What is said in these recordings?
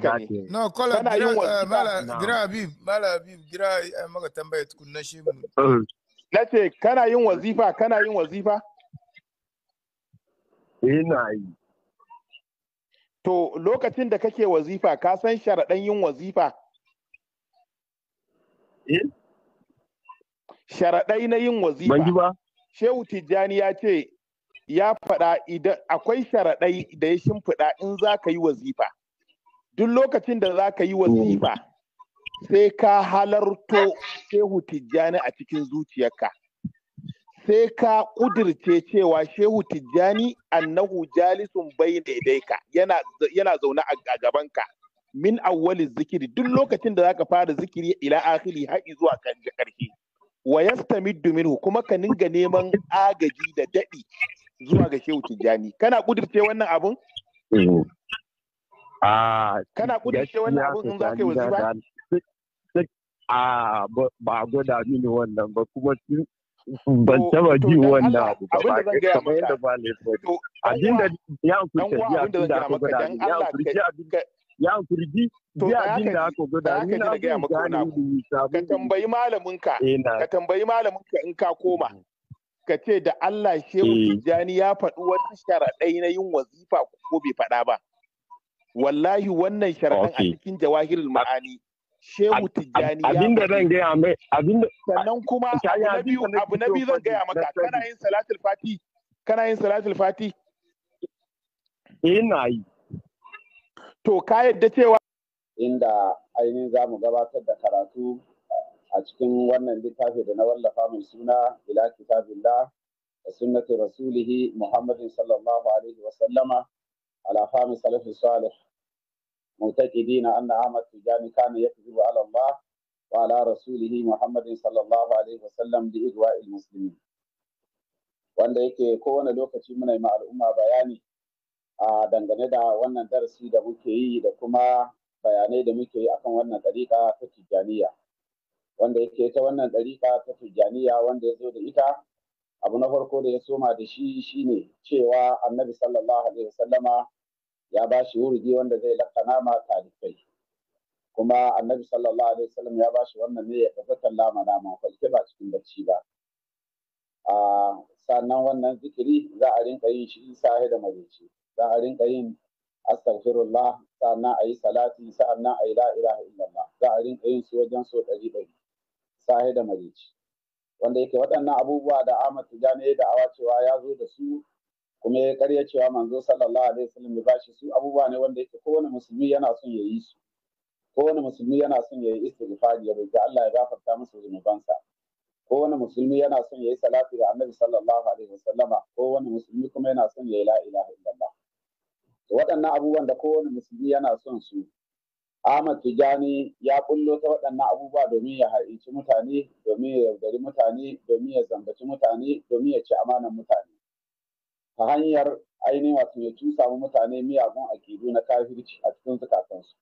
ka ne no kola gira habib eh, mala habib gira eh, maka tambaya tukunna shi mu na kana yin wazifa kana yin wazifa ina yi to lokacin da kake wazifa ka san sharaɗan yin wazifa eh? sharaɗai na yin wazifa shehu tijjani ya ce ya faɗa idan akwai sharaɗai da ya shimfiɗa in za ka yi wazifa duk lokacin da za ka yi wasiƙa sai ka halarto shehu tijjani a cikin zuciyarka sai ka ƙudirce cewa shehu tijjani annahu jalisun bai daidaika yana yana zaune a gabanka min awwali zikiri duk lokacin da zaka fara zikiri ila akhiri har zuwa kan karshe wa yastamiddu minhu kuma ka ninga neman agaji da daɗi zuwa ga shehu tijjani kana ƙudirce wannan abun eh. a ah, kana wannan in za ka yi ah, ba gwada mini wannan ba kuma ban taba ji wannan abu ba ba ne abin da ya abin da aka gwada ya abin ya abin da aka gwada ni ka tambayi malamin ka ka tambayi malamin ka in ka koma mm. ka ce da Allah shehu eh. Tijjani ya faɗi wata sharaɗai na yin wazifa ko bai faɗa ba wallahi wannan shari'an a cikin jawahirul ma'ani shehu tijjani abinda zan gaya mai abinda sannan kuma abu na biyu zan gaya maka kana yin salatul fati kana yin salatul fati ina yi to ka yadda cewa inda ainihin za mu gabatar da karatu a cikin wannan littafi da na wallafa mai suna ila kitabillah da sunnati rasulihi muhammadin sallallahu alaihi wa sallama على فهم سلف الصالح معتقدين أن أحمد تجاني كان يكذب على الله وعلى رسوله محمد صلى الله عليه وسلم لإغواء المسلمين wanda yake kowane lokaci muna ma al'umma bayani a dangane da wannan darasi da muke yi da kuma bayanai da muke yi akan wannan ɗariƙa ta tijjaniya wanda yake ta wannan ɗariƙa ta tijjaniya wanda ya zo da ita abu na farko da ya soma da shi shine cewa annabi sallallahu alaihi wasallama ya ba shi wurdi wanda zai lakana ma tarifai kuma annabi sallallahu alaihi wasallam ya ba shi wannan ne ya tafi kallama nama falke ba cikin barci ba a sannan wannan zikiri za a rinka yin shi sahi da marici za a rinka yin astaghfirullah sannan a yi salati sannan a yi la ilaha illallah za a rinka yin su wajen so ɗari ɗari sahi da marici wanda yake waɗannan abubuwa da Ahmad Tijani ya da'awa cewa ya zo da su kuma ya karya cewa manzo sallallahu alaihi wasallam ya bashi su abubuwa ne wanda yake kowane musulmi yana son ya yi su kowane musulmi yana son ya yi istighfari ya roki Allah ya gafarta musu zunubansa kowane musulmi yana son ya yi salatu ga annabi sallallahu alaihi wasallama kowane musulmi kuma yana son ya yi la ilaha illallah waɗannan abubuwan da kowane musulmi yana son su Ahmad Tijani ya ƙullo ta waɗannan abubuwa domin ya haɗinci mutane, domin ya yaudari mutane, domin ya zambaci mutane, domin ya ci amanar mutane. Ta hanyar ainihin wato ya tusa mutane miyagun akidu na kafirci a cikin zukatansu.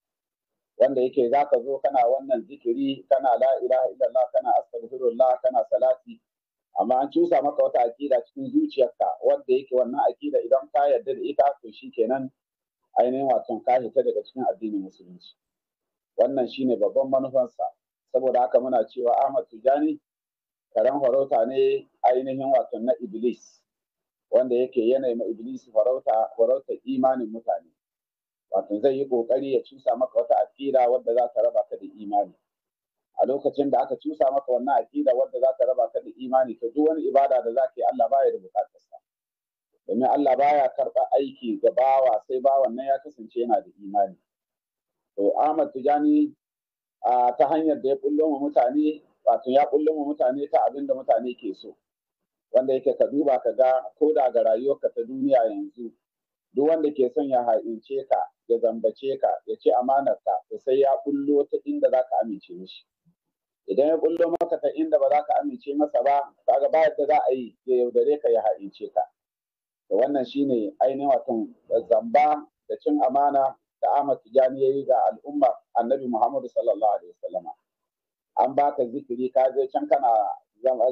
Wanda yake za ka zo kana wannan zikiri, kana la ilaha illallah, kana astaghfirullah, kana salati, amma an cusa maka wata akida cikin zuciyarka wadda yake wannan akida idan ka yarda da ita to kenan ainihin wato ka fita daga cikin addinin musulunci. wannan shine babban manufansa saboda haka muna cewa Ahmad Tijani karen farauta ne ainihin wato na Iblis wanda yake yanayi ma Iblis farauta farauta imanin mutane wato zai yi kokari ya cusa maka wata akida wadda za ta raba ka da imani a lokacin da aka cusa maka wannan akida wadda za ta raba ka da imani to duk wani ibada da zaka yi Allah baya da bukatar sa domin Allah baya karɓar aiki ga bawa sai bawan nan ya kasance yana da imani to Ahmad Tijani a ta hanyar da ya kullo ma mutane wato ya kullo ma mutane ta abin da mutane ke so wanda yake ka duba ka ga ko da ga rayuwarka ta duniya yanzu duk wanda ke son ya ha'ince ka ya zambace ka ya ci ka to sai ya kullo ta inda za ka amince mishi idan ya kullo maka ta inda ba za ka amince masa ba kaga ba yadda za a yi ya yaudare ka ya ha'ince ka da wannan shine ainihin wato zamba da cin amana da Ahmad Tijani yayi ga al'umma Annabi Muhammadu sallallahu alaihi wasallama an baka zikiri ka je can kana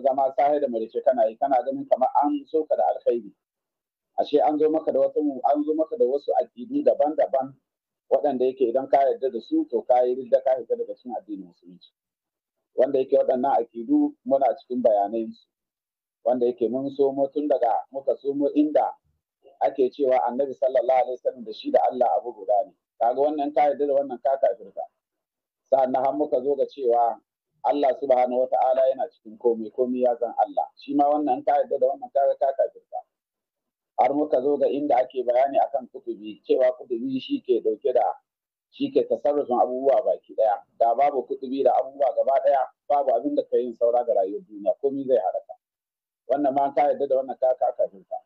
zama sahi da marice kana yi kana ganin kamar an so ka da alkhairi ashe an zo maka da wasu an zo maka da wasu addini daban-daban waɗanda yake idan ka yarda da su to ka yi ridda ka yarda daga cikin addinin musulunci wanda yake waɗannan akidu muna cikin bayanai wanda yake mun somo tun daga muka somo inda ake cewa annabi sallallahu alaihi wasallam da shi da Allah abu guda ne kaga wannan ka yarda da wannan ka kafirta sannan har muka zo ga cewa Allah subhanahu wata'ala yana cikin komai komai ya zan Allah shi ma wannan ka yarda da wannan kaga ka kafirta har muka zo ga inda ake bayani akan kutubi cewa kutubi shi ke dauke da shi ke tasarrufin abubuwa baki daya da babu kutubi da abubuwa gaba daya babu abin da ka yin saura ga rayuwar duniya komai zai haraka wannan ma ka yarda da wannan ka kafirta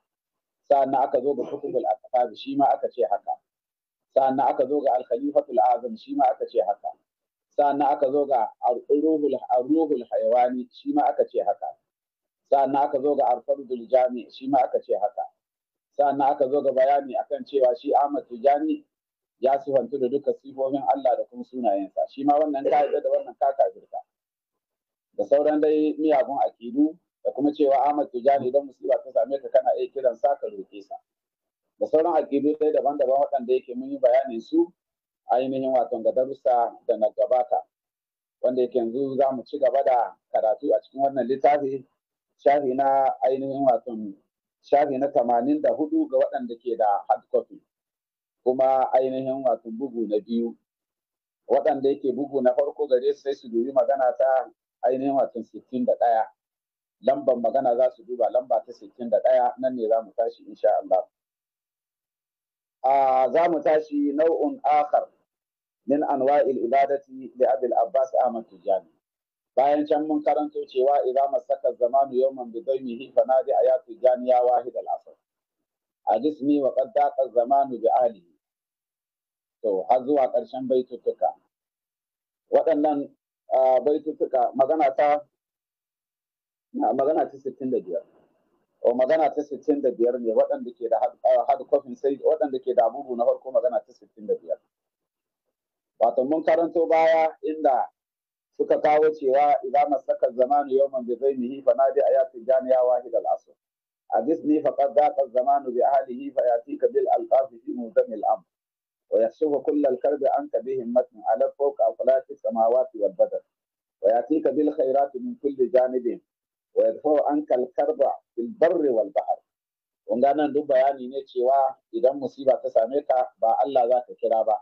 sa'annan aka zo ga kutubul aqtab shi ma aka ce haka sa'annan aka zo ga al-khalifatul azam shi ma aka ce haka sa'annan aka zo ga ar-ruhul ar-ruhul hayawani shi ma aka ce haka sa'annan aka zo ga ar-fardul jami shi ma aka ce haka sa'annan aka zo ga bayani akan cewa shi Ahmad Tijani ya sifantu da duka sifofin Allah da kuma sunayensa shi ma wannan ka da wannan ka da sauran dai miyagun akidu da kuma cewa Ahmad Tijani idan musiba ta same ka kana iya kiran sa ka roƙe sa da sauran aƙidu dai daban-daban waɗanda yake mun yi bayanin su ainihin wato ga darussa da na gabata wanda yake yanzu za mu ci gaba da karatu a cikin wannan littafi shafi na ainihin wato shafi na tamanin da hudu ga waɗanda ke da hard copy kuma ainihin wato bugu na biyu waɗanda yake bugu na farko gare su sai su dubi magana ta ainihin wato sittin da ɗaya lambar magana za su duba lamba ta 61 nan ne za mu tashi insha Allah. A za mu tashi nau'un akhar min anwa'il ibadati li Abil Abbas Ahmad Tijani. Bayan can mun karanto cewa idan masaka zamanu yawman bi daymihi fa nadi ayatu janiya wahid al-asr. Hadisni wa qad daqa zamanu bi ahlihi. To har zuwa ƙarshen baitutuka. Waɗannan baitutuka magana ta magana ta 65 o magana ta 65 ne waɗanda ke da hard kofin sai waɗanda ke da abubu na farko magana ta 65 wato mun karanto baya inda suka kawo cewa idan masaka zamanu yawman bi mihi fa nadi ayati janiya wahid al-asr ni fa fa qad daqa bi ahlihi bil fi حدثني فقد ضاق الزمان بأهله فيأتيك بالألقاب في موزم الأمر ويكشف كل الكرب عنك بهمة على فوق أفلاك السماوات والبدر bil بالخيرات min kulli janibin wa yarfa'u ankal karba bil barri wal nan duk bayani ne cewa idan musiba ta same ka ba Allah za ka kira ba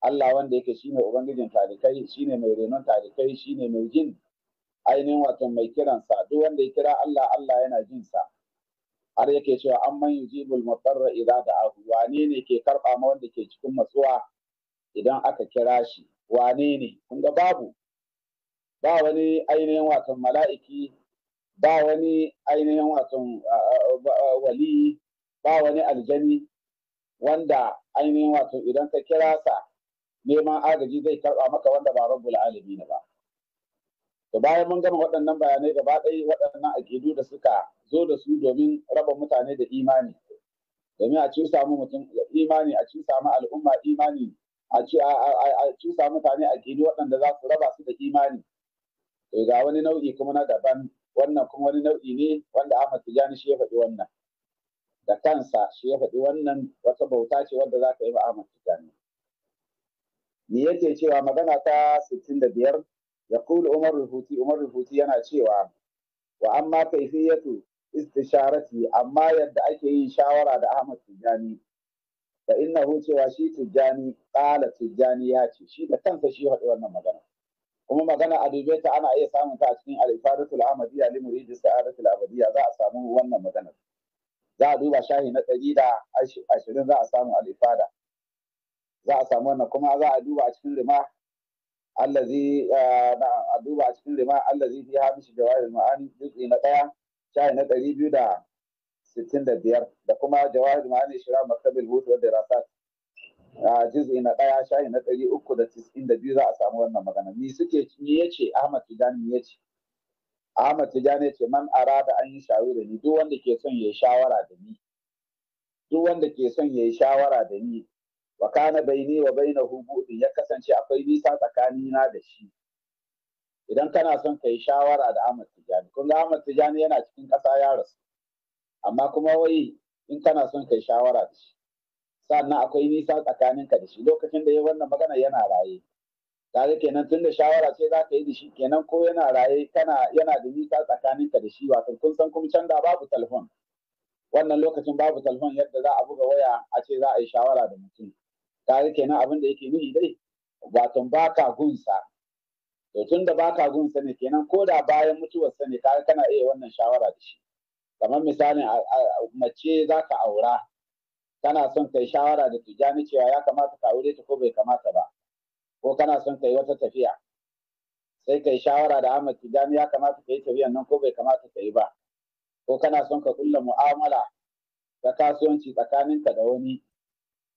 Allah wanda yake shine ubangijin talikai shine mai renon talikai shine mai jin ainihin wato mai kiransa duk wanda ya kira Allah Allah yana jin sa har yake cewa an man yujibul mutarra idza da'ahu wane ne ke karba ma wanda ke cikin matsuwa idan aka kira shi wane ne kun ga babu ba wani ainihin wato mala'iki ba wani ainihin watan wali ba wani aljani wanda ainihin wasan, idan ka kira sa neman agaji zai karba maka wanda ba rabbul ne ba to bayan mun gama waɗannan bayanai gaba ɗaya waɗannan aƙidu da suka zo da su domin raba mutane da imani domin a cusa mu mutum imani a cusa mu al'umma imani a cusa mutane aƙidu waɗanda za su raba su da imani to ga wani nau'i kuma na daban wannan kuma wani nau'i ne wanda Ahmad Tijani shi ya faɗi wannan da kansa shi ya faɗi wannan wata bauta ce wanda za ka yi wa Ahmad Tijani me yake cewa magana ta 65 yaqulu Umar al Umar al yana cewa wa amma kayfiyatu istisharati amma yadda ake yin shawara da Ahmad Tijani fa innahu cewa shi Tijani qala Tijani ya ce shi da kansa shi ya faɗi wannan magana kuma magana a dube ta ana iya samun ta a cikin al-ifadatul ahmadiyya li muridis sa'adatul abadiyya za a samu wannan magana za a duba shahi na ɗari da ashirin za a samu al'ifada. za a samu wannan kuma za a duba a cikin rima allazi eh, a duba a cikin rima allazi fi hamishi jawahirul ma'ani juz'i na ɗaya shahi na ɗari biyu da sittin da biyar da kuma jawahirul ma'ani shira makabil hutu da rasat a jiz'i na ɗaya shahi na ɗari uku da tis'in da biyu za a samu wannan magana ni suke ni ya ce ahmad tijani ya ce ahmad tijani ya ce man arada an yi shawara ni duk wanda ke son ya yi shawara da ni duk wanda ke son ya yi shawara da ni wa kana baini wa bainahu budin ya kasance akwai nisa na da shi idan kana son ka yi shawara da Ahmad Tijani kun ga Ahmad Tijani yana cikin ƙasa ya rasu amma kuma wai in kana son ka yi shawara da shi sannan akwai nisa tsakaninka da shi lokacin da ya wannan magana yana raye kaga kenan tunda shawara ce za ka yi da shi kenan ko yana raye kana yana da nisa tsakaninka da shi wato kun san kuma can da babu telefon wannan lokacin babu telefon yadda za a buga waya a ce za a yi shawara da mutum kaga kenan abin da yake nuni dai wato baka gunsa to tunda baka gunsa ne kenan ko da bayan mutuwarsa ne kaga kana iya wannan shawara da shi kamar misali mace za ka aura kana son kai shawara da tijani cewa ya kamata ka aure ta ko bai kamata ba ko kana son kai wata tafiya sai kai shawara da Ahmad tijani ya kamata ka yi tafiyan nan ko bai kamata ka yi ba ko kana son ka kulla mu'amala ta kasuwanci tsakaninka da wani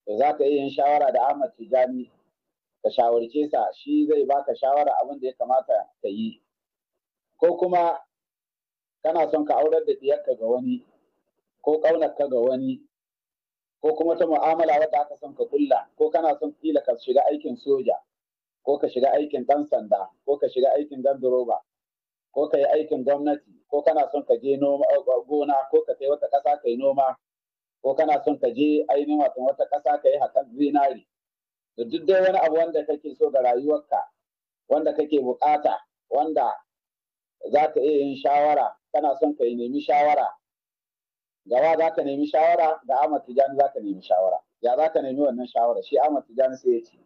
to za ka iya yin shawara da Ahmad tijani ka shawarce sa shi zai baka shawara abin da ya kamata ka yi ko kuma kana son ka aurar da diyarka ga wani ko ƙaunarka ga wani ko kuma ta mu'amala wadda aka son ka kulla ko kana son kila ka shiga aikin soja ko ka shiga aikin ɗan sanda ko ka shiga aikin duroba ko ka yi aikin gwamnati ko kana son ka je gona ko ka kai wata ƙasa ka yi noma ko kana son ka je ainihin watan wata ƙasa ka yi haƙar zinari da duk dai wani abu wanda kake so ga rayuwarka wanda kake buƙata wanda za ka iya yin shawara kana son ka yi nemi shawara gawa za ka nemi shawara da Ahmad Tijani za ka nemi shawara ya za ka nemi wannan shawara shi Ahmad Tijani sai ya ce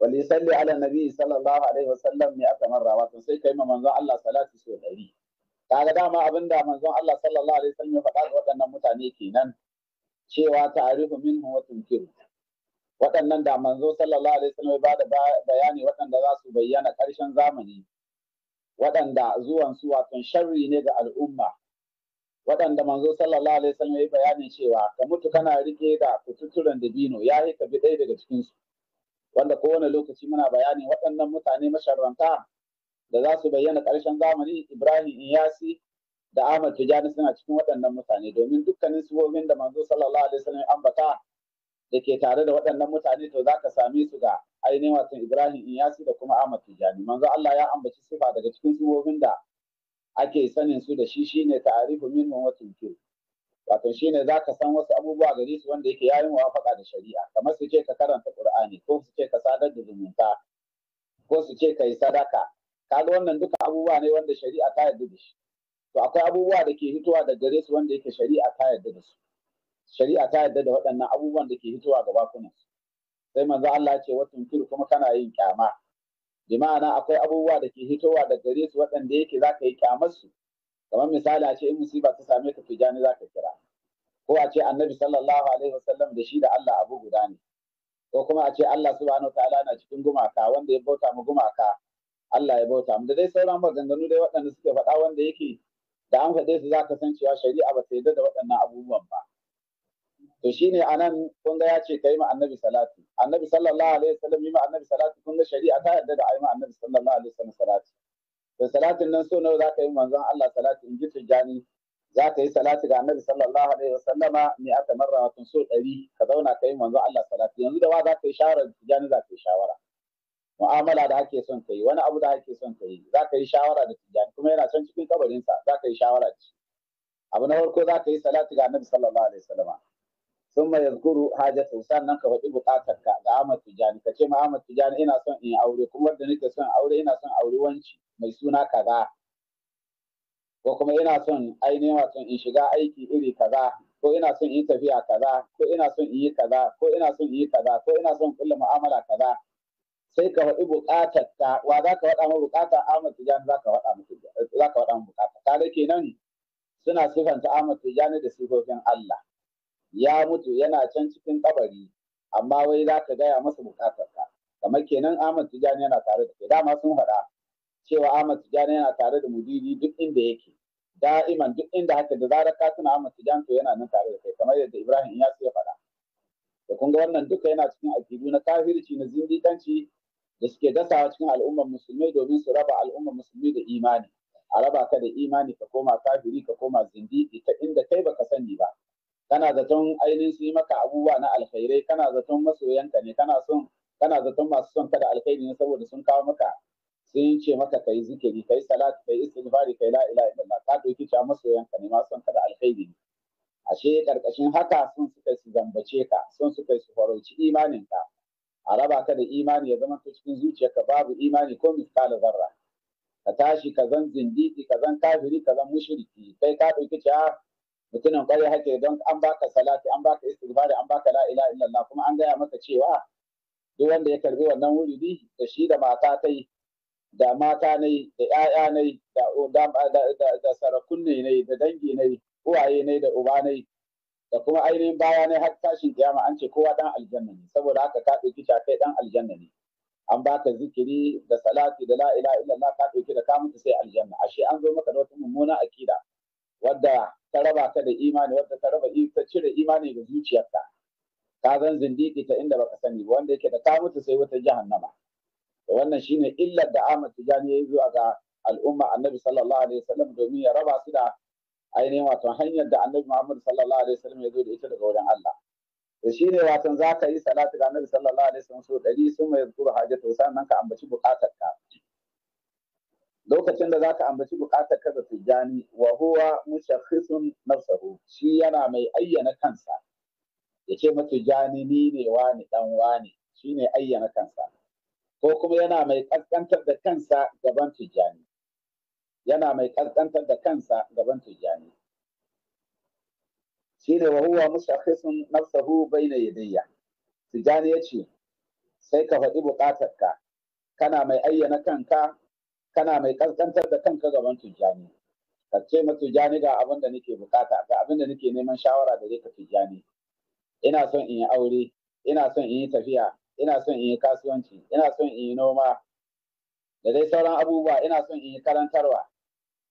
wali salli ala nabi sallallahu alaihi wasallam ne aka marra wato sai ka yi ma manzon Allah salati so dari kaga dama abinda manzon Allah sallallahu alaihi wasallam ya faɗa ga waɗannan mutane kenan cewa ta'arifu minhu wa tunkiru waɗannan da manzo sallallahu alaihi wasallam ya da bayani waɗanda za su bayyana ƙarshen zamani waɗanda zuwan su wato sharri ne ga al'umma waɗanda manzo sallallahu alaihi wasallam ya bayanin cewa ka mutu kana rike da kututturen dabino ya yi ka bi ɗaya daga cikin su wanda kowane lokaci muna bayani waɗannan mutane masharranta da za su bayyana ƙarshen zamani Ibrahim Iyasi da Ahmad Tijani suna cikin waɗannan mutane domin dukkanin sibobin da manzo sallallahu alaihi wasallam ambata da ke tare da waɗannan mutane to za ka same su ga ainihin wato Ibrahim Iyasi da kuma Ahmad Tijani manzo Allah ya ambaci sifa daga cikin sibobin da ake sanin su da shi shine ta'arifu minhum wa tunkir wato shine zaka san wasu abubuwa gare su wanda yake yayin muwafaqa da shari'a kamar su ce ka karanta qur'ani ko su ce ka sadar da zumunta ko su ce ka yi sadaka kaga wannan duka abubuwa ne wanda shari'a ta yarda da shi to akwai abubuwa da ke hitowa da gare su wanda yake shari'a ta yarda da su shari'a ta yarda da waɗannan abubuwan da ke hitowa ga kuma sai manzo Allah ya ce wa tunkir kuma kana yin kyama bi ma'ana akwai abubuwa da ke hitowa da gare su waɗanda yake za ka yi kyamar kamar misali a ce in musiba ta same ka tijani za ka kira ko a ce annabi sallallahu alaihi wasallam da shi da Allah abu guda ne ko kuma a ce Allah subhanahu ta'ala na cikin gumaka wanda ya bauta mu gumaka Allah ya bauta mu da dai sauran maganganu dai waɗanda suke faɗa wanda yake da an faɗe su za ka san cewa shari'a ba ta yarda da waɗannan abubuwan ba to shine anan kun ga ya ce kai ma annabi salati annabi sallallahu alaihi wasallam yi ma annabi salati kun ga shari'a ta yarda da ai ma annabi sallallahu alaihi wasallam salati to salatin nan so nawa zaka yi manzon Allah salati in ji tijani zaka yi salati ga annabi sallallahu alaihi wasallama ni aka marra wa so 100 ka zauna kai manzon Allah salati yanzu da wa zaka yi shawara tijani zaka yi shawara mu'amala da ake son kai wani abu da ake son kai zaka yi shawara da tijani kuma yana son cikin kabarinsa zaka yi shawara da abu na farko zaka yi salati ga annabi sallallahu alaihi wasallama sun ma yazkuru hajatu sannan ka faɗi buƙatar ka ga Ahmad Tijani ka ce ma Ahmad Tijani ina son in aure kuma wanda nake son aure ina son aure wanci mai suna kaza ko kuma ina son ainihin wato in shiga aiki iri kaza ko ina son in tafiya kaza ko ina son in yi kaza ko ina son in yi kaza ko ina son kulla mu'amala kaza sai ka faɗi buƙatar ka wa za ka faɗa ma buƙatar Ahmad Tijani za ka faɗa musu za ka faɗa ma buƙata kaga kenan suna sifanta Ahmad Tijani da sifofin Allah ya mutu yana can cikin kabari amma wai za ka gaya masa ka. kamar kenan Ahmad Tijani yana tare da kai dama sun faɗa cewa Ahmad Tijani yana tare da mudiri duk inda yake da'iman duk inda haka da zarar ka tuna Ahmad Tijani to yana nan tare da kai kamar yadda Ibrahim ya ya faɗa da kun ga wannan duka yana cikin aljibu na kafirci na zindiƙanci da suke dasawa cikin al'ummar musulmai domin su raba al'ummar musulmi da imani a raba ka da imani ka koma kafiri ka koma zindiki ta inda kai baka sani ba kana zaton ainihin su yi maka abubuwa na alkhairai kana zaton masoyanka ne kana son kana zaton masu son ka da alkhairi ne saboda sun kawo maka sun ce maka kai zikiri kai salat kai istighfari kai la ilaha illallah ka dauki ta masoyanka ne masu son ka da alkhairi ne ashe karkashin haka sun suka su zambace ka sun suka su farauci imanin ka a raba ka da imani ya zama cikin zuciyarka babu imani ko miskala zarra ka tashi ka zan zindiki ka zan kafiri ka zan mushriki kai ka dauki ta mutumin kwarai hake don an baka salati an baka istighfari an baka la ilaha illallah kuma an gaya maka cewa duk wanda ya karbi wannan wuridi da shi da mata tai da mata ne da 'ya'ya ne da da sarakunne ne da dangi ne uwaye ne da uba ne da kuma ainihin baya ne har tashin kiyama an ce kowa dan aljanna ne saboda haka ka ta kai dan aljanna ne an baka zikiri da salati da la ilaha illallah ka da ka mutu sai aljanna ashe an zo maka da wata mummuna akida wadda ta raba ka da imani wadda ta raba ta cire imani da zuciyarka ka zan zindiki ta inda baka sani ba wanda yake da ta mutu sai wata jahannama to wannan shine illar da Ahmad Tijani ya yi zuwa ga al'umma Annabi sallallahu alaihi wasallam domin ya raba su da ainihin wato hanyar da Annabi Muhammad sallallahu alaihi wasallam ya zo da ita daga wurin Allah da shi ne watan za ka yi salatu ga Annabi sallallahu alaihi wasallam so ɗari sun mai zuru hajjata sannan ka ambaci buƙatar ka lokacin da zaka ambaci bukatar kaza tijani wa huwa mushakhisun nafsahu shi yana mai ayyana kansa yace jani ni ne wani dan wani shine ayyana kansa ko kuma yana mai kaskantar da kansa gaban Tijjani. yana mai kaskantar da kansa gaban tijani shine wa huwa mushakhisun nafsahu bayna yadayya ya yace sai ka faɗi ka. kana mai ayyana kanka kana mai kaskantar da kanka gaban tijjani ka ce ma tijjani ga abin da nake bukata ga abin da nake neman shawara da ka tijjani ina son in yi aure ina son in yi tafiya ina son in yi kasuwanci ina son in yi noma da dai sauran abubuwa ina son in yi karantarwa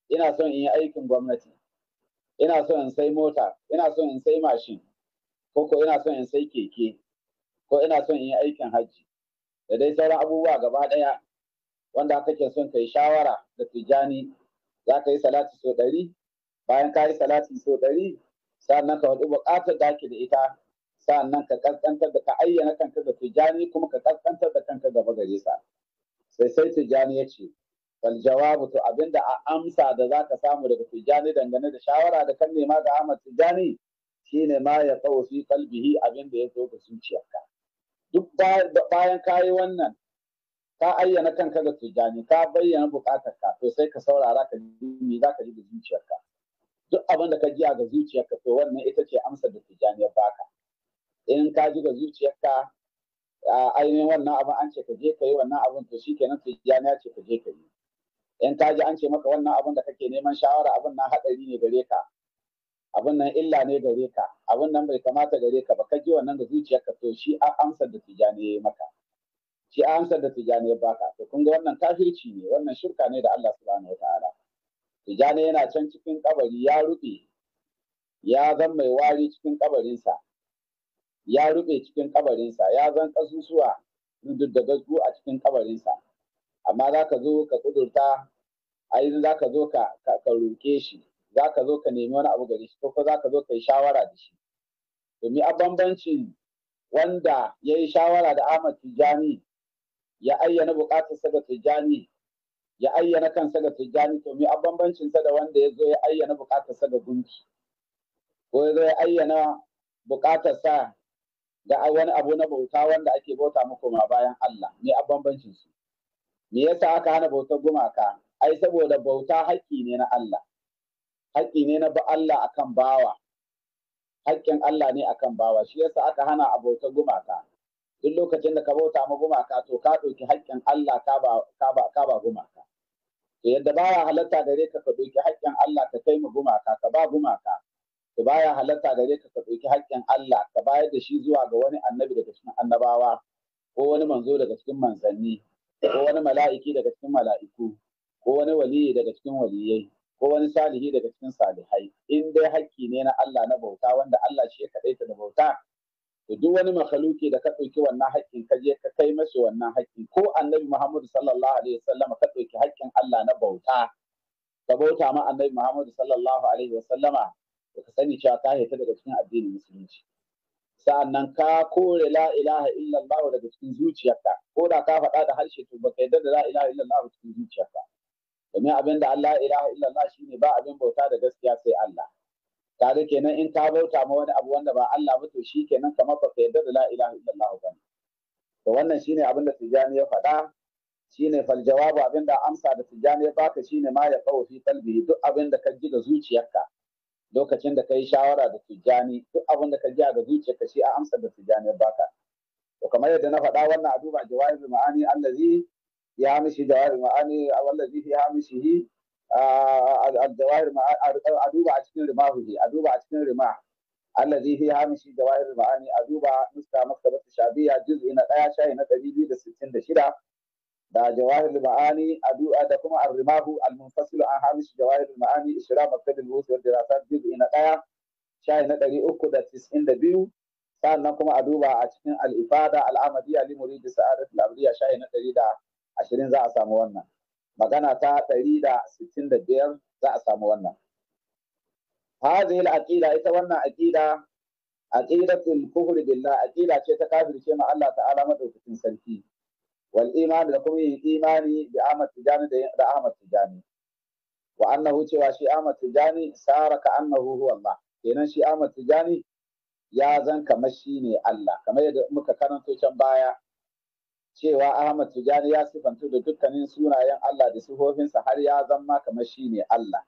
ina son in yi aikin gwamnati ina son in sai mota ina son in sai mashin ko ko ina son in sai keke ko ina son in yi aikin hajji da dai sauran abubuwa gaba daya wanda kake son ka yi shawara da tijani za ka yi salati so ɗari bayan ka yi salati so ɗari sa'annan ka faɗi buƙatar da ake da ita sa'annan ka kaskantar da ka ayyana kanka da tijani kuma ka kaskantar da kanka gaba gare sa sai sai tijani ya ce wal jawabu to abinda a amsa da za ka samu daga tijani dangane da shawara da kan nema ga Ahmad tijani shine ma ya tsawo fi kalbihi abinda ya zo ga zuciyarka duk bayan kayi wannan ka ayyana kanka ga tijani ka bayyana bukatar ka to sai ka saurara ka ji me za ka ji da zuciyarka duk abin da ka ji ga zuciyarka to wannan ita ce amsar da tijani ya baka in ka ji ga zuciyarka ainihin wannan abin an ce ka je ka yi wannan abin to shikenan tijani ya ce ka je ka yi in ka ji an ce maka wannan abin da kake neman shawara abin nan hadari ne gare ka abin nan illa ne gare ka abin nan bai kamata gare ka ba ka ji wannan da zuciyarka to shi a amsar da tijani ya yi maka shi a amsar da tijani ya baka to kun ga wannan kafirci ne wannan shirka ne da Allah subhanahu wataala tijani yana can cikin kabari ya rufe ya zan mai wari cikin kabarinsa ya rufe cikin kabarinsa ya zan kasusuwa gasu a cikin kabarinsa amma za ka zo ka kudurta ai za ka zo ka roƙe shi za ka zo ka nemi wani abu gare shi ko za ka zo ka yi shawara da shi domin a bambancin wanda ya yi shawara da Ahmad Tijani ya ayyana buƙatar sa ga tijani ya ayyana kansa ga tijani to me a bambancin sa da wanda ya zo ya ayyana buƙatar sa ga gunki ko ya zo ya ayyana buƙatar sa ga wani abu na bauta wanda ake bauta muku ma bayan Allah me a bambancin su me yasa aka hana bautar gumaka ai saboda bauta haƙƙi ne na Allah haƙƙi ne na Allah akan bawa haƙƙin Allah ne akan bawa shi yasa aka hana a bautar gumaka duk lokacin da ka bauta ma gumaka to ka ɗauki haƙƙin Allah ka ba gumaka to yadda baya halatta gare ka ka ɗauki haƙƙin Allah ka kai ma gumaka ka ba gumaka to baya halatta gare ka ka ɗauki haƙƙin Allah ka bayar da shi zuwa ga wani annabi daga cikin annabawa ko wani manzo daga cikin manzanni ko wani mala'iki daga cikin mala'iku ko wani waliyi daga cikin waliyai ko wani salihi daga cikin salihai in dai haƙƙi ne na Allah na bauta wanda Allah shi ya kaɗaita da bauta to duk wani makhluki da ka ɗauki wannan haƙƙin ka je ka kai masa wannan haƙƙin ko annabi Muhammadu sallallahu alaihi wasallam ka ɗauki haƙƙin Allah na bauta ka bauta ma annabi Muhammadu sallallahu alaihi wasallama da ka sani cewa ka hita daga cikin addinin musulunci nan ka kore la ilaha illallah daga cikin zuciyarka ko da ka faɗa da harshe to baka yarda da la ilaha illallah cikin zuciyarka domin abin da Allah ilaha illallah shine ba abin bauta da gaskiya sai Allah kaga kenan in ka bauta ma wani abu wanda ba Allah ba to shi kenan kamar ba ka yarda da la ilaha illallah ba to wannan shine abin da Tijani ya faɗa shine fal jawabu abin da amsa da Tijani ya baka shine ma ya kawo fi kalbi duk abin da ka ji da zuciyarka lokacin da ka yi shawara da Tijani duk abin da ka ji da zuciyarka shi a amsa da Tijani ya baka to kamar yadda na faɗa wannan a duba jawahirul ma'ani allazi ya mishi jawahirul ma'ani wallazi ya hamishihi al a duba a cikin rimahu a duba a cikin rimah allazi fi hamishi jawahir ma'ani a duba nuska maktabat shabiya juz'i na daya shahi na 266 da shida. Da jawahir ma'ani a duba da kuma ar-rimahu al-munfasil an hamishi jawahir ma'ani ishra maktab al-wus wal dirasat juz'i na daya shahi na 392 sannan kuma a duba a cikin al-ifada al-amadiyya li murid sa'adat al-abdiyya shahi na 120 za a samu wannan magana ta ɗari da sittin da biyar za a samu wannan hadhihi al-aqida ita wannan aqida aqidatul kufr billah ce ta kafirce ma Allah ta'ala madaukakin sarki wal da kuma yin imani bi Ahmad Tijani da Ahmad Tijani wa annahu cewa shi Ahmad Tijani sara ka annahu huwa Allah kenan shi Ahmad Tijani ya zan kamar shi ne Allah kamar yadda muka karanto can baya cewa Ahmad Tijani ya sifantu da dukkanin sunayen Allah da sifofinsa har ya zama kamar shi ne Allah.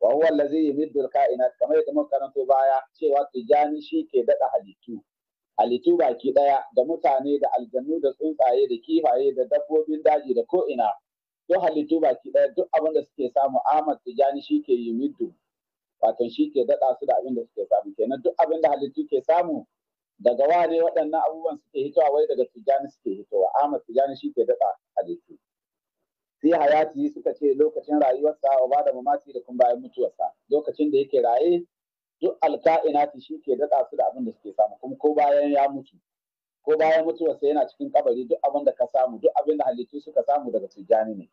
Wa huwa allazi yumiddu kainat kamar yadda muka karanto baya cewa Tijani shi ke daɗa halittu. Halittu baki ɗaya, da mutane da aljanu da tsuntsaye da kifaye da dabbobin daji da ko ina. Duk halittu baki ɗaya duk abin da suke samu Ahmad Tijani shi ke yumiddu. Wato shi ke daɗa su da abin da suke samu kenan duk abin da halittu ke samu daga ware waɗannan abubuwan suke hitowa wai daga tijani suke hitowa ahmad tijani shi ke daɗa halittu sai hayati suka ce lokacin rayuwarsa wa ba da mamaci da kuma bayan mutuwarsa lokacin da yake raye duk alka'inati shi ke daɗa su da abin da suke samu kuma ko bayan ya mutu ko bayan mutuwarsa yana cikin kabari duk abin da ka samu duk abin da halittu suka samu daga tijani ne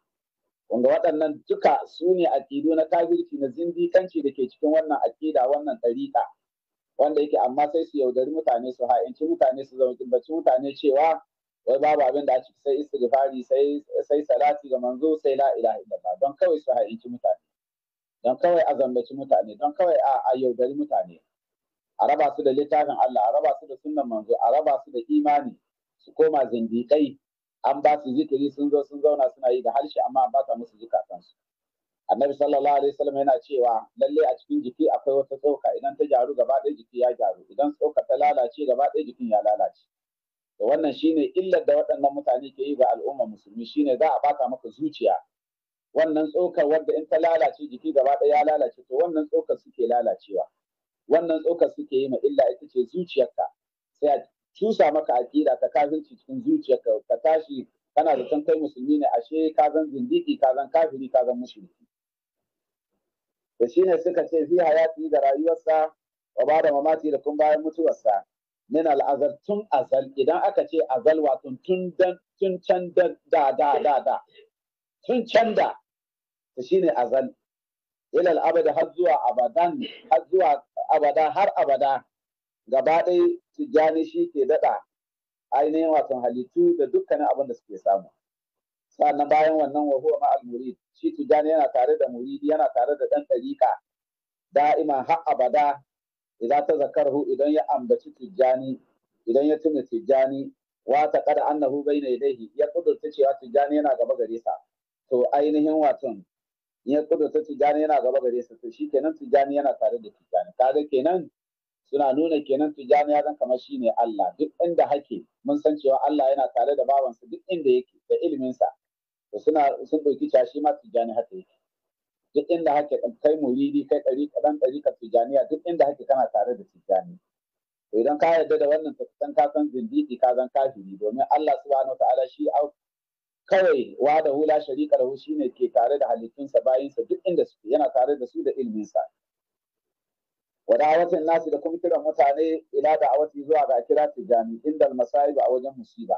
wanda waɗannan duka su ne aƙidu na kafirci na zindikanci da ke cikin wannan aƙida wannan ɗariƙa wanda yake amma sai su yaudari mutane su ha'inci mutane su zama kimbaci mutane cewa wai babu abin da ake sai istighfari sai sai salati ga manzo sai la ilaha illallah don kawai su ha'inci mutane don kawai a zambaci mutane don kawai a yaudari mutane a raba su da littafin Allah a raba su da sunnan manzo a raba su da imani su koma zindiƙai an ba su zikiri sun zo sun zauna suna yi da harshe amma ba ta musu zukatansu annabi sallallahu alaihi wasallam yana cewa lalle a cikin jiki akwai wata tsoka idan ta gyaru gaba ɗaya jiki ya gyaru idan tsoka ta lalace gaba ɗaya jikin ya lalace to wannan shine illar da waɗannan mutane ke yi ga al'ummar musulmi shine za a bata maka zuciya wannan tsokar wanda in ta lalace jiki gaba ɗaya ya lalace to wannan tsokar suke lalacewa wannan tsokar suke yi ma illa ita ce zuciyarka sai a cusa maka aƙida ka kafirci cikin zuciyarka ka tashi kana da san kai musulmi ne ashe ka zan zindiki ka zan kafiri ka zan mushriki da shi ne suka ce fi hayati da rayuwarsa wa ba da mamati da kun bayan mutuwarsa min al'azal tun azal idan aka ce azal wato tun tun can da da da da tun can da to ne azal ila abada har zuwa abadan har zuwa abada har abada gaba ɗaya tijjani shi ke daɗa ainihin wato halittu da dukkanin abin da suke samu sannan bayan wannan wa huwa ma'al murid shi tijani yana tare da muridi yana tare da dan dariƙa da'ima har abada idza tazakkarhu idan ya ambaci tijani idan ya tuna tijani wa taqada annahu bayna yadayhi ya kudurta cewa tijani yana gaba gare sa to ainihin watan ya kudurta tijani yana gaba gare sa to shikenan tijani yana tare da tijani kaga kenan suna nuna kenan tijani ya zan kamar shine Allah duk inda hake mun san cewa Allah yana tare da babansa duk inda yake da iliminsa Da suna sun ɗauki cashi ma tijani haka yake duk inda hake kai muridi kai ɗari ɗan ɗari ka tijjaniya duk inda hake kana tare da tijani? to idan ka yarda da wannan ka san ka san zindiki ka san kafiri domin Allah subhanahu ta'ala shi kawai wa da hula sharika da ne ke tare da halittunsa bayinsa duk inda suke yana tare da su da ilminsa wadawatin nasu da kuma kiran mutane ila da awati zuwa ga kira tijjani inda masaiba a wajen musiba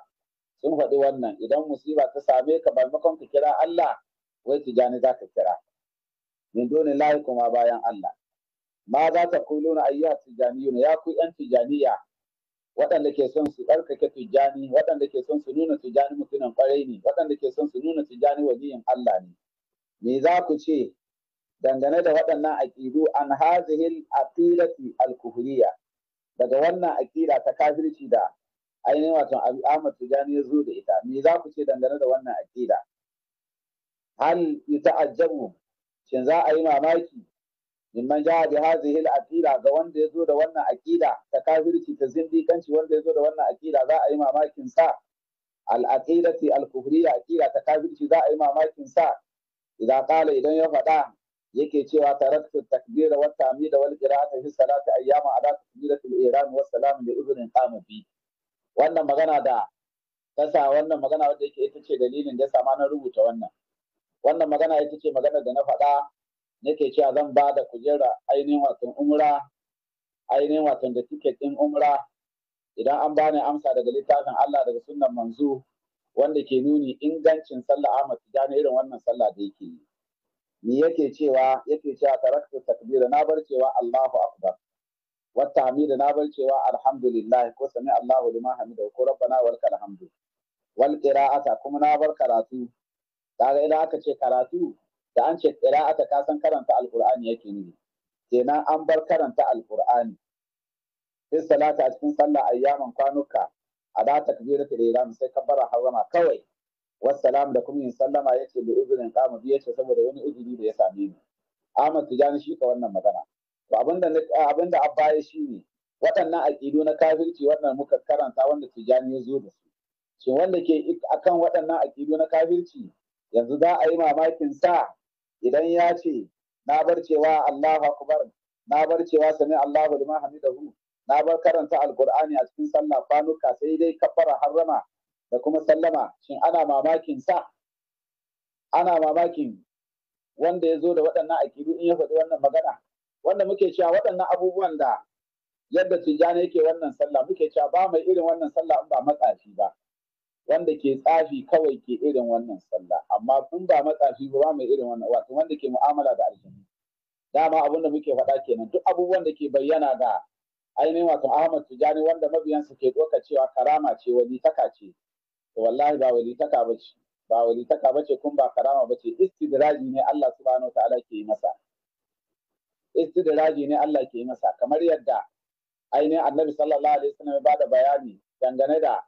sun faɗi wannan idan musiba ta same ka maimakon ka kira Allah wai tijani za ka kira min lahi kuma bayan Allah ma za ta kuluna ayyuha tijaniyuna ya ku yan tijaniya waɗanda ke son su ɗarkake tijani waɗanda ke son su nuna tijani mutumin ƙwarai ne waɗanda ke son su nuna tijani waliyin Allah ne me za ku ce dangane da waɗannan aƙidu an hazihil aqidati al daga wannan aƙida ta kafirci da ainihin wato Ahmad Tijani ya zo da ita me za ku ce dangane da wannan aqida hal yata'ajjabu shin za a yi mamaki mimman ja bi hadhihi al-aqida ga wanda ya zo da wannan aqida ta kafirci ta zindikanci wanda ya zo da wannan aqida za a yi mamakin sa al-aqidati al-kufriyya aqida ta kafirci za a yi mamakin sa idan idan ya faɗa yake cewa taraktu takbira wa ta'mida wal qira'ata fi salati ayyama ala takbiratil ihram wa salam li udhrin qama bi wannan magana da ta wannan magana wadda yake ita ce dalilin da ya sama na rubuta wannan wannan magana ita ce magana da na faɗa nake cewa zan ba da kujera ainihin watan umra ainihin watan da tiket ɗin umra idan an bani amsa daga littafin Allah daga sunnan manzo wanda ke nuni ingancin sallah Ahmad Tijani irin wannan sallah da yake yi. Ni yake cewa yake cewa taraktu takbira na bar cewa Allahu akbar. wata hamida na bar cewa alhamdulillah ko sami Allahu liman hamida ko rabbana walakal alhamdu. wal qira'ata kuma na bar karatu kaga idan aka ce karatu da an ce qira'ata ka san karanta alqur'ani yake ne kenan an bar karanta alqur'ani sai salata a cikin sallah ayyaman kwanuka a da takbiratu ihram sai kabbara harama kawai wassalam da kuma yin sallama yace da izinin kama biye ce saboda wani izini da ya same ni Ahmad Tijani shi ka wannan magana abin da abba shi ne waɗannan aƙidu na kafirci waɗanda muka karanta wanda tijani ya zo da su shin wanda ke akan waɗannan aƙidu na kafirci yanzu za a yi mamakin sa idan ya ce na bar cewa Allahu akbar na bar cewa sami Allahu liman hamidahu na bar karanta alqur'ani a cikin sallah kwanuka sai dai kafara harrama da kuma sallama shin ana mamakin sa ana mamakin wanda ya zo da waɗannan aƙidu in ya faɗi wannan magana wanda muke cewa waɗannan abubuwan da yadda tijjani yake wannan sallah muke cewa ba mai irin wannan sallah ba matsafi ba wanda ke tsafi kawai ke irin wannan sallah amma kun ba matsafi ba mai irin wannan wato wanda ke mu'amala da aljanu dama abinda muke faɗa kenan duk abubuwan da ke bayyana ga ainihin wato Ahmad Tijani wanda mabiyansa ke ɗauka cewa karama ce taka ce to wallahi ba walitaka ba ce ba walitaka ba ce kun ba karama ba ce istidraji ne Allah subhanahu wa ta'ala ke yi masa istidraji ne Allah ke yi masa kamar yadda ainihin annabi sallallahu alaihi wasallam ya bada bayani dangane da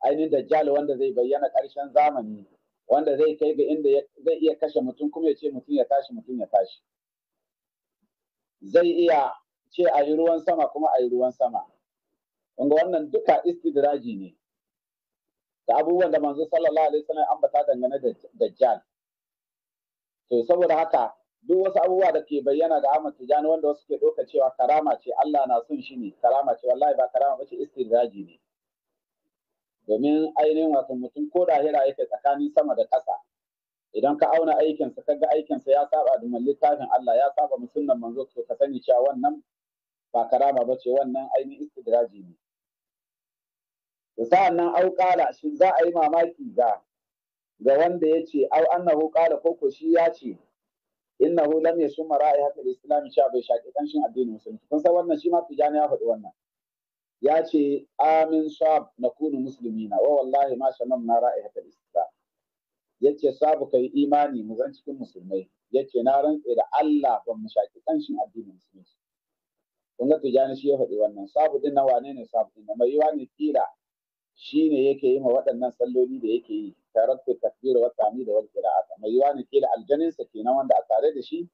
ainihin dajjal wanda zai bayyana karshen zamani wanda zai kai ga inda zai iya kashe mutum kuma ya ce mutum ya tashi mutum ya tashi zai iya ce a yi ruwan sama kuma a yi ruwan sama wanda wannan duka istidraji ne da abubuwan da manzo sallallahu alaihi wasallam ambata dangane da dajjal to saboda haka duk wasu abubuwa da ke bayyana ga Ahmad Tijani wanda wasu ke ɗauka cewa karama ce Allah na son shi ne karama ce wallahi ba karama ba ce istirraji ne domin ainihin wasan mutum ko da hira yake tsakanin sama da ƙasa idan ka auna aikinsa ka ga aikinsa ya saba da littafin Allah ya saba musulman manzo to ka sani cewa wannan ba karama ba ce wannan ainihin istidraji ne to sa'an nan au qala shi za a yi mamaki ga ga wanda ya ce au annahu qala ko ko shi ya ce innahu lam yashum ra'ihat al-islam sha bai shaƙi kanshin addinin musulunci kun san wannan shi ma tijani ya faɗi wannan ya ce amin sab nakunu muslimina wa wallahi ma shamamna ra'ihat al-islam ce sabu kai imani mu zan cikin musulmai yace na rantse da Allah ban mu shaƙi kanshin addinin musulunci kun ga tijani shi ya faɗi wannan sabu din na wane ne sabu din na mai yiwa ne kila shi ne yake yi ma waɗannan salloli da yake yi tare da takbir wa tami da kira aka mai yiwa ne kila aljaninsa kenan wanda a tare da shi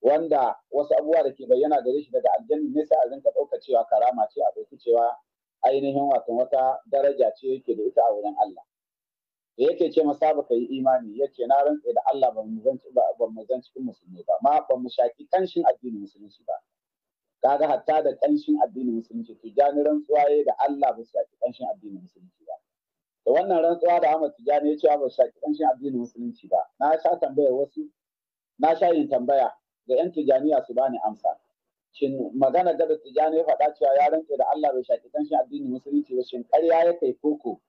wanda wasu abubuwa da ke bayyana gare shi daga aljanni ne sai a rinka ɗauka cewa karama ce a ɗauki cewa ainihin wasan wata daraja ce yake da ita a wurin Allah da yake ce masa ba ka yi imani ya ce na rantse da Allah ba mu zan cikin musulmi ba ma ba mu shaki kanshin addinin musulunci ba kaga hatta da kanshin addinin musulunci tijani rantsuwa ya da Allah ba su shaƙi kanshin addinin musulunci ba da wannan rantsuwa da Ahmad Tijani ya ce ba su shaƙi kanshin addinin musulunci ba na sha tambayar wasu na sha yin tambaya ga yan tijaniya su bani amsa shin magana da tijani ya faɗa cewa ya rantsu da Allah bai shaƙi kanshin addinin musulunci ba shin ƙarya ya kai koko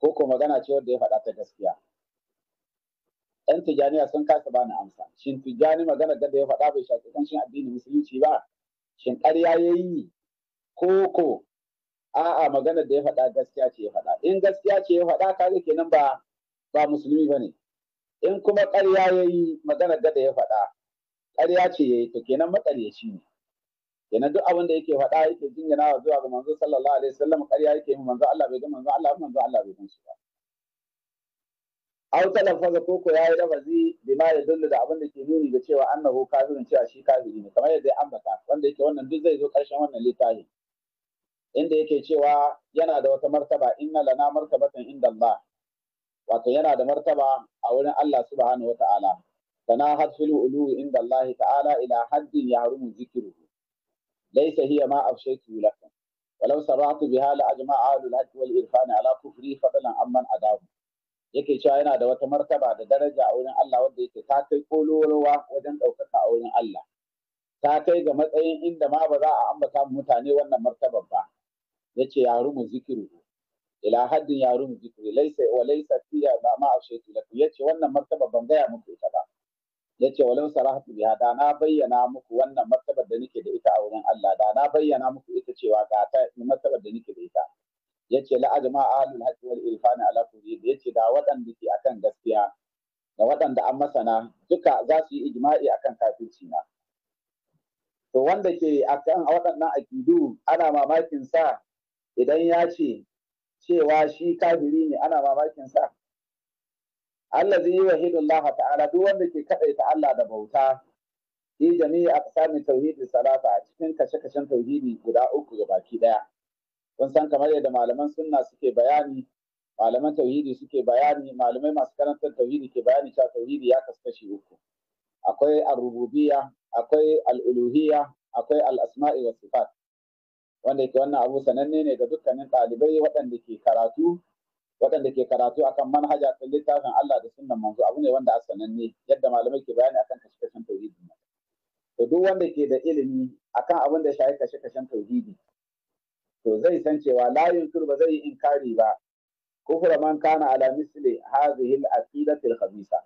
koko magana ce wanda ya faɗa ta gaskiya yan tijaniya sun kasa bani amsa shin tijani magana da ya faɗa bai shaƙi kanshin addinin musulunci ba shin ƙarya ya yi koko a'a maganar da ya faɗa gaskiya ce ya faɗa in gaskiya ce ya faɗa ga kenan ba ba musulmi ba ne in kuma ƙarya ya yi maganar da ya faɗa ƙarya ce ya yi to kenan maƙaryaci ne kenan duk abin da yake faɗa yake jinginawa zuwa ga manzo sallallahu alaihi wasallam ƙarya yake yi manzo Allah bai ga manzo Allah manzo Allah bai gan shi ba aw talaffaza ko ko yayi lafazi ma ya dullu da abin da ke nuni da cewa annahu kafirin cewa shi kafiri ne kamar yadda ya ambata wanda yake wannan duk zai zo karshen wannan littafi inda yake cewa yana da wata martaba inna lana martabatan inda Allah wato yana da martaba a wurin Allah subhanahu wata'ala sana hadfil ulu inda Allah ta'ala ila haddin yahrumu zikruhu laysa hiya ma afshaytu lakum ولو سرعت بها لأجمع أهل الهد والإرفان على كفري فضلا عمن أداهم yake cewa yana da wata martaba da daraja a wurin Allah wanda yake ta kai kololowa wajen ɗaukaka a wurin Allah ta kai ga matsayin inda ma ba za a ambata mutane wannan martabar ba ce ya rumu zikiru ila haddin ya rumu zikiru laisa wa laisa fiya ba ma a shaitu Ya ce wannan martaba ban gaya muku ita ba Ya ce walau sarahatu biha da na bayyana muku wannan martabar da nake da ita a wurin Allah da na bayyana muku ita cewa ga ta martabar da nake da ita yace la ajma ahlul haqqi wal irfani ala kulli yace da waɗanda ke akan gaskiya da waɗanda an masana duka za su yi ijma'i akan kafirci na to wanda ke akan waɗannan akidu ana mamakin sa idan ya ce cewa shi kafiri ne ana mamakin sa Allah zai yi ta'ala duk wanda ke kaɗaita Allah da bauta fi jami'i aqsami tauhidi salata a cikin kashe-kashen tauhidi guda uku da baki daya kun san kamar yadda malaman sunna suke bayani malaman tauhidi suke bayani malamai masu karantar tauhidi ke bayani cewa tauhidi ya kaskashi uku akwai al-rububiyya akwai al-uluhiyya akwai al-asma'i wa sifat wanda yake wannan abu sananne ne ga dukkanin ɗalibai waɗanda ke karatu waɗanda ke karatu akan manhaja ta littafin Allah da sunnan manzo abu ne wanda a sananne yadda malamai ke bayani akan kashe-kashen tauhidi to duk wanda ke da ilimi akan abin da shafi kashe-kashen tauhidi to zai san cewa layin yunkir ba zai yi inkari ba kufra man kana ala misli hadhihi al-aqidati al-khabisa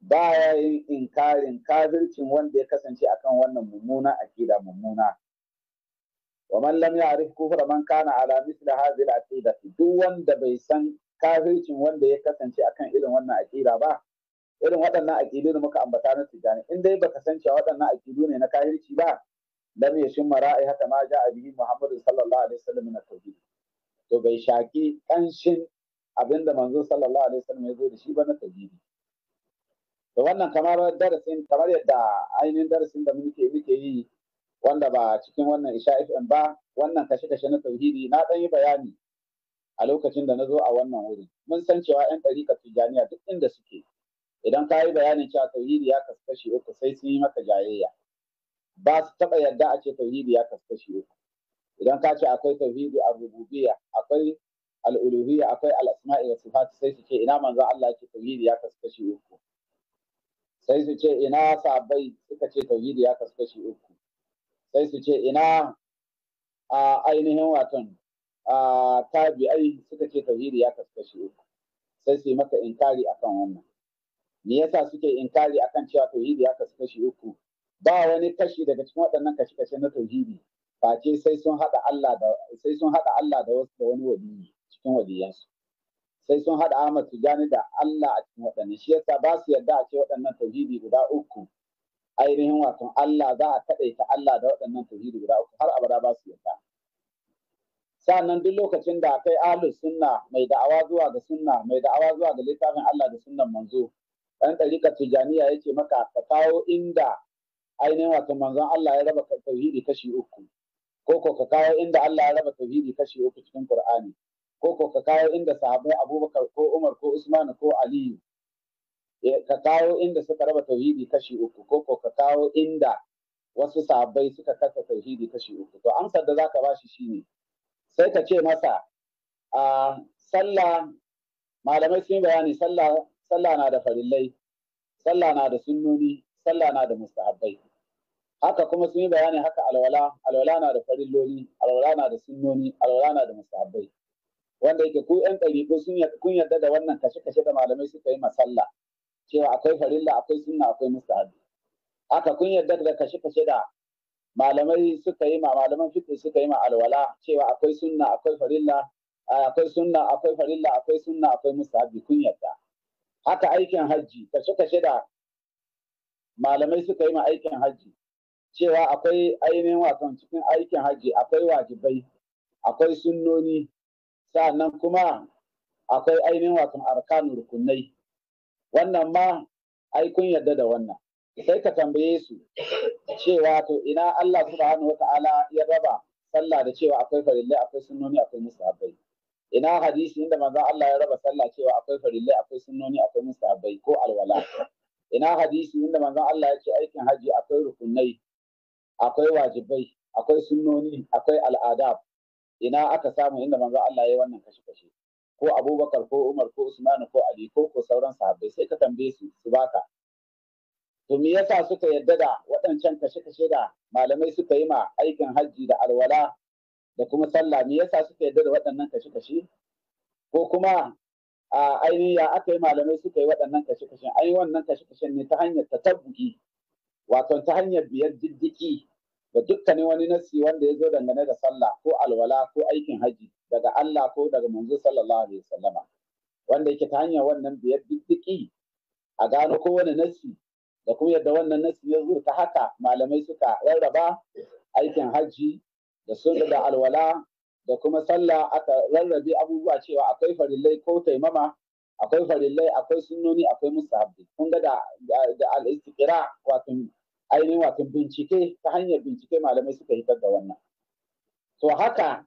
baya yin inkarin kafircin wanda ya kasance akan wannan mummuna aqida mummuna wa man lam ya'rif kufra man kana ala misli hadhihi al-aqidati duk wanda bai san kafircin wanda ya kasance akan irin wannan aqida ba irin waɗannan aƙidu ne muka ambata na tijani in dai baka san cewa waɗannan aƙidu ne na kafirci ba lam yashim ra'iha ma ja'a bihi Muhammad sallallahu alaihi wasallam min tauhid to bai shaki kanshin abinda manzo sallallahu alaihi wasallam ya zo da shi ba na tauhid to wannan kamar darasin kamar yadda ainihin darasin da muke muke yi wanda ba cikin wannan Isha FM ba wannan kashe-kashe na tauhidi na dan yi bayani a lokacin da na zo a wannan wuri mun san cewa yan ɗarika tijaniya duk inda suke idan ka yi bayanin cewa tauhidi ya kasu kashi uku sai sun yi maka jayayya ba su taɓa yarda a ce tauhidi ya kaskashi uku idan ka ce akwai tauhidi a rububiya, akwai al'uluhiya akwai al'asma'i wa sifat sai su ce ina manzo Allah ce tauhidi ya kaskashi uku sai su ce ina sabai suka ce tauhidi ya kaskashi uku sai su ce ina a ainihin watan a tabi'ai suka ce tauhidi ya kaskashi uku sai su yi maka inkari akan wannan me yasa suke inkari akan cewa tauhidi ya kaskashi uku ba wani kashi daga cikin waɗannan kashe-kashe na tauhidi face sai sun haɗa Allah da sai sun haɗa Allah da wasu da wani waliyi cikin waliyansu sai sun haɗa Ahmad Tijani da Allah a cikin waɗannan shi yasa ba su yarda a ce waɗannan tauhidi guda uku ainihin wato Allah za a kaɗaita Allah da waɗannan tauhidi guda uku har abada ba su yarda sannan duk lokacin da kai ahlus sunna mai da'awa zuwa ga sunna mai da'awa zuwa ga littafin Allah da sunnan manzo dan ɗarikar Tijaniya yake maka ka kawo inda Ai ainihin wato manzon Allah ya raba tauhidi kashi uku ko ko ka kawo inda Allah ya raba tauhidi kashi uku cikin Qur'ani ko ko ka kawo inda sahabbai Abubakar ko Umar ko Usman ko Ali ka kawo inda suka raba tauhidi kashi uku ko ko ka kawo inda wasu sahabbai suka kasa tauhidi kashi uku to amsar da zaka bashi shine sai ka ce masa a sallah malamai sun bayani sallah sallah na da farillai sallah na da sunnoni sallah na da mustahabbai haka kuma sun yi bayani haka alwala alwala na da farilloli alwala na da sunnoni alwala na da musahabbai wanda yake ku yan ɗariƙo sun kun yarda da wannan kashe-kashe da malamai suka yi masalla cewa akwai farilla akwai sunna akwai mustahabi haka kun yarda da kashe-kashe da malamai suka yi ma malaman fiqh suka yi ma alwala cewa akwai sunna akwai farilla akwai sunna akwai farilla akwai sunna akwai mustahabi kun yarda haka aikin hajji kashe-kashe da malamai suka yi ma aikin hajji cewa akwai ainihin wasan cikin aikin hajji akwai wajibai akwai sunnoni sa'annan kuma akwai ainihin wasan arkanu rukunai wannan ma ai kun yarda da wannan sai ka tambaye su cewa to ina Allah subhanahu wata'ala ya raba sallah da cewa akwai farillai akwai sunnoni akwai musabai ina hadisi inda manzon Allah ya raba sallah cewa akwai farillai akwai sunnoni akwai musabai ko alwala ina hadisi inda manzon Allah ya ce aikin haji akwai rukunai akwai wajibai akwai sunnoni akwai al'adab ina aka samu inda manzo Allah ya yi wannan kashe kashe ko Abubakar ko Umar ko Usman ko Ali ko ko sauran sahabbai sai ka tambaye su su baka to me yasa suka yarda da waɗancan kashe kashe da malamai suka yi ma aikin hajji da alwala da kuma sallah me yasa suka yarda da waɗannan kashe kashe ko kuma a ainihin ya aka yi malamai suka yi waɗannan kashe kashen an yi wannan kashe kashen ne ta hanyar ta tatabbuki wato ta hanyar biyar diddiki da dukkanin wani nasi wanda ya zo dangane da sallah ko alwala ko aikin haji daga Allah ko daga manzo sallallahu alaihi wasallama wanda yake ta hanyar wannan biyar diddiki a gano kowane nasi da kuma yadda wannan nasi ya zo ta haka malamai suka rarraba aikin haji da sunna da alwala da kuma sallah aka rarrabe abubuwa cewa akwai farillai ko taimama akwai farillai akwai sunnoni akwai mustahabbi kun ga da da al-istiqra wato ainihin wato bincike ta hanyar bincike malamai suka hitar da wannan to haka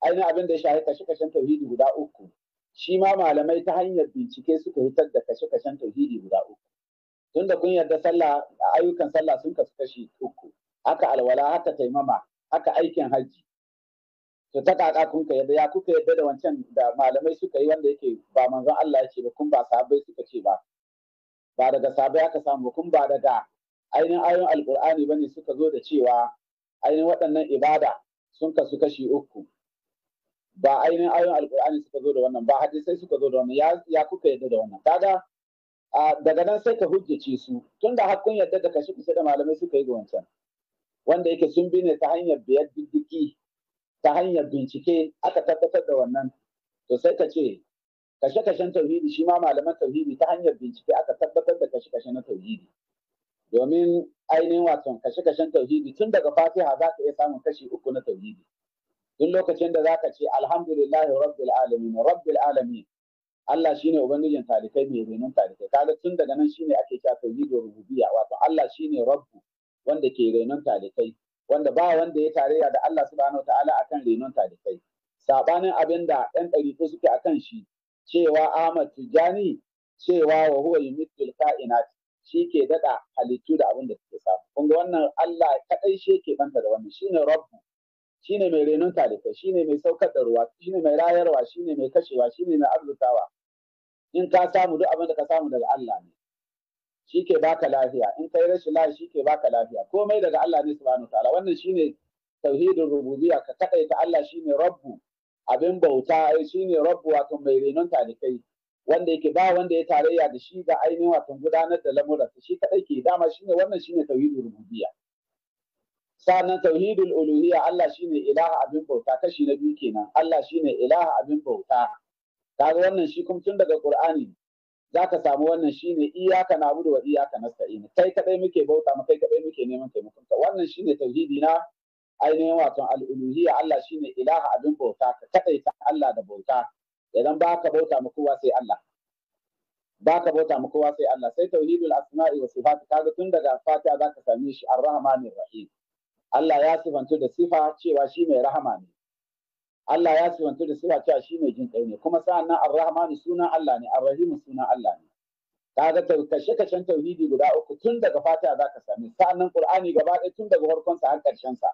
ainihin abin da ya shafi kashe-kashen tauhidi guda uku shi ma malamai ta hanyar bincike suka hitar da kashe-kashen tauhidi guda uku tunda kun yarda sallah ayyukan sallah sun kasu kashi uku haka alwala haka taimama haka aikin hajji to ta kaka kun ka yadda ya kuka yadda da wancan da malamai suka yi wanda yake ba manzon Allah yake ba kun ba sahabbai suka ce ba ba daga sahabbai aka samu kun ba daga ainihin ayoyin alqur'ani bane suka zo da cewa ainihin waɗannan ibada sun kasu kashi uku ba ainihin ayoyin alqur'ani suka zo da wannan ba hadisai suka zo da wannan ya, ya kuka yadda da wannan kaga daga nan sai ka hujjace su tun da hakkun yadda da kashi kusa da malamai suka yi ga wancan wanda yake sun bi ne ta hanyar biyar diddiki ta hanyar bincike aka tabbatar da wannan to sai ka ce kashe-kashen tauhidi shi ma malaman tauhidi ta hanyar bincike aka tabbatar da kashe-kashe na tauhidi domin ainihin wato kashe-kashen tauhidi tun daga fatiha za ka iya samun kashi uku na tauhidi duk lokacin da za ka ce alhamdulillah rabbil alamin rabbil alamin Allah shine ubangijin talikai mai renon talikai kaga tun daga nan shine ake cewa tauhidi rububiyya wato Allah shine rabbu wanda ke renon talikai wanda ba wanda ya tarayya da Allah subhanahu ta'ala akan renon talikai sabanin abin da ɗan ɗariko suke akan shi cewa Ahmad Tijani cewa wa huwa yumitul kainat shi ke daɗa halittu da abin da suke samu kun ga wannan Allah kaɗai shi yake banta da wannan shine rabbu shine mai renon talibai shine mai saukar da ruwa shine mai rayarwa shine mai kashewa shine mai arzutawa in ka samu duk abin da ka samu daga Allah ne shi ke baka lafiya in kai rashin lafiya shi ke baka lafiya komai daga Allah ne subhanahu ta'ala wannan shine tauhidin rububiyya ka kadaita Allah shine rabbu abin bauta eh, shine rabbu wato mai renon talikai wanda yake ba wanda ya tarayya da shi ga ainihin wato gudanar da lamuran shi kadai ke dama shine wannan shine tauhidin rububiyya sannan tauhidul uluhiyya Allah shine ilaha abin bauta kashi na biyu kenan Allah shine ilaha abin bauta kaga wannan shi kuma tun daga Qur'ani za ka samu wannan shine iyaka na abudu wa iyaka nasta'in kai kadai muke bauta ma kai kadai muke neman taimakon ka wannan shine tauhidi na ainihin wato al'uluhiyya Allah shine ilaha abin bauta ka kadai ta Allah da bauta idan ba ka bauta ma kowa sai Allah ba ka bauta ma kowa sai Allah sai tauhidul asma'i wa sifat kaga tun daga fatiha za ka same shi ar-rahmanir rahim Allah ya sifantu da sifa cewa shi mai rahama ne Allah ya sifantu da sifa cewa shi mai jin kai ne kuma sa'an nan ar sunan Allah ne ar-rahimu sunan Allah ne kaga kashe kashen tauhidi guda uku tun daga fatiha zaka sami sa'an nan qur'ani gaba ɗaya tun daga farkon sa har karshen sa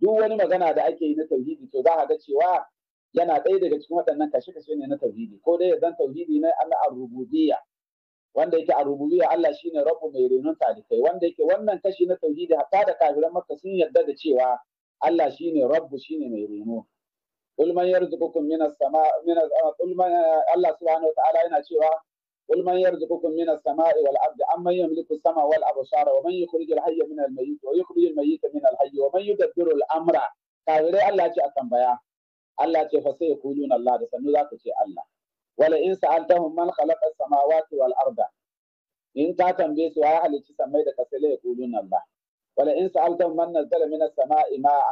duk wani magana da ake yi na tauhidi to za ka ga cewa yana ɗaya daga cikin waɗannan kashe kashe ne na tauhidi ko dai zan tauhidi na Allah ar-rububiyya wanda yake ar-rububiyya Allah shine rabbu mai renon talikai wanda yake wannan kashi na tauhidi hatta da kafiran makka sun yarda da cewa Allah shine rabbu shine mai reno qul man yarzuqukum minas sama'i minas qul man Allah subhanahu wa ta'ala yana cewa قل من يرزقكم من السماء والأرض أمن يملك السماء والأبصار ومن يخرج الحي من الميت ويخرج الميت من الحي ومن يدبر الأمر كاغري الله تي أكن بيا الله تي فسيقولون الله ده سنو ذاك تي الله ولئن سألتهم من خلق السماوات والأرض إن كاتم بيس ويا أهل تي سمي ده كسلي يقولون الله ولئن سألتهم من نزل من السماء ماء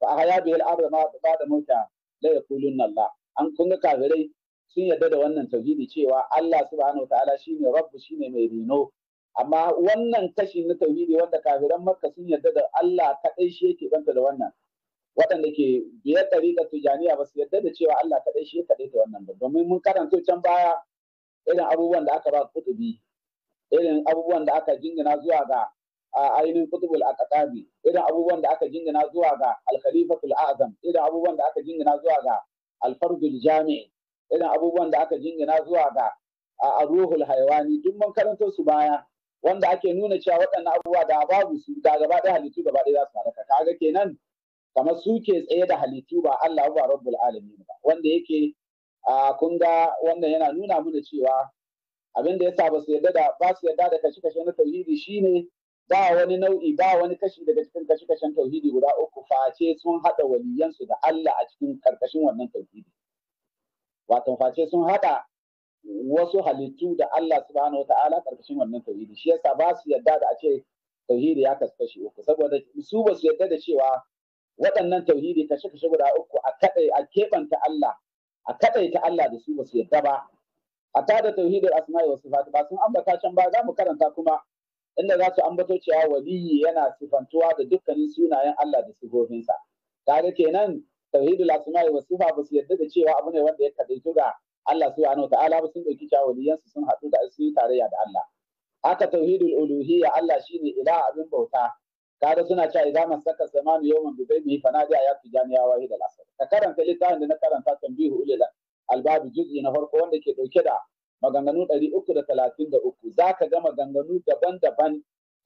fa a haya al-ardh ma mota mauta ya yaqulunna Allah an kun ga kafirai sun yarda da wannan tauhidi cewa Allah subhanahu wataala shine rabbu shine mai rino. amma wannan kashi na tauhidi wanda kafiran makka sun yarda da Allah kadai shi yake banta da wannan waɗanda ke biyar ɗariƙa tijaniya ba su yarda da cewa Allah kaɗai shi kaɗai da wannan ba domin mun karanto can baya irin abubuwan da aka ba kutubi irin abubuwan da aka jingina zuwa ga a ainihin kutubul aqtabi irin abubuwan da aka jingina zuwa ga al-khalifatul azam irin abubuwan da aka jingina zuwa ga al jami' irin abubuwan da aka jingina zuwa ga ruhul haiwani duk mun karanto su baya wanda ake nuna cewa waɗannan abubuwa da babu su ga gaba ɗaya halittu gaba ɗaya za su halaka kaga kenan kamar su ke tsaye da halittu ba Allah ba rabbul alamin ba wanda yake kun ga wannan yana nuna mana cewa abin da yasa ba su yarda da ba su yarda da kashe kashe na tauhidi shine ba wani nau'i ba wani kashi daga cikin kashi-kashen tauhidi guda uku face sun haɗa waliyansu da Allah a cikin karkashin wannan tauhidi wato face sun haɗa wasu halittu da Allah subhanahu wa ta'ala karkashin wannan tauhidi shi yasa ba su yarda da a ce tauhidi ya kashi uku saboda su ba su yarda da cewa waɗannan tauhidi kashe-kashe guda uku a kaɗai a keɓanta Allah a kaɗaita Allah da su ba su yarda ba a tada tauhidin asma'i wa sifat ba sun ambata can ba za mu karanta kuma inda za su ambato cewa waliyi yana sifantuwa da dukkanin sunayen Allah da sigofinsa kaga kenan tauhidul asma'i wa sifa ba su yarda da cewa abu ne wanda ya kadaitu ga Allah subhanahu ta'ala ba sun dauki cewa waliyansu sun haɗu da su tarayya da Allah haka tauhidul uluhiyya Allah shine ila abin bauta kaga suna cewa idan masaka zamanu yawman bi bayni fa nadi ayatu jami'a wahid al asr ka karanta littafin da na karanta tanbihu ulil albabi juz'i na farko wanda ke dauke da maganganu ɗari uku da talatin da uku za ka ga maganganu daban-daban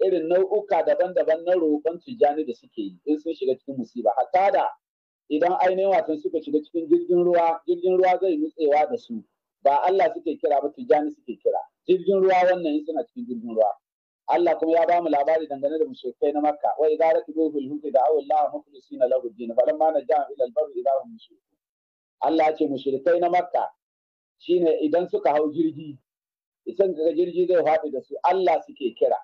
irin nau'uka daban-daban na roƙon tijjani da suke yi in sun shiga cikin musiba hatta da idan ainihin wasan suka shiga cikin jirgin ruwa jirgin ruwa zai nutsewa da su ba Allah suke kira ba tijjani suke kira jirgin ruwa wannan in suna cikin jirgin ruwa Allah kuma ya bamu labari dangane da mushrikai na Makka Wai idza rakibu fil hulki da Allah mukhlisina lahu din falamma najaa ila al barri idza hum Allah ya ce mushirikai na Makka shine idan suka hau jirgi isan ga jirgi zai faɗi da su Allah suke kira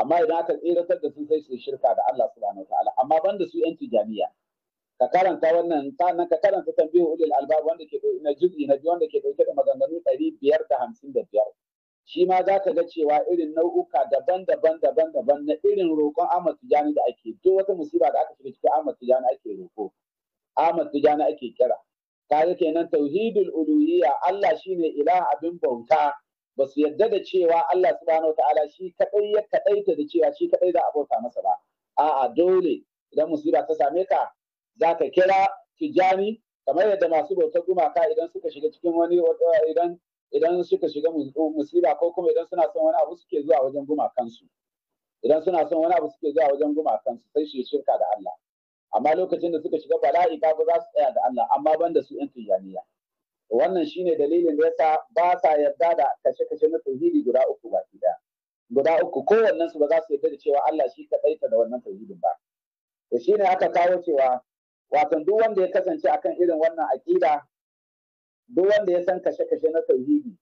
amma idan aka tseratar da su sai su shirka da Allah subhanahu ta'ala. amma banda su yan tijaniya ka karanta wannan sannan ka karanta tambihu ulil albab wanda ke na juz'i na wanda ke dauke da maganganu ɗari biyar da hamsin da biyar shi ma za ka ga cewa irin nau'uka daban-daban daban-daban na irin roƙon Ahmad Tijani da ake duk wata musiba da aka shiga cikin Ahmad Tijani ake roƙo Ahmad Tijani ake kira kaga kenan tauhidul uluhiyya Allah shine ilah abin bauta ba su yadda da cewa Allah subhanahu ta'ala shi kadai ya kadaita da cewa shi kadai za a bauta masa ba a'a dole idan musiba ta same ka zaka kira tijani kamar yadda masu bautar gumaka idan suka shiga cikin wani idan idan suka shiga musiba ko kuma idan suna son wani abu suke zuwa wajen gumakansu idan suna son wani abu suke zuwa wajen gumakansu sai shirka da Allah amma lokacin da suka shiga bala'i ba za su tsaya da Allah amma banda su yan tijaniya wannan shine dalilin da yasa ba sa yarda da kashe-kashe na tauhidi guda uku ba ɗaya. guda uku wannan su ba za su yarda da cewa Allah shi kaɗaita da wannan tauhidin ba to shine aka kawo cewa wato duk wanda ya kasance akan irin wannan aqida duk wanda ya san kashe-kashe na tauhidi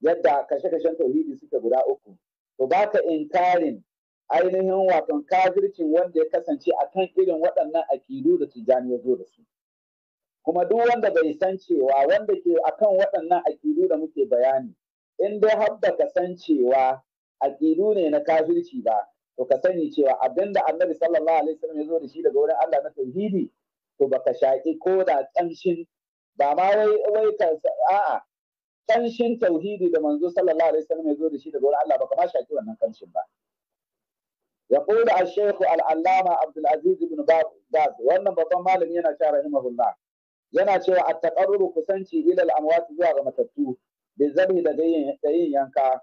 yadda kashe-kashen tauhidi suke guda uku to ba inkarin ainihin wato kafircin wanda ya kasance a kan irin waɗannan aƙidu da tijjani ya zo da su kuma duk wanda bai san cewa wanda ke akan waɗannan aƙidu da muke bayani in dai har ba ka san cewa aƙidu ne na kafirci ba to ka sani cewa abinda annabi sallallahu alaihi wasallam ya zo da shi daga wurin Allah na tauhidi to ba ka shaƙi ko da ƙanshin ba ma wai wai ka a'a ƙanshin tauhidi da manzo sallallahu alaihi wasallam ya zo da shi daga wurin Allah ka ma shaƙi wannan ƙanshin ba يقول الشيخ العلامة عبد العزيز بن باز wannan babban malami yana cewa rahimahullah yana cewa a taqarrubu kusanci ila al-amwat zuwa ga matattu bi zabi da yin yanka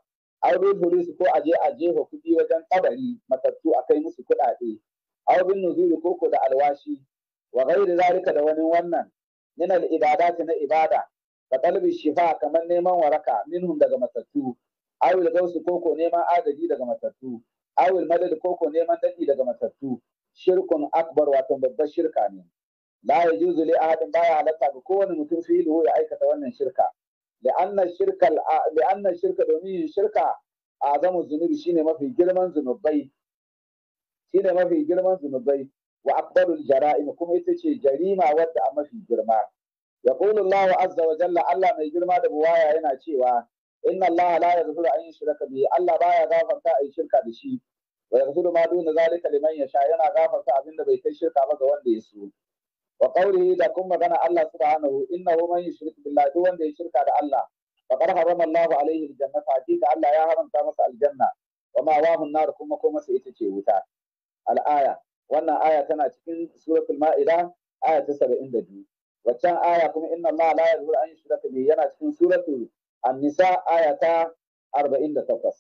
aure buris ko aje a jefa kuɗi wajen kabari matattu a kai musu kuɗaɗe aw bin nuzuri ko da alwashi wa ghairi zalika da wani wannan min al-ibadati na ibada ka talbi shifa kamar neman waraka minhum daga matattu aw al-gausu ko neman agaji daga matattu awil madad koko neman dadi daga matattu shirkun akbar wato babbar shirka ne la yajuzu li ahadin baya halatta ga kowane mutum fi'luhu ya aikata wannan shirka li'anna shirka li'anna shirka domin shirka azamu zunubi shine mafi girman zunubai shine mafi girman zunubai wa akbarul jara'im kuma ita ce jarima wadda a mafi girma Yaƙulullahu Allah azza wa jalla Allah mai girma da buwaya yana cewa inna Allah la yaghfiru an yushraka bihi Allah baya gafarta ai shirka da shi wa yaghfiru ma duna zalika liman yasha yana gafarta abinda bai kai shirka ba ga wanda ya so wa qawlihi da kuma magana Allah subhanahu innahu man yushrik billahi duk wanda ya shirka da Allah faqad harama Allahu alaihi aljannata hakika Allah ya haramta masa aljanna wa ma wahu nar kuma ko masa ita ce wuta al'aya wannan aya tana cikin suratul ma'ida aya ta 72 waccan aya kuma inna Allah la yaghfiru an yushraka bihi yana cikin suratul annisa ayata 48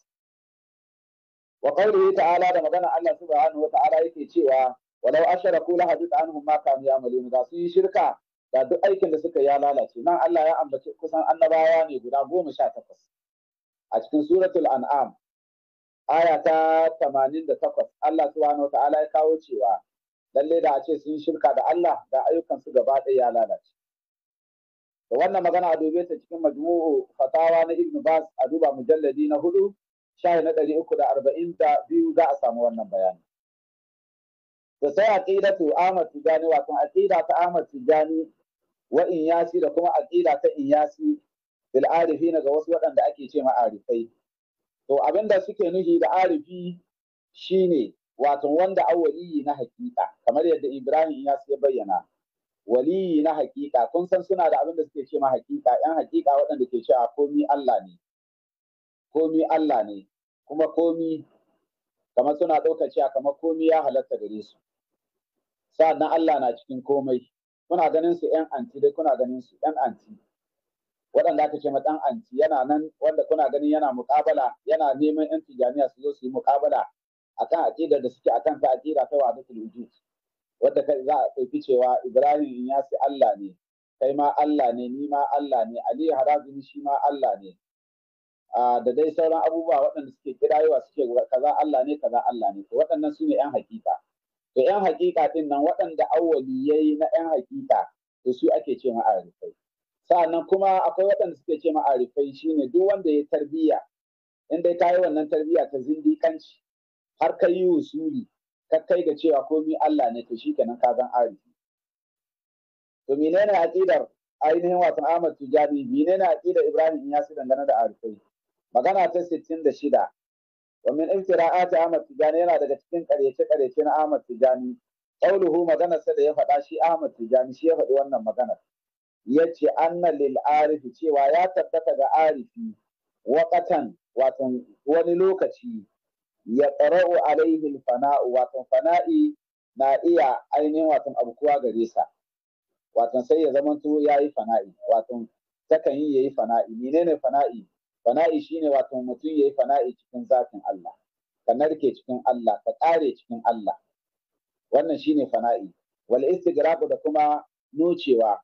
wa qawlihi ta'ala da magana Allah subhanahu wata ala yake cewa walau asharaku la hadith anhum ma kanu ya'malun da su yi shirka da duk aikin da suka ya lalace nan Allah ya ambaci kusan annabawa ne guda goma sha takwas a cikin suratul an'am aya ta tamanin da takwas Allah subhanahu wa ta'ala ya kawo cewa lalle da a ce sun shirka da Allah da ayyukansu gaba ɗaya ya lalace da wannan magana a dube ta cikin majmu'u fatawa na ibn bas a duba mujalladi na hudu shahi na ɗari uku da arba'in da biyu za a samu wannan bayani da sai a ƙida to ahmad tijani wato ƙida ta ahmad tijani wa inyasi da kuma a ƙida ta inyasi bil na ga wasu waɗanda ake ce ma arifai to da suke nuhi da arifi shine wato wanda awwali na hakika kamar yadda ibrahim inyasi ya bayyana waliyi na hakika kun san suna da abin da suke ce ma hakika yan hakika waɗanda ke cewa komi Allah ne komi Allah ne kuma komi kamar suna ɗaukar cewa kamar komi ya halatta gare su sa'annan Allah na cikin komai kuna ganin su yan anti dai kuna ganin su yan anti waɗanda aka ce ma ɗan anti yana nan wanda kuna ganin yana muƙabala yana neman yan tijaniya su zo su yi muƙabala akan aƙidar da suke akan ta aƙida ta wa'adatul wujud wadda kai za a ɗauki cewa Ibrahim in yasi Allah ne kai ma Allah ne ni ma Allah ne Ali Harazimi shi ma Allah ne da dai sauran abubuwa waɗanda suke kirayewa suke kaza Allah ne kaza Allah ne to waɗannan su ne 'yan hakika to 'yan hakika din nan waɗanda yi na 'yan hakika to su ake ce arifai. sa'annan kuma akwai waɗanda suke ce ma shi shine duk wanda ya tarbiya in dai ta wannan tarbiya ta zindikanci har ka yi usuli ka kai ga cewa komi Allah ne to kenan ka zan arziki. to menene aƙidar ainihin wasan Ahmad Tijjani? menene aƙidar Ibrahim in Inyas dangane da arifai magana ta sittin da 66 wa min iftira'ati Ahmad Tijjani yana daga cikin karyace-karyace na Ahmad Tijjani. qauluhu maganar sa da ya faɗa shi Ahmad Tijjani shi ya faɗi wannan maganar Ya anna lil arifi cewa ya tabbata ga arifi waƙatan wato wani lokaci ya tsara'u alaihi fana'u watan fana'i na iya ainihin watan abkuwa gare sa watan sai ya zama to ya yi fana'i watan takan yi ya yi fana'i menene fana'i fana'i shine watan mutum ya yi fana'i cikin zafin Allah ka narke cikin Allah ka ƙare cikin Allah wannan shine fana'i wal istigrabu da kuma nocewa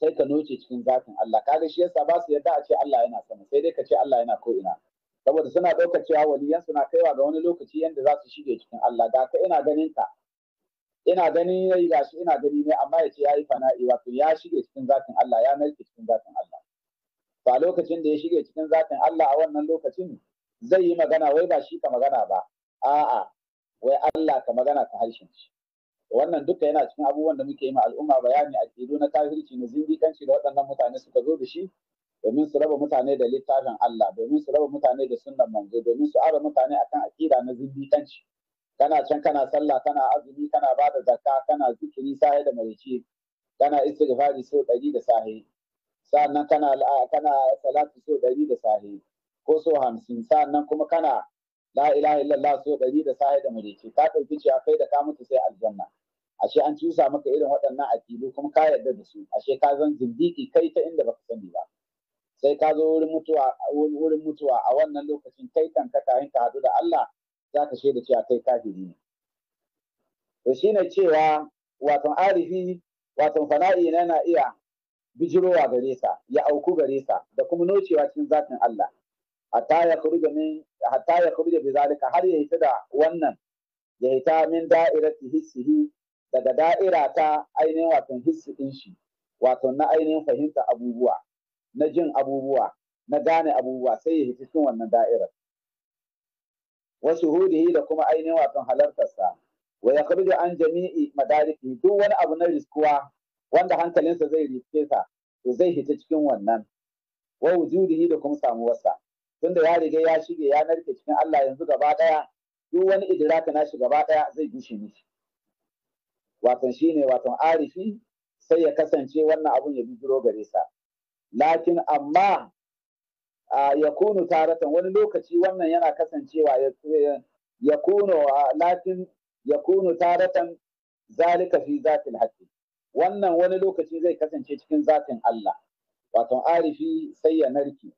sai ka noce cikin zafin Allah kaga shi yasa ba su yadda a ce Allah yana sama sai dai ka ce Allah yana ko ina saboda suna ɗaukar cewa waliyan suna kaiwa ga wani lokaci yadda za su shige cikin Allah ga ka ina ganin ka ina gani ne ga shi ina gani ne amma ya ce ya yi fana'i wato ya shige cikin zatin Allah ya narke cikin zatin Allah ba lokacin da ya shige cikin zatin Allah a wannan lokacin zai yi magana wai ba shi ka magana ba a'a wai Allah ka magana ta harshen shi wannan duka yana cikin abubuwan da muke yi ma al'umma bayani a na kafirci na zindikanci da waɗannan mutane suka zo da shi domin su raba mutane da littafin Allah domin su raba mutane da sunnan manzo domin su ara mutane akan akida na zindikanci kana can kana sallah kana azumi kana ba da zakka kana zikiri sahi da marici kana istighfari so ɗari da sahi sannan kana kana salatu so ɗari da sahi ko so hamsin sannan kuma kana la ilaha illallah so ɗari da sahi da marici ka ɗauki cewa kai da ka mutu sai aljanna ashe an cusa maka irin waɗannan akidu kuma ka yarda da su ashe ka zan zindiki kai ta inda baka sani ba sai ka zo wurin mutuwa a wannan lokacin kai kan ka kayan ka hadu da Allah za ka shaida cewa kai kafiri ne to shine cewa wato arifi wato fana'i na na iya bijirowa gare sa ya auku gare sa da kuma nocewa cikin zatin Allah hatta ya kurga min hatta ya kurga bi zalika har ya hita da wannan ya hita min da'irati hissihi daga da'ira ta ainihin wato hissi din shi wato na ainihin fahimta abubuwa na jin abubuwa na gane abubuwa sai ya hiti cikin wannan da'irar wasu hudihi da kuma ainihin watan halartarsa wa ya kabili an jami'i madariki duk wani abu na riskuwa wanda hankalinsa zai riske sa to zai hita cikin wannan wa wujudihi da kuma samuwarsa tunda ya riga ya shige ya narke cikin Allah yanzu gaba daya duk wani idraka nashi gaba daya zai gushe mishi watan shine watan arifi sai ya kasance wannan abun ya bijiro gare sa lakin amma ya kunu taratan wani lokaci wannan yana kasancewa ya kunu lakin ya kunu taratan zalika fi zatil haqqi wannan wani lokaci zai kasance cikin zatin Allah wato arifi sai ya narki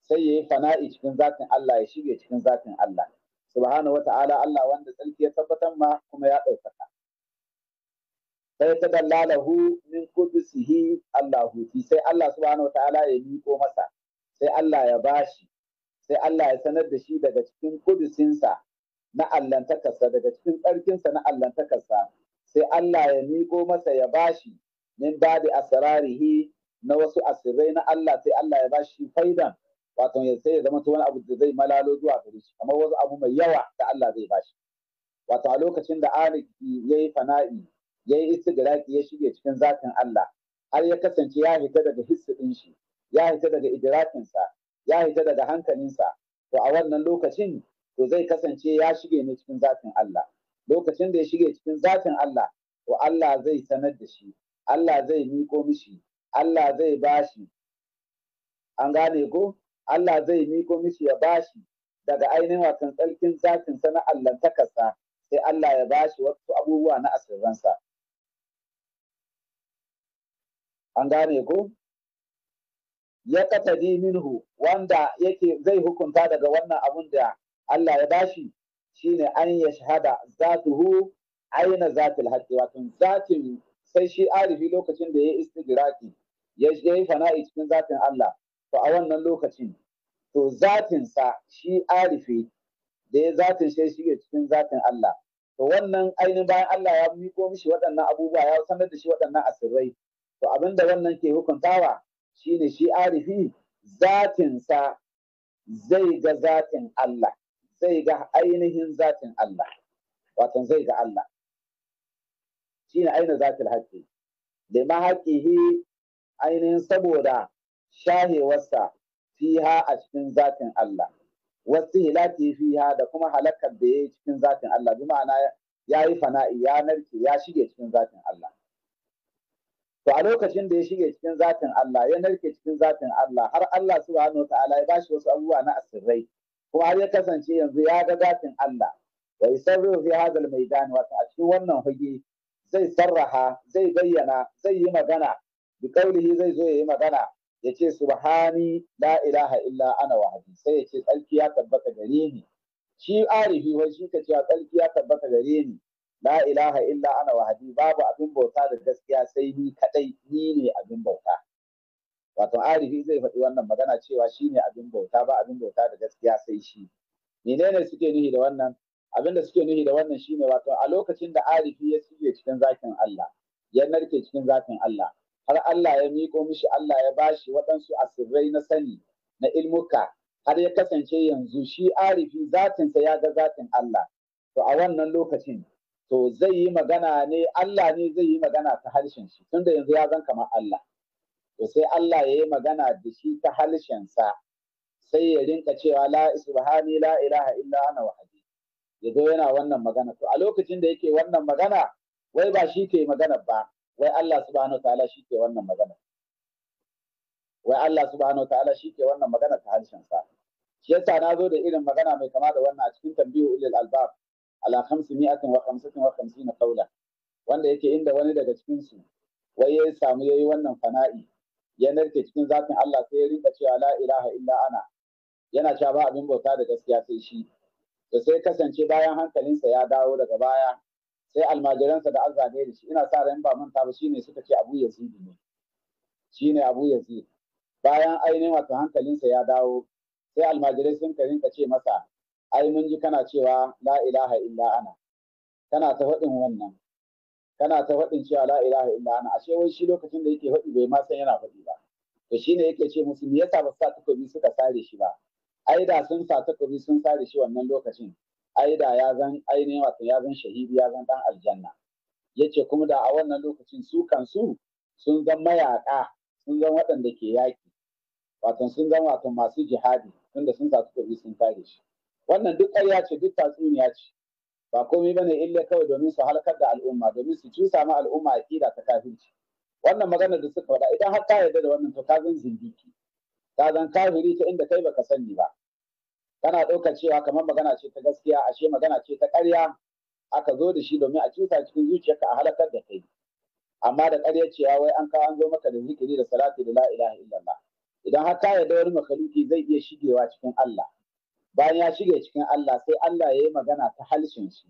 sai ya yi fana'i cikin zatin Allah ya shige cikin zatin Allah subhanahu wata'ala Allah wanda tsarki ya tabbatar ma kuma ya ɗaukaka sai ta dallalahu min qudsihi Allahu sai Allah subhanahu ta'ala ya miko masa sai Allah ya bashi sai Allah ya sanar da shi daga cikin kudusinsa na allantakarsa daga cikin tsarkinsa na allantakarsa sai Allah ya miko masa ya bashi min badi asrarihi na wasu asirai na Allah sai Allah ya bashi faidan wato ya sai ya zama wani abu da zai malalo zuwa gare shi kamar wasu abu mai yawa da Allah zai bashi wato a lokacin da Aliki ya yi fana'i ya yi istidraki ya shige cikin zatin Allah har ya kasance ya hita daga hissi ɗin shi ya hita daga idrakinsa ya hita daga hankalinsa to a wannan lokacin to zai kasance ya shige ne cikin zatin Allah lokacin da ya shige cikin zatin Allah to Allah zai sanar da shi Allah zai miko mishi Allah zai bashi an gane ko Allah zai miko mishi ya bashi daga ainihin watan tsarkin zatin na Allah sai Allah ya bashi wasu abubuwa na asirransa an gane ko ya katadi minhu wanda yake zai hukunta daga wannan abun da Allah ya bashi shine an ya shahada zatuhu aina zatul haqqi wato zatin sai shi arifi lokacin da ya istidraki ya yi fana'i cikin zatin Allah to a wannan lokacin to zatin sa shi arifi da ya zatin shi shi cikin zatin Allah to wannan ainihin bayan Allah ya miko mishi waɗannan abubuwa ya sanar da shi waɗannan asirrai to abin da wannan ke hukuntawa shine shi arifi zatinsa zai ga zatin Allah zai ga ainihin zatin Allah watan zai ga Allah shine aina zatil haqqi lima haqqihi ainihin saboda shahewarsa fiha a cikin zatin Allah wasu hilati fiha da kuma halakar da ya yi cikin zatin Allah bi ma'ana ya yi fana'i ya narke ya shige cikin zatin Allah to a lokacin da ya shige cikin zatin Allah ya narke cikin zatin Allah har Allah subhanahu ta'ala ya bashi wasu abubuwa na asirrai kuma har ya kasance yanzu ya ga zatin Allah wa yusarru fi hadha al-maidan wa a cikin wannan fage zai sarraha zai bayyana zai yi magana bi qawlihi zai zo yi magana yace subhani la ilaha illa ana wahdi sai yace tsarki ya tabbata gare ni shi arifi wai shi ka cewa tsarki ya tabbata gare ni la ilaha illa ana wahadi babu abin bauta da gaskiya sai ni kadai ni ne abin bauta wato arifi zai faɗi wannan magana cewa shi ne abin bauta ba abin bauta da gaskiya sai shi menene suke nuhi da wannan abin da suke nuhi da wannan shine wato a lokacin da arifi ya shige cikin zakin Allah ya narke cikin zakin Allah har Allah ya miko mishi Allah ya bashi waɗansu asirrai na sani na ilmuka har ya kasance yanzu shi arifi zatinsa ya ga zatin Allah to a wannan lokacin to zai yi magana ne Allah ne zai yi magana ta harshen shi tunda yanzu ya zan kamar Allah to sai Allah ya yi magana da shi ta harshen sa sai ya rinka cewa la subhani la ilaha illa ana wahdi ya zo yana wannan magana to a lokacin da yake wannan magana wai ba shi ke magana ba wai Allah subhanahu wa ta'ala shi ke wannan magana wai Allah subhanahu wa ta'ala shi ke wannan magana ta harshen sa shi yasa na zo da irin magana mai kama da wannan a cikin tambihu ulil albab ala khamsi kaula wanda yake inda wani daga cikin su wai ya samu ya yi wannan fana'i ya narke cikin zafin Allah sai ya rinka cewa la ilaha illa ana yana cewa ba abin bauta da gaskiya sai shi to sai kasance bayan hankalinsa ya dawo daga baya sai almajiransa da azzabe da shi ina sa ran ba manta ba shine suka ce Abu Yazid ne shine Abu Yazid bayan ainihin wato hankalinsa ya dawo sai almajirai sun ka rinka ce masa ai mun ji kana cewa la ilaha illa ana kana ta faɗin wannan kana ta faɗin cewa la ilaha illa ana ashe wai shi lokacin da yake faɗi bai ma san yana faɗi ba to shine yake ce musu me yasa ba sa takobi suka sare shi ba ai da sun sa takobi sun sare shi wannan lokacin ai da ya zan ne wato ya zan shahidi ya zan dan aljanna yace kuma da a wannan lokacin su kansu sun zan mayaka sun zan waɗanda ke yaƙi wato sun zan wato masu jihadi tunda sun sa takobi sun sare shi wannan duk ƙarya ce duk tatsuniya ce ba komai bane illa kawai domin su halakar da al'umma domin su cusa ma al'umma a aqida ta kafirci wannan magana da suka faɗa idan har ka yarda da wannan to ka zan zindiki ka zan kafiri ta inda kai baka sani ba kana ɗaukar cewa kamar magana ce ta gaskiya ashe magana ce ta ƙarya aka zo da shi domin a cusa cikin zuciyarka a halakar da kai amma da ƙarya cewa wai an kawo an zo maka da zikiri da salati da la ilaha illallah idan har ka yarda wani makaluki zai iya shigewa cikin Allah bayan ya shige cikin Allah sai Allah ya yi magana ta halshin shi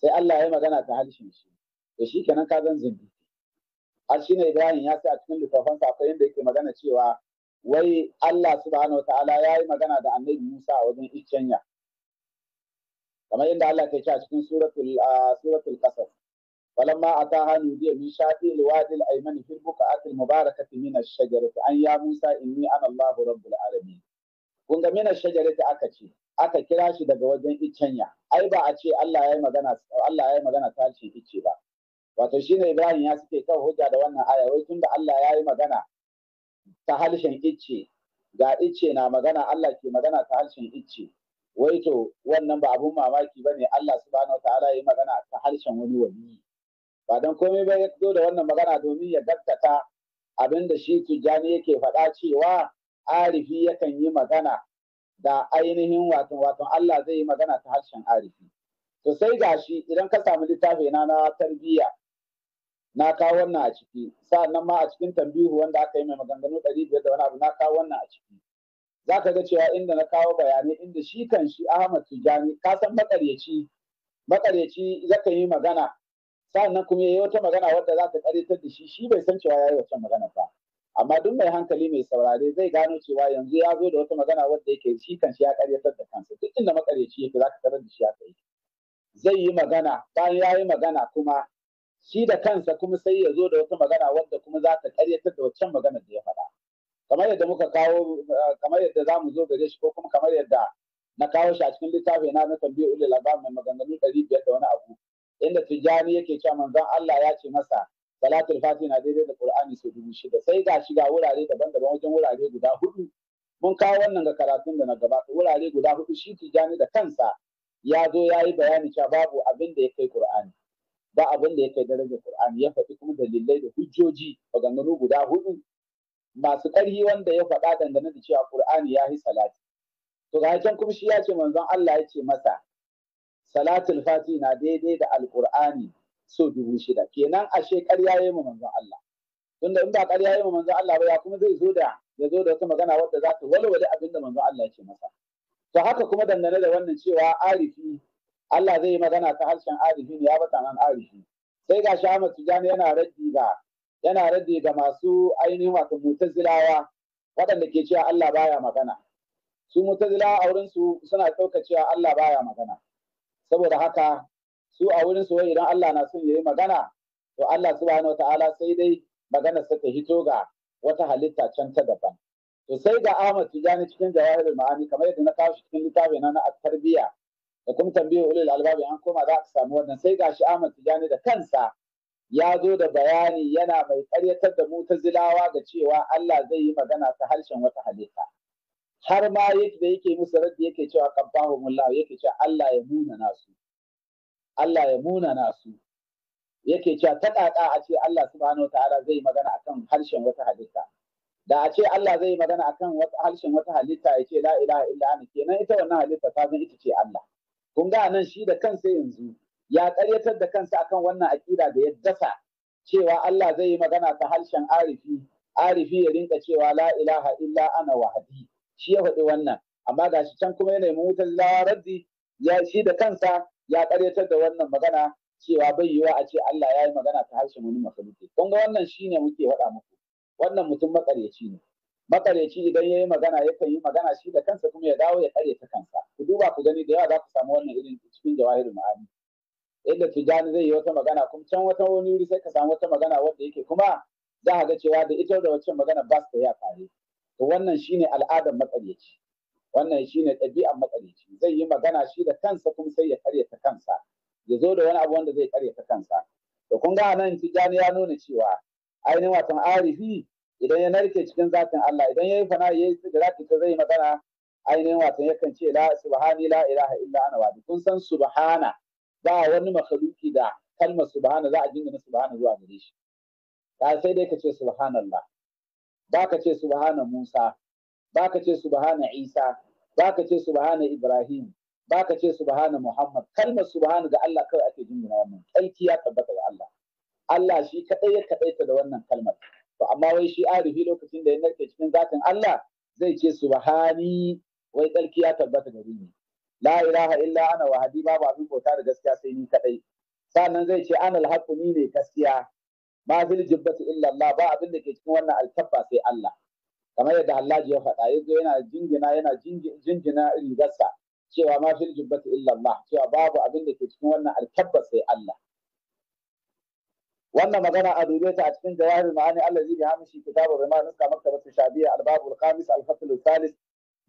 sai Allah ya yi magana ta shi to shi kenan ka zan zindi har shine Ibrahim ya sa a cikin littafansa akwai yadda yake magana cewa wai Allah subhanahu ta'ala ya yi magana da annabi Musa a wajen iccenya kamar yadda Allah ke ce a cikin suratul suratul qasas فلما أتاها نودي من شاطئ الوادي الأيمن في البقعة المباركة من الشجرة أن ya Musa إني أنا الله رب العالمين kun ga mina da aka ce aka kira shi daga wajen icenya ai ba a ce Allah ya yi magana Allah ya yi magana ta ce ice ba wato shine Ibrahim ya suke kan hujja da wannan aya wai tunda Allah ya yi magana ta harshen ice ga ice na magana Allah ke magana ta harshen ice wai to wannan ba abun mamaki bane Allah subhanahu wataala ya yi magana ta harshen wani wani. ba dan komai ba ya zo da wannan magana domin ya gaskata abin da shi tijjani yake faɗa cewa arifi yakan yi magana da ainihin wato wato Allah zai yi magana ta harshen arifi to sai gashi idan ka samu littafi na na tarbiyya na kawo wannan a ciki sa'annan ma a cikin tambihu wanda aka yi mai maganganu ɗari biyar da wani abu na kawo wannan a ciki zaka ga cewa inda na kawo bayanai inda shi kan shi Ahmad Tijani ka san makaryaci makaryaci zaka yi magana sa'annan kuma yayi wata magana wadda zaka ta da shi shi bai san cewa yayi wata magana ba amma duk mai hankali mai saurare zai gano cewa yanzu ya zo da wata magana wadda yake shi kan shi ya karyatar da kansa duk inda makaryaci yake za ka tarar da shi ya kai zai yi magana bayan ya yi magana kuma shi da kansa kuma sai ya zo da wata magana wadda kuma za ta karyatar da waccan magana da ya faɗa kamar yadda muka kawo kamar yadda za mu zo gare shi ko kuma kamar yadda na kawo shi a cikin littafi na na tambayi ulil albab mai maganganu ɗari biyar da wani abu inda tijjani yake cewa manzon Allah ya ce masa salatul fati na daidai da qur'ani sau dubu shida sai ga shiga wurare daban-daban wajen wurare guda hudu mun kawo wannan ga karatun da na gabata wurare guda hudu shi tijani da kansa ya zo ya yi bayani cewa babu abin da ya kai qur'ani ba abin da ya kai daraja qur'ani ya faɗi kuma dalilai da hujjoji maganganu guda hudu masu ƙarfi wanda ya faɗa dangane da cewa qur'ani ya yi salati to ga can kuma shi ya ce manzon Allah ya ce masa salatul fati na daidai da alqur'ani so dubu shida kenan ashe ƙarya ya yi ma manzon Allah tunda in ba ƙarya ya yi ma manzon Allah ba ya kuma zai zo da ya zo da wata magana wadda za ta walwale abin da manzon Allah ya ce masa to haka kuma dangane da wannan cewa arifi Allah zai yi magana ta harshen arifi ne ya bata nan arifi sai ga Ahmad Tijani yana raddi ga yana raddi ga masu ainihin wato mutazilawa waɗanda ke cewa Allah baya magana su mutazilawa a wurin su suna ɗauka Allah baya magana saboda haka su a wurin su idan Allah na son yayi magana to Allah subhanahu wataala sai dai magana suka hito ga wata halitta can ta daban to sai ga Ahmad Tijani cikin jawahirul ma'ani kamar yadda na kawo cikin littafi na na tarbiyya da kuma tambayi ulul albabi an koma za a samu wannan sai ga shi Ahmad Tijani da kansa ya zo da bayani yana mai karyatar da mu ta zilawa ga cewa Allah zai yi magana ta harshen wata halitta har ma yadda da yake musu raddi yake cewa qabbahu mullah yake cewa Allah ya nuna nasu Allah ya munana su yake cewa ta kaka a ce Allah subhanahu ta'ala zai magana akan harshen wata halitta da a ce Allah zai magana akan harshen wata halitta ya ce la ilaha illa ana kenan ita wannan halitta ta zan ita ce Allah kun ga nan shi da kansa yanzu ya karyatar da kansa akan wannan aƙida da ya dasa cewa Allah zai yi magana ta harshen arifi arifi ya rinka cewa la ilaha illa ana wahadi shi ya faɗi wannan amma ga shi can kuma yana yi lawa raddi ya shi da kansa ya karyatar da wannan magana cewa bai yiwa a ce Allah ya yi magana ta harshen wani makhluki kun ga wannan shi ne muke faɗa muku wannan mutum makaryaci ne makaryaci idan ya yi magana ya yi magana shi da kansa kuma ya dawo ya ta kansa ku duba ku gani da yawa za ku samu wannan irin cikin jawahirul ma'ani yadda tijani zai yi wata magana kuma can wata wani wuri sai ka samu wata magana wanda yake kuma za a ga cewa da ita da wacce magana ba su da ya fare to wannan shi ne al'adar makaryaci wannan shine ɗabi'an maƙaryaci zai yi magana shi da kansa kuma sai ya karya ta kansa ya zo da wani abu wanda zai karya ta kansa to kun ga nan tijani ya nuna cewa ainihin watan arifi idan ya narke cikin zatin Allah idan ya yi fana ya yi sigarati ta zai magana ainihin watan yakan ce la subhani la ilaha illa ana wadi kun san subhana ba wani makhluki da kalmar subhana za a jingina subhana zuwa gare shi sai dai ka ce subhanallah ba ka ce subhana Musa ba ka ce subhana isa ba ka ce subhana ibrahim ba ka ce subhana muhammad kalmar subhana ga allah kawai ake jingina wannan kalki ya tabbata ga allah allah shi kadai ya kadaita da wannan kalmar to amma wai shi arifi lokacin da ya narke cikin zatin allah zai ce subhani wai kalki ya tabbata gare ni la ilaha illa ana wahadi babu abin bauta da gaskiya sai ni kadai sannan zai ce anal haqqu ni ne gaskiya ma zil jibbatu illa allah ba abin da ke cikin wannan alkabba sai allah kamar yadda Hallaji ya faɗa ya zo yana jingina yana jingina rigarsa cewa ma fil jubbati illa Allah cewa babu abin da ke cikin wannan alkabba sai Allah wannan magana a dube ta a cikin jawahirul ma'ani allazi bi hamishi kitabu rima nuska maktabatu shabiya albabul khamis alfasl thalith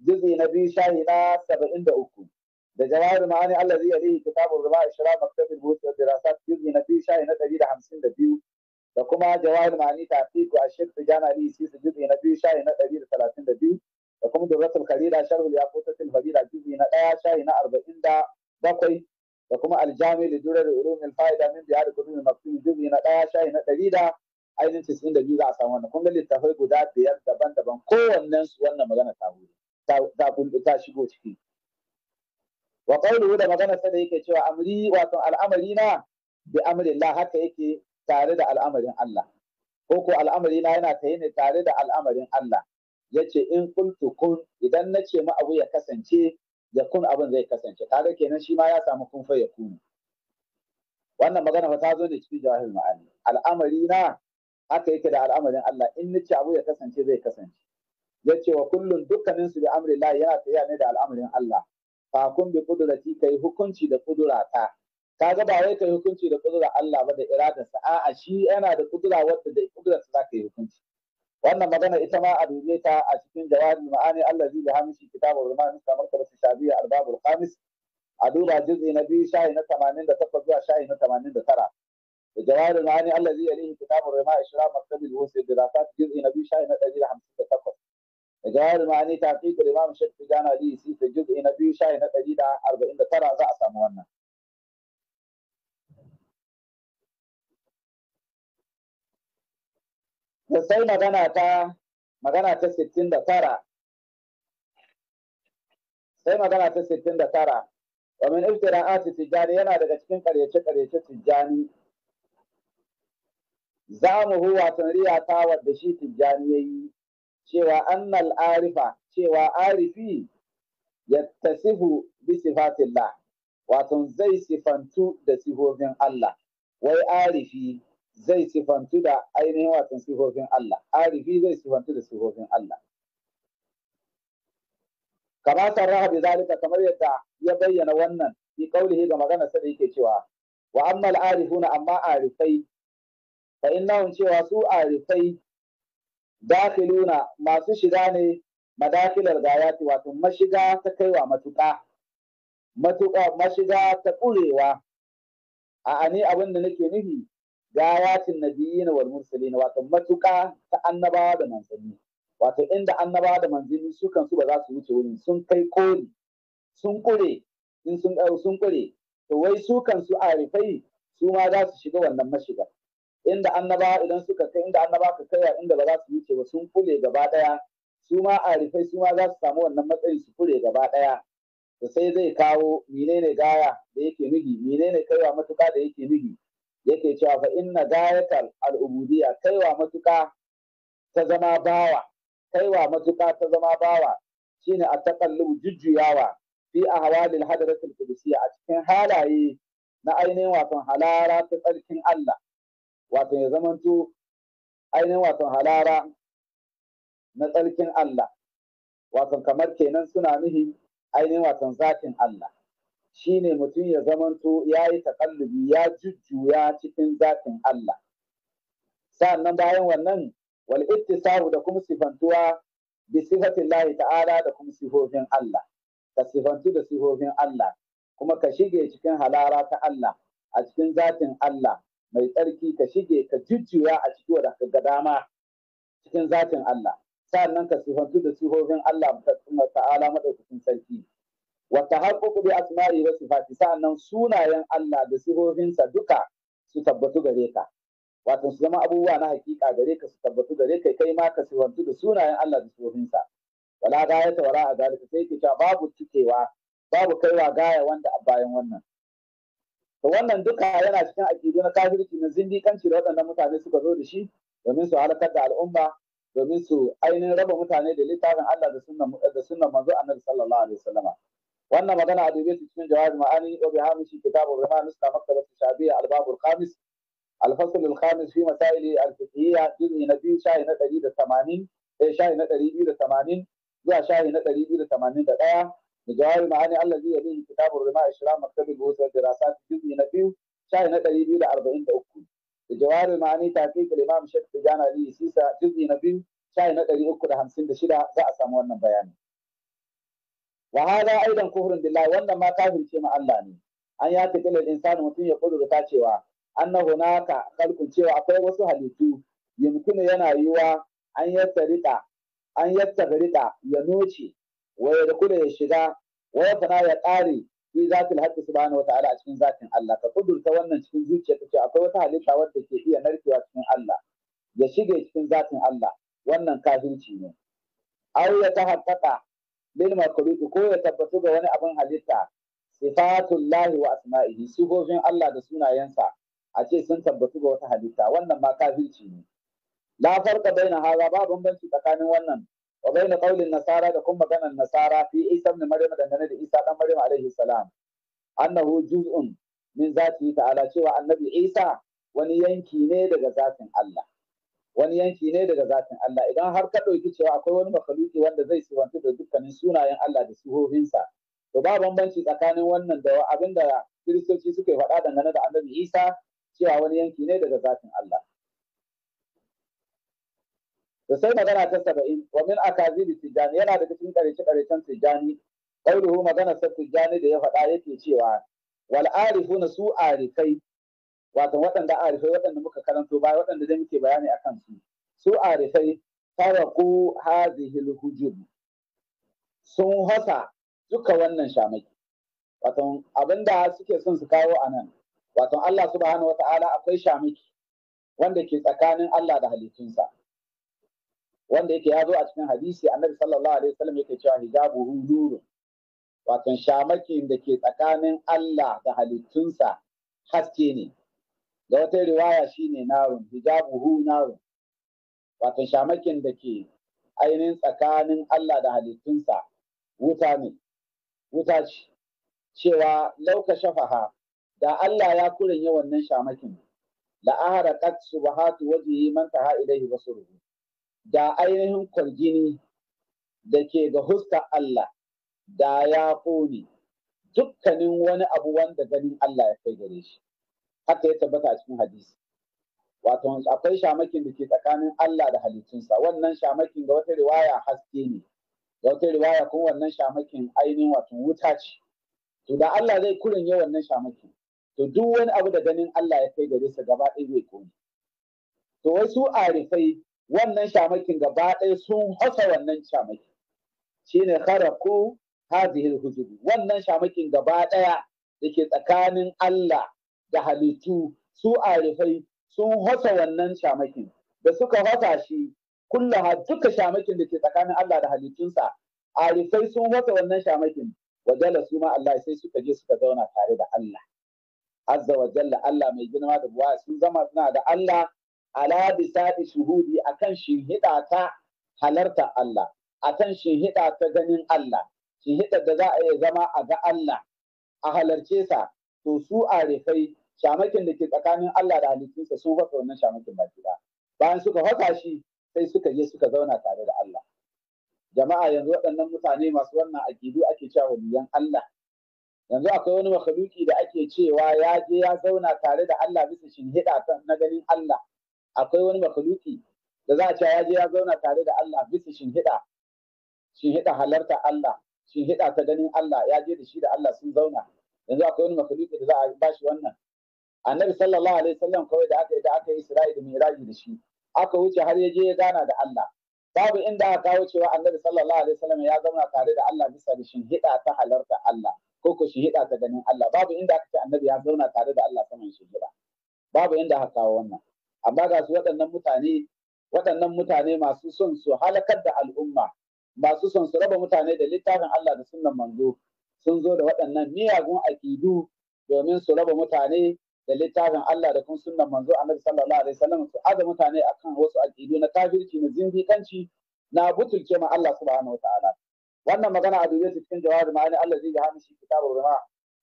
juz'i na biyu shahi na 73 da jawahirul ma'ani allazi yalihi kitabu rima ishra maktabul buhut da dirasat juz'i na biyu shahi na 152 da kuma jawahir ma'ani ta fiku a shek su ali isi su jubi na biyu shayi na ɗari da talatin da biyu da kuma durratul kharida sharhul yaqutatul farida jubi na ɗaya shayi na arba'in da bakwai da kuma aljami li durar ulumul fa'ida min biyar qudun maktub jubi na ɗaya shayi na ɗari da ainihin tisin da biyu za a samu wannan kun littafai guda biyar daban-daban kowannen su wannan magana ta wuri ta shigo ciki wa qawluhu da magana sa da yake cewa amri wato al'amari na bi amrillah haka yake tare da al'amarin Allah ko ko al'amari na yana ta ne tare da al'amarin Allah yace in kuntu kun idan nace ma abu ya kasance ya kun abin zai kasance tare kenan shi ma ya samu kun fa ya kunu wannan magana fa ta zo ne cikin jawahir ma'ani al'amari na haka yake da al'amarin Allah in nace abu ya kasance zai kasance yace wa kullun dukkanin su bi amri Allah yana tafiya ne da al'amarin Allah fa kun bi kudurati kai hukunci da kudurata. kaga ba wai kai hukunci da kudura Allah ba da iradarsa a'a shi yana da kudura wadda da kudurarsa za ka yi hukunci wannan magana ita ma a dube ta a cikin jawabi ma'ani Allah zai da hamishi kitabul rumani kamar ta basu shabiya arbabul khamis a duba juz'i na biyu shayi na 88 zuwa shayi na 89 da jawabi ma'ani Allah zai yalihi kitabul rumani ishra maktabil husi dirasat juz'i na biyu shayi na 158 da jawabi ma'ani taqiqul imam shafi jana li fi juz'i na biyu shayi na 149 za a samu wannan sai magana ta magana ta 69 sai magana ta 69 wa min iftira'ati tijani yana daga cikin karyace karyace tijani za mu huwa riya ta wadda shi tijjani ya yi cewa annal arifa cewa arifi ya tasihu bi sifatillah wato zai sifantu da sifofin Allah wai arifi zai sifantu da ainihin watan sifofin Allah arifi zai sifantu da sifofin Allah kama sarraha bi zalika kamar yadda ya bayyana wannan fi qaulihi ga magana sa da yake cewa wa amma arifuna amma arifai fa innahum cewa su arifai dakhiluna masu shiga ne madakilar gayati wato mashiga ta kaiwa matuƙa matuƙa mashiga ta ƙurewa a ani abin da nake nufi gayatin nabiyyin wal mursalin wato matuƙa ta annabawa da manzanni wato inda annabawa da manzanni su kansu ba za su wuce wurin sun kai kori sun kure in sun eh, sun kure to wai su kansu arifai su ma za su shiga wannan mashiga inda annabawa idan suka kai inda annabawa ka kai inda ba za su wuce ba sun kure gaba daya su ma arifai su ma za su samu wannan matsayi su kure gaba daya to sai zai kawo menene gaya da yake nuhi menene kaiwa matuƙa da yake nuhi yake cewa fa inna gayatal al'ubudiyya kaiwa matuƙa ta zama bawa kaiwa matuƙa ta zama bawa shine a taƙallubu jujjuyawa fi a hawalil hadaratul qudusiyya a cikin halaye na ainihin wato halara ta tsarkin Allah wato ya zamanto ainihin wato halara na tsarkin Allah wato kamar kenan suna nuhi ainihin wato zatin Allah shine mutum ya zamanto ya yi taƙallubi ya jujjuya cikin zatin Allah sa'annan bayan wannan wal ittisabu da kuma sifantuwa bi sifatin lahi ta'ala da kuma sifofin Allah ka sifantu da sifofin Allah kuma ka shige cikin halara ta Allah a cikin zatin Allah mai tsarki ka shige ka jujjuya a cikin wadda ka ga dama cikin zatin Allah nan ka sifantu da sifofin Allah ta'ala maɗaukacin sarki Wata tahaqququ bi asma'i wa sifati sa'annan sunayen Allah da sifofinsa duka su tabbatu gare ka wato su zama abubuwa na hakika gare ka su tabbatu gare ka kai ma ka sifantu da sunayen Allah da sifofinsa wala gaya ta wara a zalika sai ke cewa babu cikewa babu kaiwa gaya wanda a bayan wannan to wannan duka yana cikin akidu na kafirci na zindikanci da waɗannan mutane suka zo da shi domin su halakar da al'umma domin su ainihin raba mutane da littafin Allah da sunan manzo annabi sallallahu alaihi wasallama wannan magana adabe ta cikin jawahir ma'ani wa bihamishi kitabur rima nusta maktabat shabiya al-bab al-khamis al-fasl al-khamis fi masail al-fiqhiyya juz'i na biyu shahi na 180 eh shahi na 280 zuwa shahi na 281 jawahir ma'ani allazi yabihi kitabur rima ishram maktab al-buhut wa dirasat juz'i na biyu shahi na 243 jawahir ma'ani taqiq al-imam shaykh tijana ali sisa juz'i na biyu shahi na 356 za a samu wannan bayani wa hada aidan kufrun billahi wannan ma kafirce ma Allah ne an ya tafi lil insani mutum ya kudurta cewa annahu naka kalkun cewa akwai wasu halittu yumkinu yana yiwa an yattarita an yattabarita ya noce wa ya kula ya shiga wa ya fana ya kare fi zatil haqqi subhanahu wa ta'ala a cikin zatin Allah ka kudurta wannan cikin zuciya kace akwai wata halitta wadda ke iya narkewa cikin Allah ya shige cikin zatin Allah wannan kafirci ne aw ya tahaqqaqa lil makhluqi ko ya tabbatu ga wani abin halitta sifatullahi wa asma'ihi sifofin Allah da sunayensa a ce sun tabbatu ga wata halitta wannan ma kafirci ne la farqa baina hadha ba bambanci tsakanin wannan wa baina nasara da kuma maganar nasara fi isa ibn maryam dangane da isa dan maryam alaihi salam annahu juz'un min zati ta'ala cewa annabi isa wani yanki ne daga zatin Allah wani yanki ne daga zatin Allah idan har ka ɗauki cewa akwai wani makaluki wanda zai sifantu da dukkanin sunayen Allah da sihohinsa to ba bambanci tsakanin wannan da abin da kiristoci suka faɗa dangane da annabi Isa cewa wani yanki ne daga zatin Allah da sai magana ta saba'in wa min akazibi tijani yana daga cikin ƙarshe ƙarshen tijani ƙauluhu magana sa tijani da ya faɗa yake cewa wal arifuna su arifai wato waɗanda arifai waɗanda muka karanto baya waɗanda dai muke bayani a kansu su arifai taraku hazihil hujub sun hasa duka wannan shamaki wato abinda suke son su kawo a nan wato Allah subhanahu wata'ala akwai shamaki wanda ke tsakanin Allah da halittunsa wanda yake ya zo a cikin hadisi annabi sallallahu alaihi wasallam yake cewa hijabu nurun wato shamakin da ke tsakanin Allah da halittunsa haske ne da wata riwaya shine narun hijabuhu narun wato shamakin da ke ainihin tsakanin Allah da halittunsa wuta ne wuta ce cewa lauka shafaha da Allah ya kuranye wannan shamakin la aharaqat subahatu wajhi man taha ilayhi basuruhu da ainihin kwargini da ke ga huska Allah da ya kone dukkanin wani abu wanda ganin Allah ya kai gare shi haka ya tabbata a cikin hadisi wato akwai shamakin da ke tsakanin Allah da halittunsa wannan shamakin ga wata riwaya haske ne ga wata riwaya kuma wannan shamakin ainihin wato wuta ce to da Allah zai kurin yi wannan shamakin to duk wani abu da ganin Allah ya kai gare sa gaba ɗaya zai kone to wai su arifai wannan shamakin gaba ɗaya sun hasa wannan shamakin shine kharaku hadhihi alhujubi wannan shamakin gaba ɗaya da ke tsakanin Allah da halittu su arifai sun hosa wannan shamakin da suka hosa shi kullaha duka shamakin da ke tsakanin Allah da halittunsa arifai sun hosa wannan shamakin wa jalla su ma Allah sai suka je suka zauna tare da Allah azza wa jalla Allah mai girma da buwa sun zama suna da Allah ala bisadi shuhudi akan shinhida ta halarta Allah akan shinhida ta ganin Allah shinhida da za a iya zama a ga Allah a halarce sa to su arifai shamakin da ke tsakanin Allah da halittunsa sun fasa wannan shamakin baki ɗaya bayan suka fasa shi sai suka je suka zauna tare da Allah jama'a yanzu waɗannan mutane masu wannan aƙidu ake cewa waliyan Allah yanzu akwai wani makhluki da ake cewa ya je ya zauna tare da Allah bisa shinhiɗa na ganin Allah akwai wani makhluki da za a ce ya je ya zauna tare da Allah bisa shinhiɗa shinhiɗa halarta Allah shinhiɗa ta ganin Allah ya je da shi da Allah sun zauna yanzu akwai wani makhluki da za a ba shi wannan annabi sallallahu alaihi wasallam kawai da aka yi da aka yi isra'i da miraji da shi aka wuce har ya je ya gana da Allah babu inda aka kawo cewa annabi sallallahu alaihi wasallam ya zauna tare da Allah bisa da hida ta halarta Allah ko ko hida ta ganin Allah babu inda aka ce annabi ya zauna tare da Allah saman shinhiɗa babu inda aka kawo wannan amma ga su waɗannan mutane waɗannan mutane masu son su halakar da al'umma masu son su raba mutane da littafin Allah da sunnan manzo sun zo da waɗannan miyagun aƙidu domin su raba mutane da littafin Allah da kuma sunnan manzo Annabi sallallahu alaihi wasallam su aza mutane akan wasu aqidu na kafirci na zindikanci na butulce ma Allah subhanahu wataala wannan magana a duniya cikin jawahir ma'ani Allah zai ga hamishi kitabul rima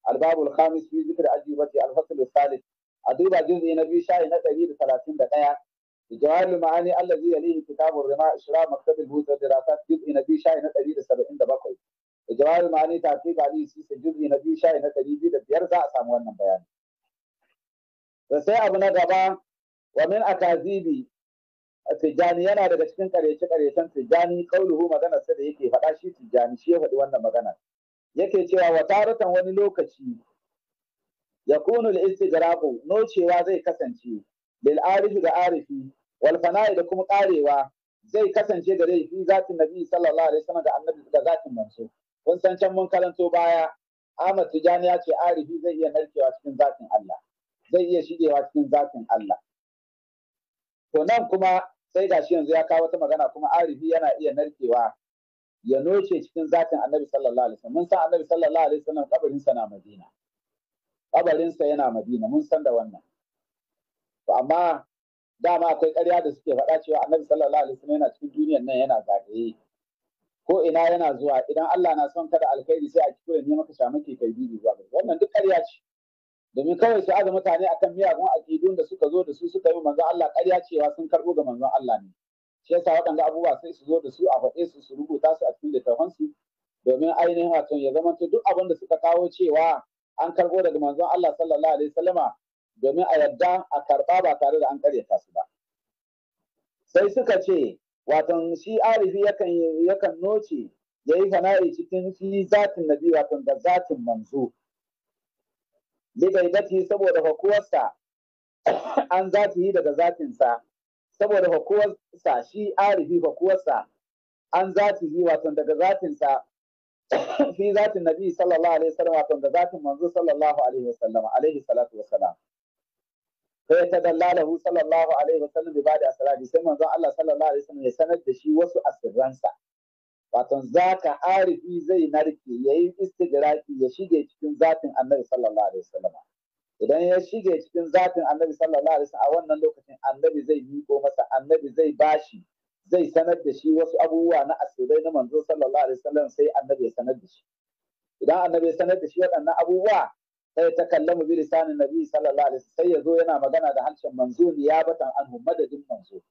albabul khamis fi zikr ajibati al-fasl a duba juz'i na biyu shayi na 131 جوال المعاني الذي يليه كتاب الرماء a مكتب الهوت والدراسات جزء نبي شاي نتري لسبعين دبقوي جوال المعاني تعطيب علي سيسي جزء نبي شاي نتري بي دبير زع ساموان بيان da sai abu na gaba wa min akazibi tijjani yana daga cikin karyace karyacen tijjani kauluhu maganar sa da yake faɗa shi tijjani shi ya faɗi wannan magana yake cewa wa taratan wani lokaci ya kunu istijraqu nocewa zai kasance lil arifi da arifi wal da kuma ƙarewa zai kasance gare shi zatin nabi sallallahu alaihi wasallam da annabi da zatin manzo kun san mun karanto baya Ahmad Tijani ya ce arifi zai iya narkewa cikin zatin Allah zai iya shigewa cikin zatin Allah to nan kuma sai da shi yanzu ya kawo wata magana kuma arifi yana iya narkewa ya noce cikin zatin annabi sallallahu alaihi wasallam mun san annabi sallallahu alaihi wasallam kabarin sa na Madina kabarin sa yana Madina mun san da wannan to amma dama akwai ƙarya da suke faɗa cewa annabi sallallahu alaihi wasallam yana cikin duniyar nan yana zagaye ko ina yana zuwa idan Allah na son kada alkhairi sai a kiko ya nemi maka samu ke kai bibi zuwa wannan duk ƙarya ce domin kawai su aza mutane akan miyagun aƙidun da suka zo da su suka yi manzon Allah ƙarya cewa sun karɓo ga manzon Allah ne shi yasa waɗanda abubuwa sai su zo da su a faɗe su su rubuta su a cikin littafan su domin ainihin wato ya zama duk abin da suka kawo cewa an karɓo daga manzon Allah sallallahu alaihi wasallama domin a yadda a karɓa ba tare da an ƙaryata su ba sai suka ce watan shi arifi yakan yakan noce ya yi fana'i cikin shi zatin nabi watan da zatin manzo bi gaibati saboda fakuwarsa an zatihi daga zatinsa saboda fakuwarsa shi arifi fakuwarsa an yi wato daga zatinsa fi zatin nabi sallallahu alaihi wasallam wato da zatin manzo sallallahu alaihi wasallam alaihi salatu wasalam sai ta dallalahu sallallahu alaihi wasallam bi bada asrari sai manzo Allah sallallahu alaihi wasallam ya sanar da shi wasu asirransa Waton zaka arifi zai narke ya yi istigraki ya shige cikin zatin annabi sallallahu alaihi wasallam. Idan ya shige cikin zatin annabi sallallahu alaihi wasallam a wannan lokacin annabi zai miko masa annabi zai bashi zai sanar da shi wasu abubuwa na asirai na manzo sallallahu alaihi wasallam sai annabi ya sanar da shi. Idan annabi ya sanar da shi waɗannan abubuwa sai ta kallamu bi lisanin nabi sallallahu alaihi wasallam sai ya zo yana magana da harshen manzo ya niyabatan anhu madadin manzo.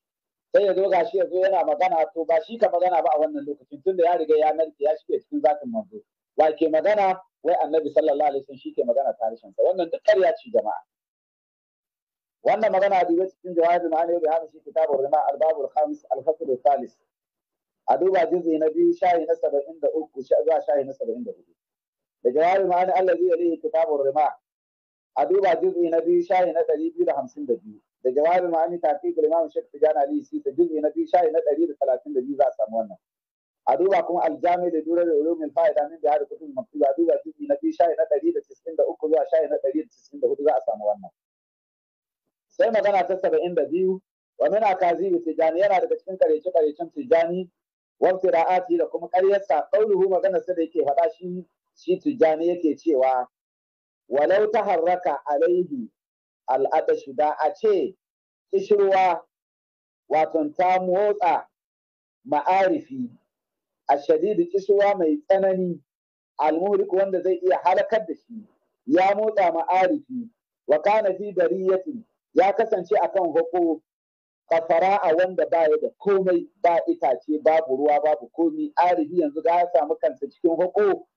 sai ya zo gashi ya zo yana magana to ba shi ka magana ba a wannan lokacin tunda ya riga ya narke ya shige cikin zakin manzo wa ke magana wai annabi sallallahu alaihi wasallam shi ke magana tarishin sa wannan duk ƙarya ce jama'a wannan magana duba cikin jawabin ma'ani da hada shi kitabul rima al-babul khamis al-fasl al-thalis a duba juz'i na biyu shayi na saba'in da 73 zuwa shayi na saba'in da Da jawabin ma'ani allazi yalihi kitabul rima a duba juz'i na biyu shayi na ɗari biyu da da hamsin biyu. da jawabin ma'ani tafi da imam shek tijani ali si ta juzi na biyu shayi na ɗari da talatin da biyu za a samu wannan a duba kuma aljami da durar ulumin fa'ida min bihar kutub a duba juzi na biyu shayi na ɗari da cikin da uku zuwa shayi na ɗari da cikin da hudu za a samu wannan sai magana ta saba'in da biyu wa kazi akazibi tijani yana daga cikin karece karecen tijani wabti ra'ati da kuma ƙaryarsa ƙauluhu maganar sa da yake faɗa shi shi tijani yake cewa walau taharraka alaihi Al'ada da a ce kishirwa waton ta motsa ma'arifi a shadidu kishirwa mai tsanani almurik wanda zai iya halakar da shi ya motsa ma'arifi wa kana fi dariyati ya kasance akan hako kafara a wanda baya da komai ba itace babu ruwa babu komi arifi yanzu ga ya samu kansa cikin hako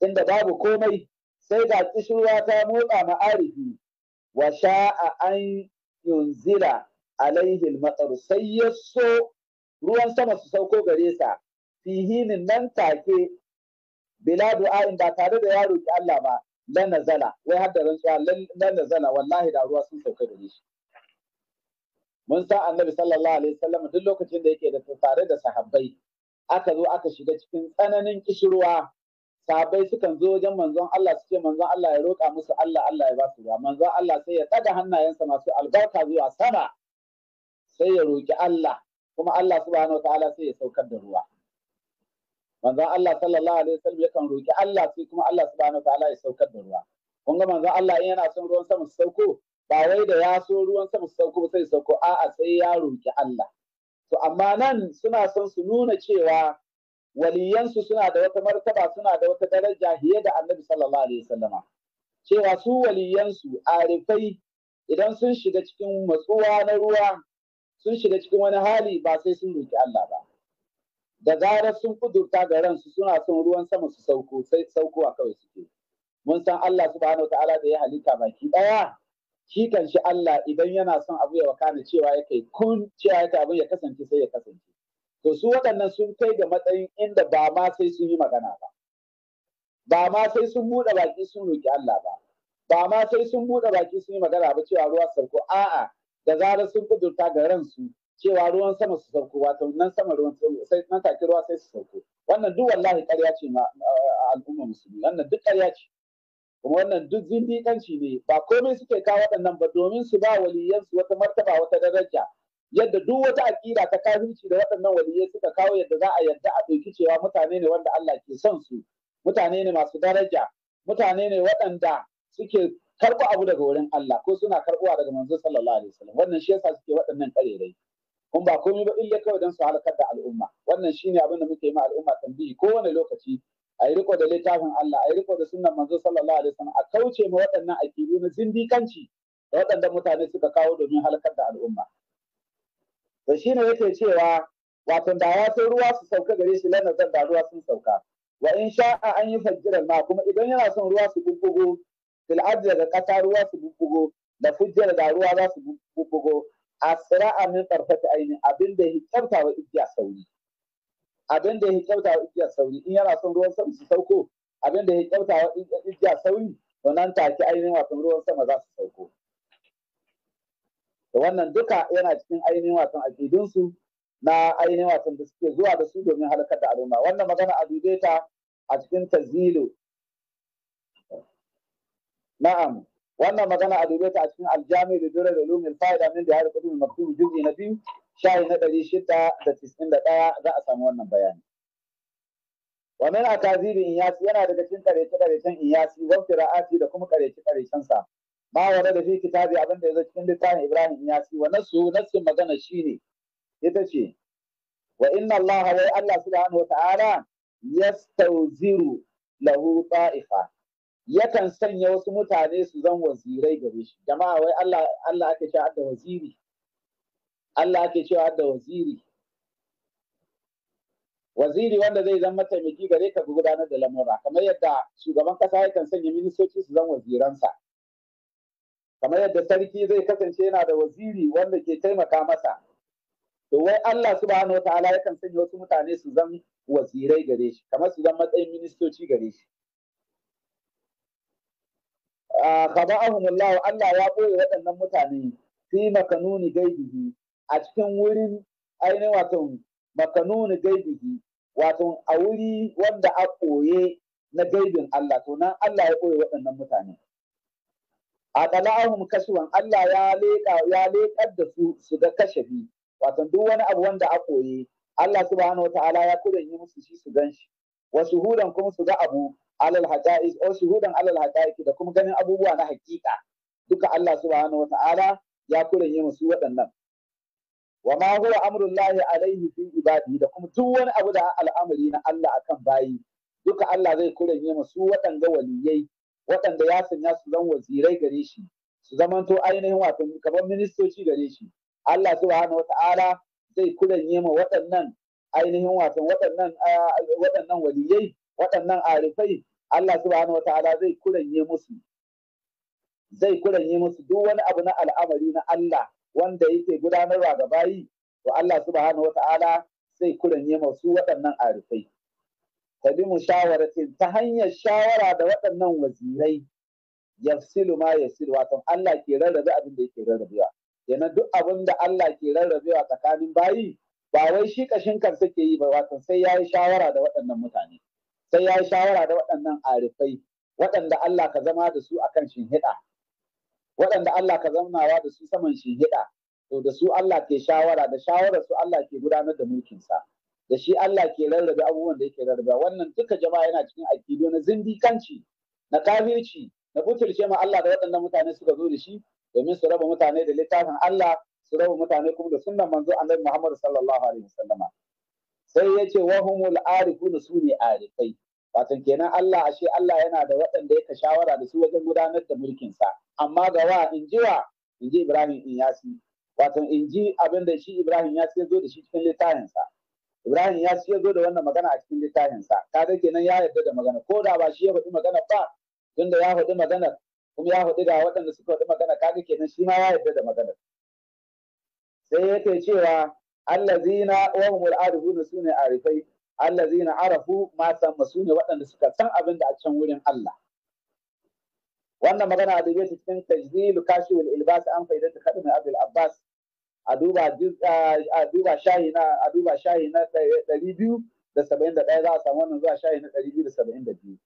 inda babu komai sai ga kishirwa ta motsa ma'arifi wa sha'a an yunzila alaihi al sai ya so ruwan sama su sauko gare sa fihinin nan take bila du'a'in ba tare da ya ki Allah ba la nazala wai har da rantsuwa la nazala wallahi da ruwa sun sauka gare shi mun san annabi sallallahu alaihi wasallam duk lokacin da yake da tare da sahabbai aka zo aka shiga cikin tsananin kishirwa sahabbai sukan zo wajen manzon Allah su ce manzon Allah ya roƙa musu Allah Allah ya ba su ruwa manzon Allah sai ya ɗaga hannayensa masu albarka zuwa sama sai ya roƙi Allah kuma Allah subhanahu wataala sai ya saukar da ruwa manzon Allah sallallahu alaihi wasallam yakan roƙi Allah sai kuma Allah subhanahu wataala ya saukar da ruwa kun ga manzon Allah in yana son ruwan sama su sauko ba wai da ya so ruwan sama su sauko sai sauko a'a sai ya roƙi Allah to amma nan suna son su nuna cewa waliyansu suna da wata martaba suna da wata daraja fiye da annabi sallallahu alaihi wasallama cewa su waliyansu arifai idan sun shiga cikin matsuwa na ruwa sun shiga cikin wani hali ba sai sun roki Allah ba da zarar sun kudurta ga ransu suna son ruwan sama su sauko sai saukowa kawai suke mun san Allah subhanahu wataala da ya halitta baki daya shi kan shi Allah idan yana son abu ya wakana cewa yake kun cewa yake abu ya kasance sai ya kasance to su waɗannan sun kai ga matsayin inda ba ma sai sun yi magana ba ba ma sai sun buɗe baki sun roƙi Allah ba ba ma sai sun buɗe baki sun yi magana ba cewa ruwa sauko a'a da zarar sun kudurta ga ransu cewa ruwan sama su sauko wato nan sama ruwan sai nan take ruwa sai su sauko wannan duk wallahi ƙarya ce ma al'ummar musulmi wannan duk ƙarya ce kuma wannan duk zindiƙanci ne ba komai suke kawo waɗannan ba domin su ba waliyansu wata martaba wata daraja yadda duk wata aƙida ta kafinci da waɗannan waliyai suka kawo yadda za a yarda a ɗauki cewa mutane ne wanda Allah ke son su mutane ne masu daraja mutane ne waɗanda suke karɓo abu daga wurin Allah ko suna karɓuwa daga manzo sallallahu alaihi wasallam wannan shi yasa suke waɗannan ƙarerai kun ba komai ba illa kawai don su halakar da al'umma wannan shine abin da muke yi ma al'umma tambayi kowane lokaci a yi riko da littafin Allah a yi riko da sunan manzo sallallahu alaihi wasallam a kauce ma waɗannan aƙidu na zindikanci da waɗanda mutane suka kawo domin halakar da al'umma da shi ne yake cewa wato da ya sai ruwa su sauka gare shi lana zan da ruwa sun sauka wa in sha'a an yi fajjiran ma kuma idan yana son ruwa su bubbugo fil ardi da ƙasa ruwa su bubbugo da fujjar da ruwa za su bubbugo asra'a min farfata aini abin da ya kyauta wa ijiya sauri abin da ya kyauta wa ijiya sauri in yana son ruwan sama su sauko abin da ya kyauta wa ijiya sauri to nan take ainihin wato ruwan sama za su sauko wannan duka yana cikin ainihin wasan akidunsu na ainihin wasan da suke zuwa da su domin halakar da al'umma wannan magana a dube ta a cikin tazilu na'am wannan magana a dube ta a cikin aljami da dole da lumin fa'ida min da ya da mai maktubu juzi na biyu shayi na ɗari shida da tisin da ɗaya za a samu wannan bayani Wannan a akazibin yana daga cikin karece karecen iyasi wa qira'ati da kuma karece karecen sa ma wara da fi kitabi abin da yazo cikin littafin Ibrahim ya ci wa nasu nasu magana shine ita ce wa inna Allah wa Allah subhanahu wa ta'ala yastawziru lahu ta'ifa yakan sanya wasu mutane su zan wazirai gare shi jama'a wai Allah Allah ake cewa da waziri Allah ake cewa da waziri waziri wanda zai zama mataimaki gare ka gudanar da lamura kamar yadda shugaban kasa yakan sanya ministoci su zan waziransa kamar yadda sarki zai kasance yana da waziri wanda ke taimaka masa to wai Allah subhanahu wataala yakan sanya wasu mutane su zan wazirai gare shi kamar su zan matsayin ministoci gare shi kaba Allah Allah ya boye waɗannan mutane fi makanuni gaibihi a cikin wurin ainihin wato makanuni gaibihi wato a wuri wanda a koye na gaibin Allah to nan Allah ya koye waɗannan mutane a ɗala'ahum kasuwan Allah ya leƙa ya leƙar da su su ga kashafi wato duk wani abu wanda a koye Allah subhanahu wataala ya kuren yi musu shi su gan shi wasu hudan kuma su ga abu alal haqa'iq wasu hudan alal haqa'iq da kuma ganin abubuwa na hakika duka Allah subhanahu wataala ya kuren yi musu waɗannan wa ma huwa amrullahi alaihi fi ibadi da kuma duk wani abu da al'amari na Allah akan bayi duka Allah zai kuren yi musu waɗanga waliyai waɗanda ya sanya su zan wazirai gare shi su zamanto ainihin wato kamar ministoci gare shi Allah subhanahu wata'ala zai kuranye ma waɗannan ainihin wato waɗannan waɗannan waliyai waɗannan arifai Allah subhanahu wata'ala zai kuranye musu zai kuranye musu duk wani abu na al'amari na Allah wanda yake gudanarwa ga bayi to Allah subhanahu wata'ala zai kuranye masu waɗannan arifai ta bi mushawaratin ta hanyar shawara da waɗannan wazirai silu ma silu. wato Allah ke rarrabe abin da yake rarrabewa Yana duk abin da Allah ke rarrabewa tsakanin bayi ba wai shi kashin kansa ke yi ba wato sai ya yi shawara da waɗannan mutane sai ya yi shawara da waɗannan arifai waɗanda Allah ka zama da su akan shinhiɗa waɗanda Allah ka zaunawa da su saman shinhiɗa to da su Allah ke shawara da shawararsu su Allah ke gudanar da mulkinsa da shi Allah ke rarrabe abubuwan da yake rarrabe wannan duka jama'a yana cikin akidu na zindikanci na kafirci na butulce ma Allah da waɗannan mutane suka zo da shi domin su raba mutane da littafin Allah su raba mutane kuma da sunnan manzo Annabi Muhammad sallallahu alaihi wasallama sai ya ce wa humul arifuna su ne arifai watan kenan Allah ashe Allah yana da waɗanda yake shawara da su wajen gudanar da sa. amma ga wa in ji wa in ji Ibrahim in yasi watan in ji abin da shi Ibrahim yasi ya zo da shi cikin littafinsa Ibrahim ya ci zo da wannan magana a cikin littafinsa kaga kenan ya yarda da magana ko da ba shi ya faɗi magana ba tunda ya faɗi magana kuma ya faɗi da waɗanda suka faɗi magana kaga kenan shi ma ya yarda da magana sai yake cewa allazina wa humul arifun sune arifai zina arafu ma samma sune waɗanda suka san abin da a can wurin Allah wannan magana a yake cikin tajdilu kashiful ilbas an faidatu kadami abul abbas a duba shayi na a duba na ɗari biyu da saba'in da ɗaya za a samu wannan zuwa shayi na ɗari biyu da saba'in da biyu.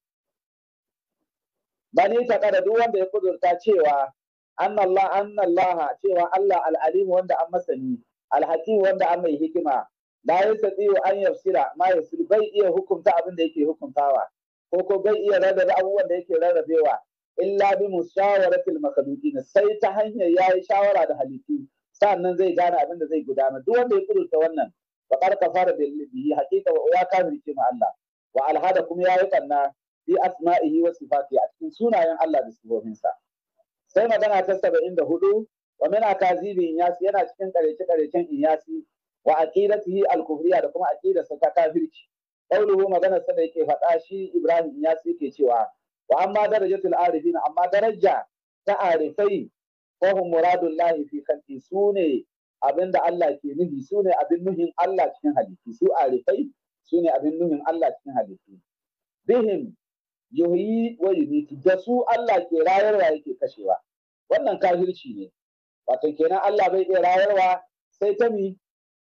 Bani ta kada duk wanda ya kudurta cewa an annallaha cewa Allah al'alimu wanda an masani alhakim wanda an mai hikima la wa an yafsira ma yafsir bai iya hukunta abin da yake hukuntawa ko ko bai iya rarrabe abubuwan da yake rarrabewa illa bi musawaratil makhluqin sai ta hanyar yayi shawara da halittu sa'an nan zai gane abin da zai gudana duk wanda ya kudurta wannan wa qad kafara bihi haqiqa ya kafirce ma Allah wa alhada kuma ya yi bi fi asma'ihi wa sifati a cikin sunayen Allah da sifofinsa sai magana ta saba'in hudu wa min akazibi inyasi yana cikin karece karecen inyasi wa aqidatihi al-kufriya da kuma aqidarsa ta kafirci qauluhu magana sa da yake faɗa shi Ibrahim inyasi yake cewa wa amma darajatul arifin amma daraja ta arifai muradun muradullahi fi khalqi ne abin da Allah ke nufi su ne abin nuhin Allah cikin halittu su arifai ne abin nuhin Allah cikin halittu bihim yuhyi wa yumiti da su Allah ke rayarwa yake kashewa wannan kafirci ne wato kenan Allah bai iya rayarwa sai ta mi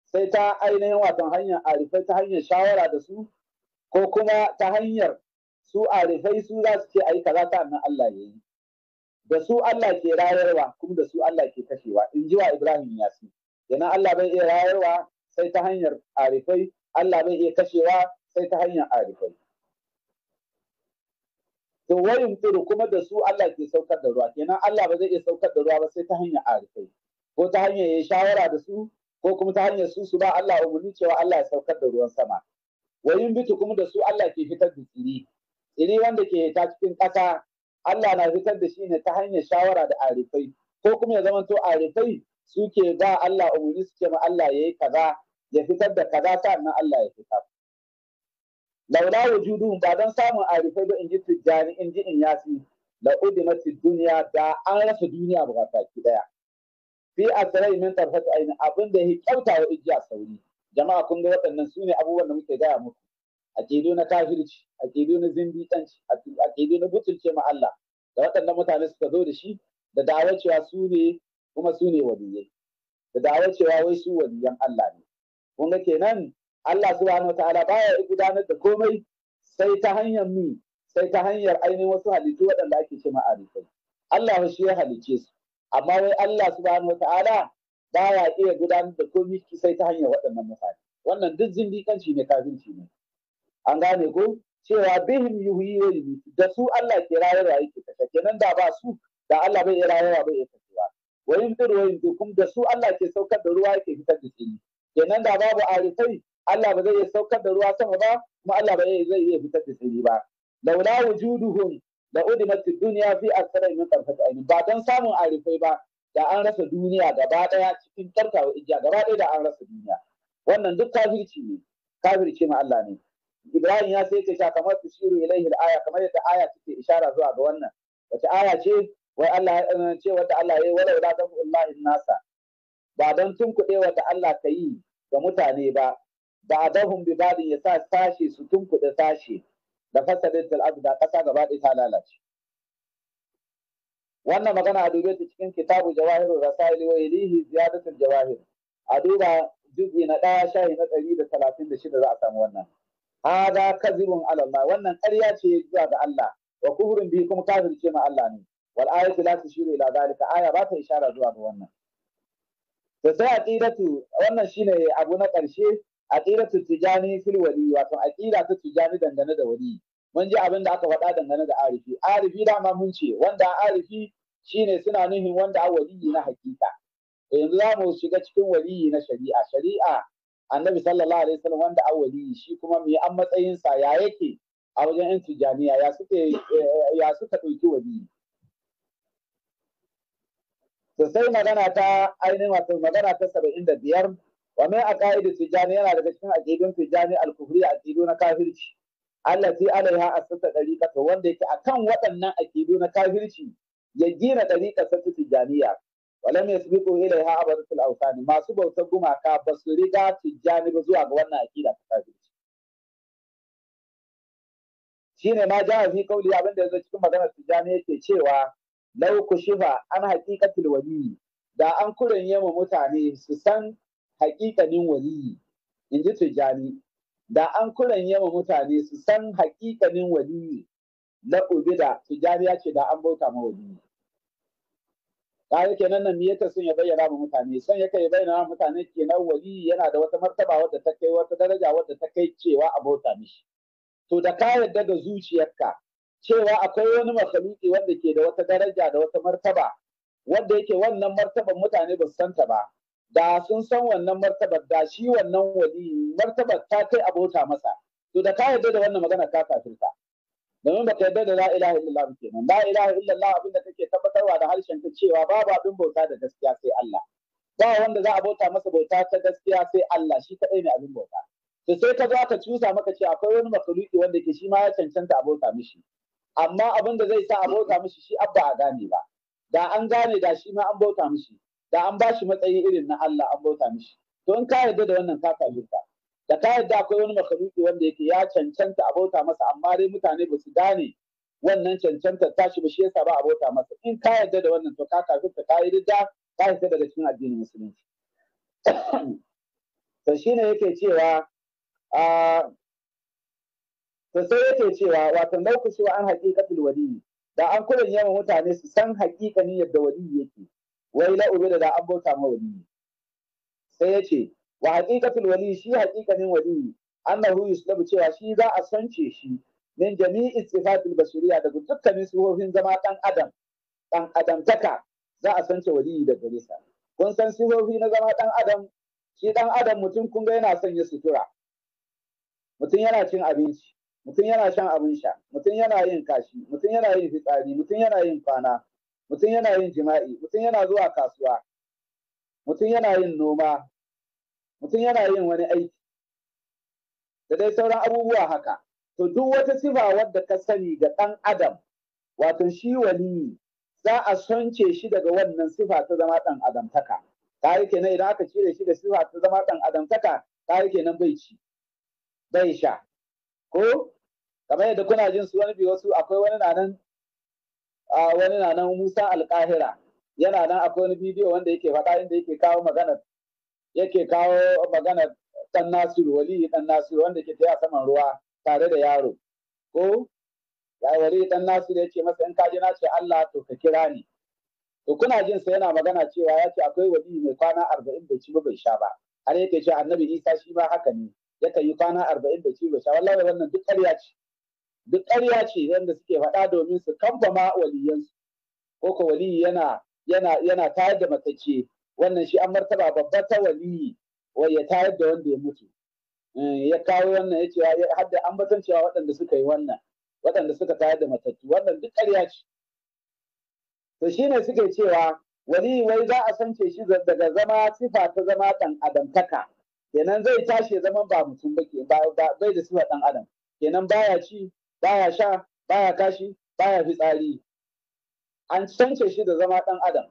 sai ta ainihin wato hanyar arifai ta hanyar shawara da su ko kuma ta hanyar su arifai su za su ce a yi kaza ta annan Allah ya yi da su Allah ke rayarwa kuma da su Allah ke kashewa in ji wa Ibrahim Yasi yana Allah bai iya rayarwa sai ta hanyar arifai Allah bai iya kashewa sai ta hanyar arifai to wayin turu kuma da su Allah ke saukar da ruwa kenan Allah ba zai iya saukar da ruwa ba sai ta hanyar arifai ko ta hanyar ya shawara da su ko kuma ta hanyar su su ba Allah umarni cewa Allah ya saukar da ruwan sama in bitu kuma da su Allah ke fitar da tsiri tsiri wanda ke ta cikin ƙasa Allah na fitar da shi ne ta hanyar shawara da arifai ko kuma ya zamanto arifai suke ba Allah umarni suke ma Allah ya yi kaza ya fitar da kaza sannan Allah ya fitar. Laula wujudu ba don samun arifai ba in ji tijjani in ji in yasi la udimati duniya da an rasa duniya ba ki daya. Fi asirai min tarfata aini abin da ya kyautawa igiya sauri. Jama'a kun ga waɗannan su ne abubuwan da muke gaya muku. aƙidu na kafirci aƙidu na zindiƙanci aƙidu na butulce ma Allah da waɗannan mutane suka zo da shi da dawar cewa su ne kuma su ne waliyai da dawar cewa wai su waliyan Allah ne kun ga kenan Allah subhanahu wataala baya gudanar da komai sai ta hanyar mu sai ta hanyar ainihin wasu halittu waɗanda ake ce ma alifai Allah shi ya halicce su amma wai Allah subhanahu wataala baya iya gudanar da komai sai ta hanyar waɗannan mutane wannan duk zindiƙanci ne kafirci ne an gane ko cewa bihim yuhyi wa yumitu da su Allah ke rayarwa yake kashe kenan da ba su da Allah bai rayarwa bai kashe ba wa yumtir wa yumtikum da su Allah ke saukar da ruwa yake fitar da tsini kenan da babu arifai Allah ba zai iya saukar da ruwa sama ba kuma Allah ba zai iya fitar da tsini ba laula wujuduhum la udimat dunya fi aktsara min tarfati ayn ba dan samun arifai ba da an rasa duniya gaba daya cikin tarkawa ijiya gaba daya da an rasa duniya wannan duk kafirci ne kafirci ma Allah ne Ibrahim ya sai ta kamar tushiru ilaihi aya kamar yadda aya take ishara zuwa ga wannan wace aya ce wai Allah ya eh, ce wata Allah ya wala da Allah nasa ba dan tun kuɗe wata Allah ka yi ga mutane ba da adahum bi badin ya sa sashe su tun kuɗe sashe da fasadin tal'adu da kasa gaba ɗaya ta lalace wannan magana a dubeta ta cikin kitabu jawahiru rasaili wa ilihi ziyadatul jawahir a duba juzi na ɗaya shahi na ɗari da talatin da shida za a samu wannan hada kadhibun ala Allah wannan ƙarya ce zuwa ga Allah wa kufrun bi kuma ce ma Allah ne wal ayatu la tushiru ila zalika aya ba ta ishara zuwa ga wannan da sai aqidatu wannan shine abu na ƙarshe aqidatu tijani fil wali wato aqida ta tijani dangane da wali mun ji abin da aka faɗa dangane da arifi arifi dama mun ce wanda arifi shine suna nuhin wanda waliyi na hakika yanzu za mu shiga cikin waliyi na shari'a shari'a annabi sallallahu alaihi wasallam wanda awali shi kuma me an matsayin sa ya yake a wajen yan tijaniya ya suke ya suka dauki wali to sai magana ta ainihin wato magana ta 75 wa min aqaidu tijani yana daga cikin aqidun tijani al-kufri aqidu na kafirci allati alaiha asata dariqa to wanda yake akan waɗannan aqidu na kafirci ya gina dariqa ta tijaniya walam yasbiqu ilaiha abadatul awsan masu bautar gumaka ba su riga tijjani ba zuwa ga wannan akida ta kafirci shine ma ja fi kauli abin da yazo cikin maganar tijjani yake cewa law kushifa an haqiqatul wali da an kuren yamma mutane su san haƙiƙanin wali inji tijjani da an kuren yamma mutane su san haƙiƙanin wali la ubida tijjani ya ce da an bauta ma wali kaga kenan nan yake son ya bayyana ma mutane son yake ya bayyana ma mutane kenan wali yana da wata martaba wadda ta kai wata daraja wadda ta kai cewa a bauta mishi to da ka yarda da zuciyarka cewa akwai wani makhluki wanda ke da wata daraja da wata martaba wanda yake wannan martaban mutane ba su santa ba da sun san wannan martabar da shi wannan wali martabar ta kai abota masa to da ka yarda da wannan magana ka kafirta domin ba ta yarda da la ilaha illallah ba kenan la ilaha illallah abin da kake tabbatarwa da harshen ka cewa babu abin bauta da gaskiya sai Allah ba wanda za a bauta masa bauta ta gaskiya sai Allah shi kadai ne abin bauta to sai ka za ka cusa maka ce akwai wani makhluki wanda ke shi ma ya cancanta a bauta mishi amma abin da zai sa a bauta mishi shi abba a gane ba da an gane da shi ma an bauta mishi da an ba shi matsayi irin na Allah an bauta mishi to in ka yarda da wannan ka kafirta da ka yadda akwai wani makaruki wanda yake ya cancanta abota masa amma dai mutane ba su gane wannan cancanta shi ba shi yasa ba abota masa in ka yadda da wannan to ka kafin ka yi ridda ka yi daga cikin addinin musulunci to shine yake cewa a to sai yake cewa wato laukusu an haqiqatul wali da an kula kullun yawan mutane su san haqiqanin yadda wali yake wai la da an ma wali sai yace wa haqiqatul wali shi haqiqanin wali annahu yuslabu cewa shi za a sance shi min jami'i sifatil basuriya daga dukkanin sifofin zama dan adam dan adamtaka za a sance wali da gare sa kun san sifofi na zama dan adam shi dan adam mutum kun ga yana sanya sutura mutum yana cin abinci mutum yana shan abin sha mutum yana yin kashi mutum yana yin fitsari mutum yana yin kwana mutum yana yin jima'i mutum yana zuwa kasuwa mutum yana yin noma mutum yana yin wani aiki da dai sauran abubuwa haka to duk wata sifa wadda ka sani ga ɗan adam wato shi waliyi za a sonce shi daga wannan sifa ta zama ɗan adamtaka ta yi kenan idan aka cire shi da sifa ta zama ɗan adamtaka ta yi kenan bai ci bai sha ko kamar yadda kuna jin su wani biyu wasu akwai wani na nan wani na nan Musa Alƙahira yana nan akwai wani bidiyo wanda yake faɗa inda yake kawo magana yake kawo magana dan nasiru wali dan nasiru wanda ke taya saman ruwa tare da yaro ko ya wali dan nasiru yake masa in kaji na ce Allah to ka kira ni to kuna jin sa yana magana cewa ya ce akwai wali mai kwana arba'in da ci ba bai sha ba har yake ce annabi isa shi ma haka ne yakan yi kwana arba'in da ci bai sha wallahi wannan duk ƙarya ce duk ƙarya ce wanda suke faɗa domin su kamfama waliyansu ko ko wali yana yana yana tayar da matacce wannan shi an martaba babba ta waliyi wai ya tayar da wanda ya mutu eh, ya kawo wannan ya ce Hadda an ambaton cewa waɗanda suka yi wannan waɗanda suka tayar da matattu wannan duk ƙarya ce to shine suke cewa waliyi wai za a sance shi daga zama sifa ta zama ɗan adamtaka kenan zai tashi zaman ba mutum ba bai da sifa ɗan adam kenan baya ci baya sha baya kashi baya fitsari an sance shi da zama ɗan adam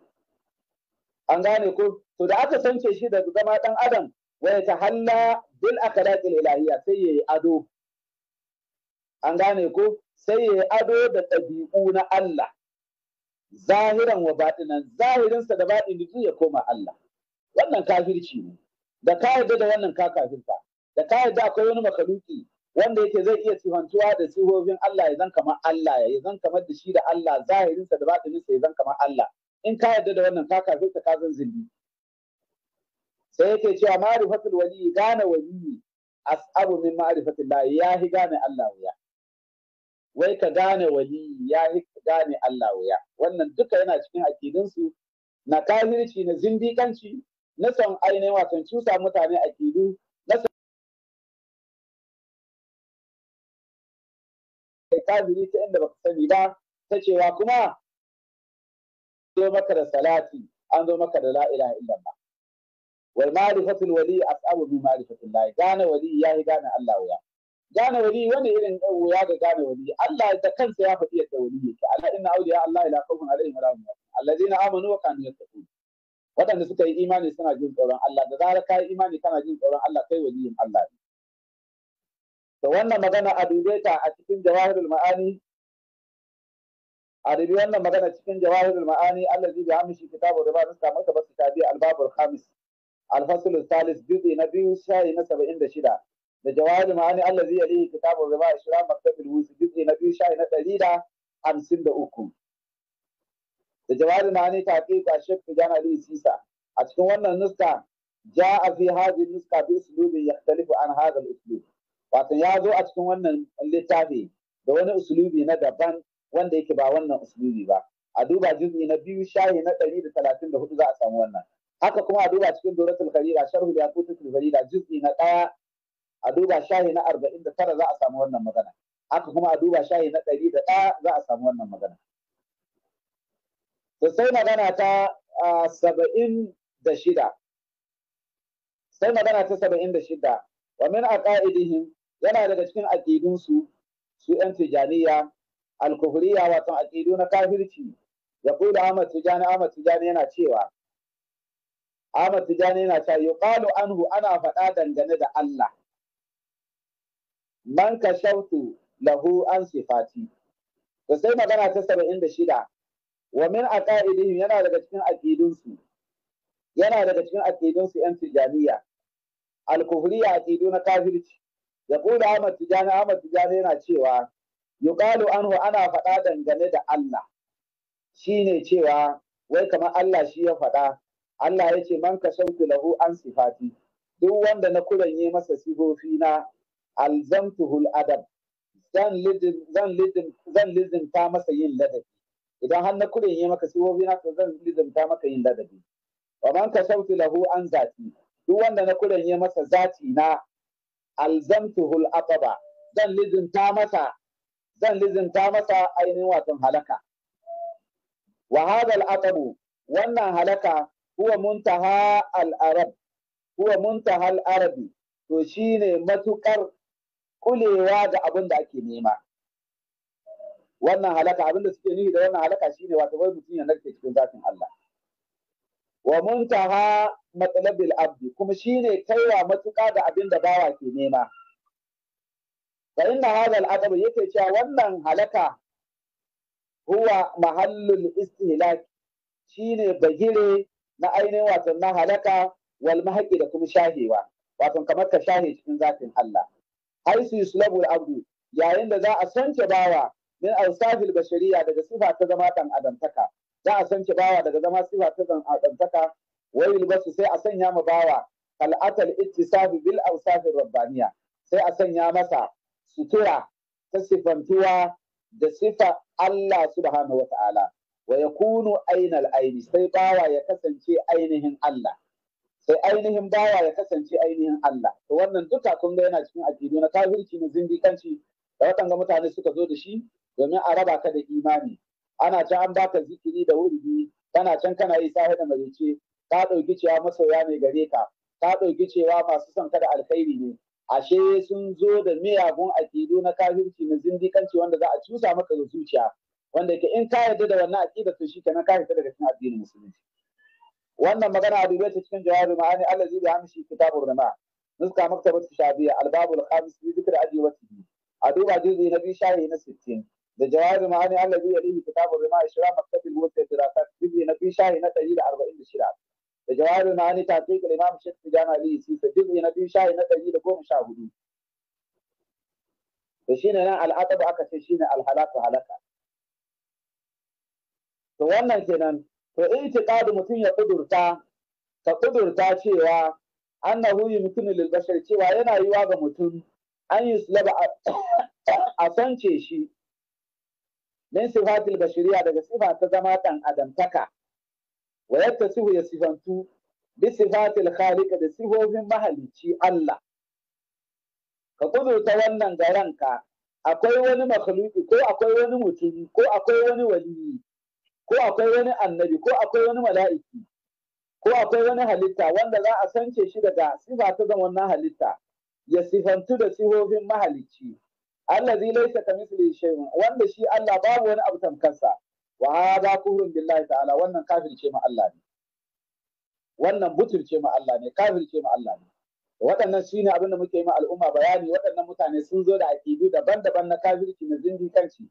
an gane ko to da aka sance shi daga zama dan adam wa ya tahalla bil akhlaqil ilahiyya sai yayi ado an gane ko sai yayi ado da ɗabi'u na Allah zahiran wa batinan zahirinsa da batini duk ya koma Allah wannan kafirci ne da ka yarda da wannan ka kafirta da ka yarda akwai wani makaluki wanda yake zai iya sifantuwa da sihohin Allah ya zan kamar Allah ya zan kamar da shi da Allah zahirinsa da batininsa ya zan kamar Allah in ka yarda da wannan ka zai ka zan zulmi sai yake cewa ma'rifatul wali gane wali as'abu min ma'rifatil lahi ya hi gane Allah wuya wai ka gane wali ya hi gane Allah wuya wannan duka yana cikin su na kafirci na zindikanci na son ainihin wasan cusa mutane akidu kafiri ta inda baka sani ba ta cewa kuma zo maka da salati an zo maka da la ilaha illallah wal ma'rifatul wali as'abu bi ma'rifatillah gane wali yayi gane Allah wuya gane wali wani irin wuya ga gane wali Allah da kansa ya faɗi yadda wali yake Allah inna awliya Allah ila khawfun alaihim wa alladhina amanu wa kanu yattaqun waɗanda suka yi imani suna jin tsoron Allah da zarar ka yi imani kana jin tsoron Allah kai waliyin Allah ne to wannan magana a dube ta a cikin jawahirul ma'ani a rubi wannan magana cikin jawahirul ma'ani allazi bi amshi kitabu riba ba martaba kitabi albabul khamis alfasul salis juzi na biyu shayi na saba'in da shida da jawahirul ma'ani allazi yalihi kitabu riba ishram maktabil wusi juzi na biyu shayi na ɗari da hamsin da uku da jawahirul ma'ani taqiqa shek tijan ali sisa a cikin wannan nuska ja'a fi hadhihi nuska bi uslubin yakhtalifu an hadha al-uslub wato ya zo a cikin wannan littafi da wani uslubi na daban wanda yake ba wannan usulubi ba a duba juz'i na biyu shahi na ɗari da talatin da hudu za a samu wannan haka kuma a duba cikin doratul kharira sharhu da yaqutul kharira juz'i na ɗaya a duba shahi na arba'in da tara za a samu wannan magana haka kuma a duba shahi na ɗari da ɗaya za a samu wannan magana to sai magana ta saba'in da shida sai magana ta saba'in da shida wa min aqaidihim yana daga cikin aqidunsu su yan tijaniya alkuhuriya wato aqidu na kafirci ya kula Ahmad Tijani Ahmad Tijani yana cewa Ahmad Tijani yana cewa yuqalu anhu ana faɗa dangane da Allah man shautu lahu an sifati to sai magana ta 76 wa min aqaidihim yana daga cikin aqidunsu yana daga cikin aqidunsu yan tijaniya alkuhuriya aqidu na kafirci ya kula Ahmad Tijani Ahmad Tijani yana cewa yuqalu anhu ana faɗa dangane da Allah shine cewa wai kamar Allah shi ya faɗa Allah ya ce man kashantu lahu an sifati duk wanda na yi masa sifofi na alzamtuhul adab zan lidin zan lidin zan lidin ta masa yin ladabi idan har na yi maka sifofi na to zan lidin ta maka yin ladabi wa man kashantu lahu an zati duk wanda na yi masa zati na alzamtuhul aqaba zan lidin ta masa zan lizinta masa ainihin watan halaka wa atabu wannan halaka huwa muntaha al-arab huwa muntaha al-arabi to shine matuƙar kulewa da abin da ake nema wannan halaka abin da suke nufi da wannan halaka shine wato wai mutum ya narke cikin zafin Allah wa muntaha matsalabil abdi kuma shine kaiwa matuƙa da abin da bawa ke nema fa inna hadha al yake cewa wannan halaka huwa mahallul istihlak shine bagire na ainihin wato na halaka wal da kuma shahewa wato kamar ka shahe cikin zatin Allah haisu yuslabul abdu yayin da za a sanke bawa min awsafil bashariya daga sifa ta zama dan adamtaka za a sanke bawa daga zama sifa ta dan adamtaka wayil basu sai a sanya ma bawa kal'atal ittisafi bil awsafir rabbaniya sai a sanya masa sutura ta sifantuwa da sifa Allah subhanahu Waya wa ya kunu ainal aini sai bawa ya kasance ainihin Allah sai ainihin bawa ya kasance ainihin Allah to wannan duka kun ga yana cikin aqidu na kafirci na zindikanci da ga mutane suka zo da shi domin a raba ka da imani ana can an baka zikiri da wurbi kana can kana yi sahi da marice ka ɗauki cewa masoya ne gare ka ka ɗauki cewa masu son ka da alkhairi ne ashe sun zo da miyagun aƙidu na kafirci na zindikanci wanda za a cusa maka da zuciya wanda ke in ka yarda da wannan aƙida to shi kenan ka yarda daga cikin addinin musulunci wannan magana a dubai ta cikin jawabi ma'ani Allah zai bi hamshi kitabur rama nuska maktabat shabiya albabul khamis bi dhikr ajwatihi a duba juzi na biyu shahi na 60 da jawabi ma'ani Allah zai yi kitabur rama ishra maktabil wuta dirasat juzi na biyu shahi na 146 da na, ma'ani ta fi kal imam shaykh tijani ali sisa juz'i na biyu shayi na ɗari da goma sha hudu to shine nan al'aqab aka ce shi shine alhalaku halaka to wannan kenan to in ƙadu mutum ya kudurta ka kudurta cewa annahu yumkinu lil bashar cewa yana yiwa ga mutum an yi laba a sance shi min sifatil bashariya daga sifa ta zama ɗan adamtaka wayatta suhu ya sifantu bi sifatil khaliq da sifofin mahalicci Allah ka ta wannan ga ranka akwai wani makhluki ko akwai wani mutum ko akwai wani waliyi ko akwai wani annabi ko akwai wani mala'iki ko akwai wani halitta wanda za a sance shi daga sifa ta wannan halitta ya sifantu da sifofin allah zai laysa kamithlihi shay'un wanda shi Allah babu wani abu tamkarsa wa hada kufrun billahi ta'ala wannan ce ma Allah ne wannan ce ma Allah ne ce ma Allah ne waɗannan shi ne abin da muke yi ma al'umma bayani waɗannan mutane sun zo da aƙidu daban-daban na kafirci na zindikanci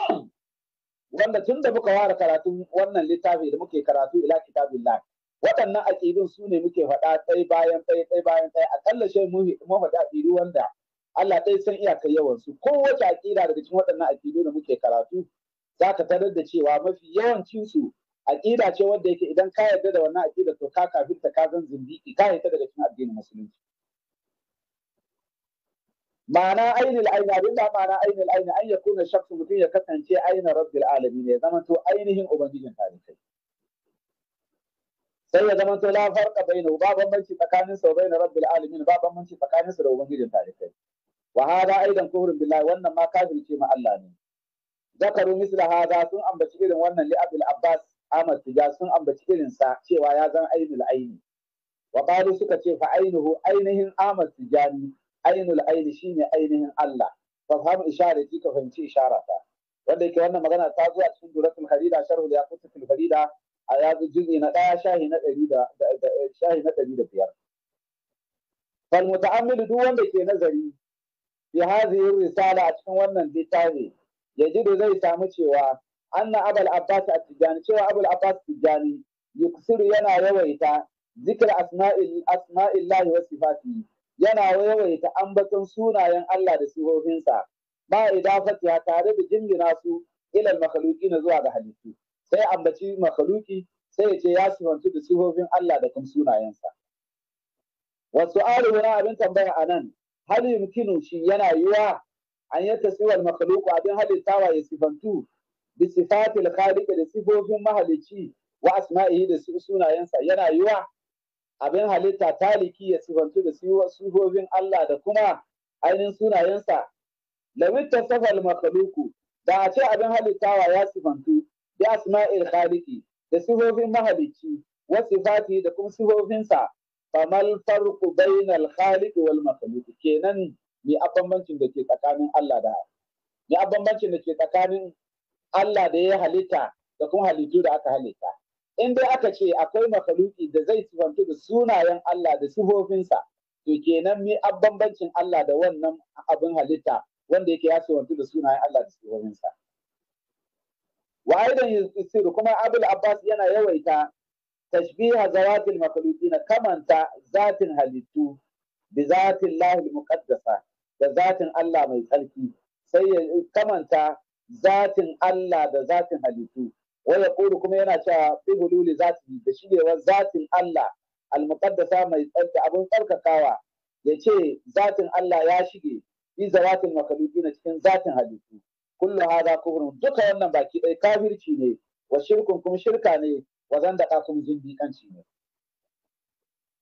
wanda tun da muka ware karatun wannan littafi da muke karatu ila kitabillah waɗannan aƙidun su ne muke faɗa ɗaya bayan ɗaya ɗaya bayan ɗaya aƙalla shi mun faɗi aƙidu wanda Allah ɗaya san iyakar yawan su kowace aƙida daga cikin waɗannan aƙidu da muke karatu za ka tarar da cewa mafi yawancin su aƙida ce wanda yake idan ka yarda da wannan aƙida to ka kafirta ka zan zindiki ka yarda daga cikin addinin musulunci ma'ana ainil aini abin da ma'ana ainil aini an yakuna shakku mutum ya kasance aina rabbil alamin ya zama to ainihin ubangijin talibai sai ya zama to la farqa bainahu ba bambanci tsakanin sa bain rabbil alamin ba bambanci tsakanin sa da ubangijin talibai wa hada aidan kufrun billahi wannan ma kafirce ma Allah ne zakaru misla hada sun ambaci irin wannan li abul abbas ahmad tija sun ambaci irin sa cewa ya zan ainul aini wa qalu suka ce fa ainuhu ainihin ahmad tijani ainul aini shine ainihin allah fa fahimu isharati ka fahimci isharata wanda yake wannan magana ta zuwa cikin duratul harida sharhul yaqut fil farida a yazo juz'i na daya shahi na 100 da shahi na 105 fal duk wanda ke nazari bi hadhihi risala a cikin wannan littafi Yaji da zai samu cewa anna abul abbas at-tijani cewa abul abbas Tijjani tijani yuksiru yana yawaita zikr asma'il asma'illahi wa sifatih yana yawaita ambaton sunayen Allah da sifofinsa ba ya tare da jingina su ilal makhluqina zuwa ga halittu sai ambaci makhluqi sai ya ce ya sifantu da sifofin Allah da kuma sunayensa wasu su'alu wa abin tambaya anan hal yumkinu shi yana yiwa an yi taswirar makaluku abin halittawa ya sifantu bi sifatil khaliqi da sifofin mahalicci wa asma'ihi da sunayensa yana yiwa abin halitta taliki ya sifantu da sifofin Allah da kuma ainihin sunayensa lawit tasafal makaluku da a ce abin halittawa ya sifantu bi asma'il khaliqi da sifofin mahalicci wa sifati da kuma sifofinsa famal farqu bainal khaliqi wal makhluq kenan ni a da ke tsakanin Allah da ni a da ke tsakanin Allah da ya halitta da kuma halittu da aka halitta in dai aka ce akwai makaluki da zai sifantu da sunayen Allah da sifofinsa to kenan mi a Allah da wannan abin halitta wanda yake ya sifantu da sunayen Allah da sifofinsa wa aidan yusiru kuma Abul Abbas yana yawaita tashbiha zawatil المخلوقين na kamanta ذات halittu بذات الله المقدسة da zatin Allah mai tsarki sai ya kamanta zatin Allah da zatin halittu waya kuru kuma yana cewa bi hululi zati da shigewar zatin Allah almuqaddasa mai tsarki abun tsarkakawa ya ce zatin Allah ya shige bi zawatin na cikin zatin halittu kullu hada kufrun duka wannan baki ɗaya kafirci ne wa shirkun kuma shirka ne wa zandaka kuma zindiƙanci ne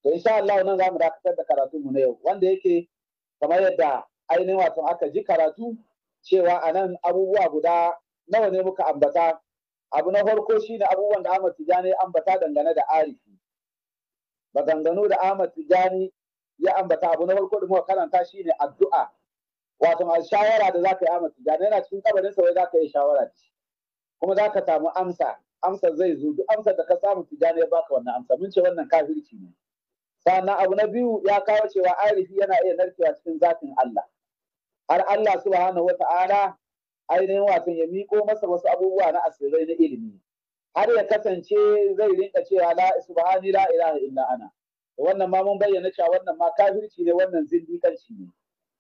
to insha Allah nan zamu dakatar da karatu mu na yau wanda yake kamar yadda ainihin wato aka ji karatu cewa a nan abubuwa guda nawa ne muka ambata abu na farko shi ne abubuwan da Ahmad Tijani ambata dangane da arifi maganganu da Ahmad Tijani ya ambata abu na farko da muka karanta ne addu'a wato a shawara da ka yi Ahmad Tijani yana cikin kabarin sa wai ka yi shawara ce kuma za ka samu amsa amsar zai zo duk amsar da ka samu Tijani ya baka wannan amsa mun ce wannan kafirci ne sannan abu na biyu ya kawo cewa arifi yana iya narkewa cikin zafin Allah har Allah subhanahu wa ta'ala ainihin wato ya miko masa wasu abubuwa na asirai na ilimi har ya kasance zai rinka cewa la subhani la ilaha illa ana wannan ma mun bayyana cewa wannan ma kafirci ne wannan zindikanci ne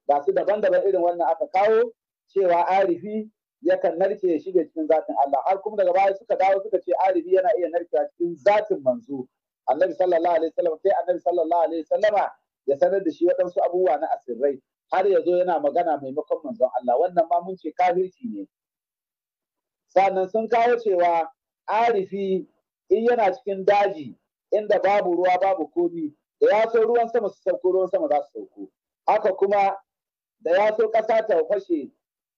ba su daban-daban irin wannan aka kawo cewa arifi yakan narke shi cikin zatin Allah har kuma daga baya suka dawo suka ce arifi yana iya narkewa cikin zatin manzo annabi sallallahu alaihi wasallam sai annabi sallallahu alaihi wasallama ya sanar da shi waɗansu abubuwa na asirrai har ya zo yana magana maimakon manzon Allah wannan ma mun ce kafirci ne sannan sun kawo cewa arifi in yana cikin daji inda babu ruwa babu komi da ya so ruwan sama su sauko ruwan sama za su sauko haka kuma da ya so ƙasa ta fashe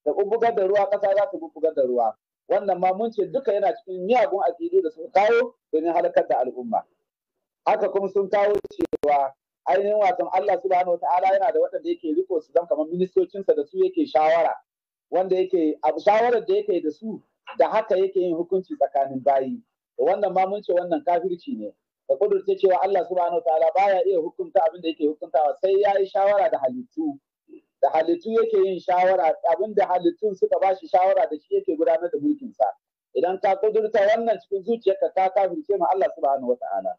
da bubbugar da ruwa ƙasa za ta bubbugar da ruwa wannan ma mun ce duka yana cikin miyagun aƙidu da suka kawo domin halakar da al'umma haka kuma sun kawo cewa ainihin wasan Allah subhanahu wataala yana da waɗanda yake riko su zan kamar ministocinsa da su yake shawara wanda yake abu shawarar da yake da su da haka yake yin hukunci tsakanin bayi wannan ma mun ce wannan kafirci ne da kudurce cewa Allah subhanahu wataala baya iya hukunta abin da yake hukuntawa sai ya yi shawara da halittu da halittu yake yin shawara abin da halittun suka ba shi shawara da shi yake gudanar da mulkinsa idan ka kudurta wannan cikin zuciyarka ta kafirce ma Allah subhanahu wataala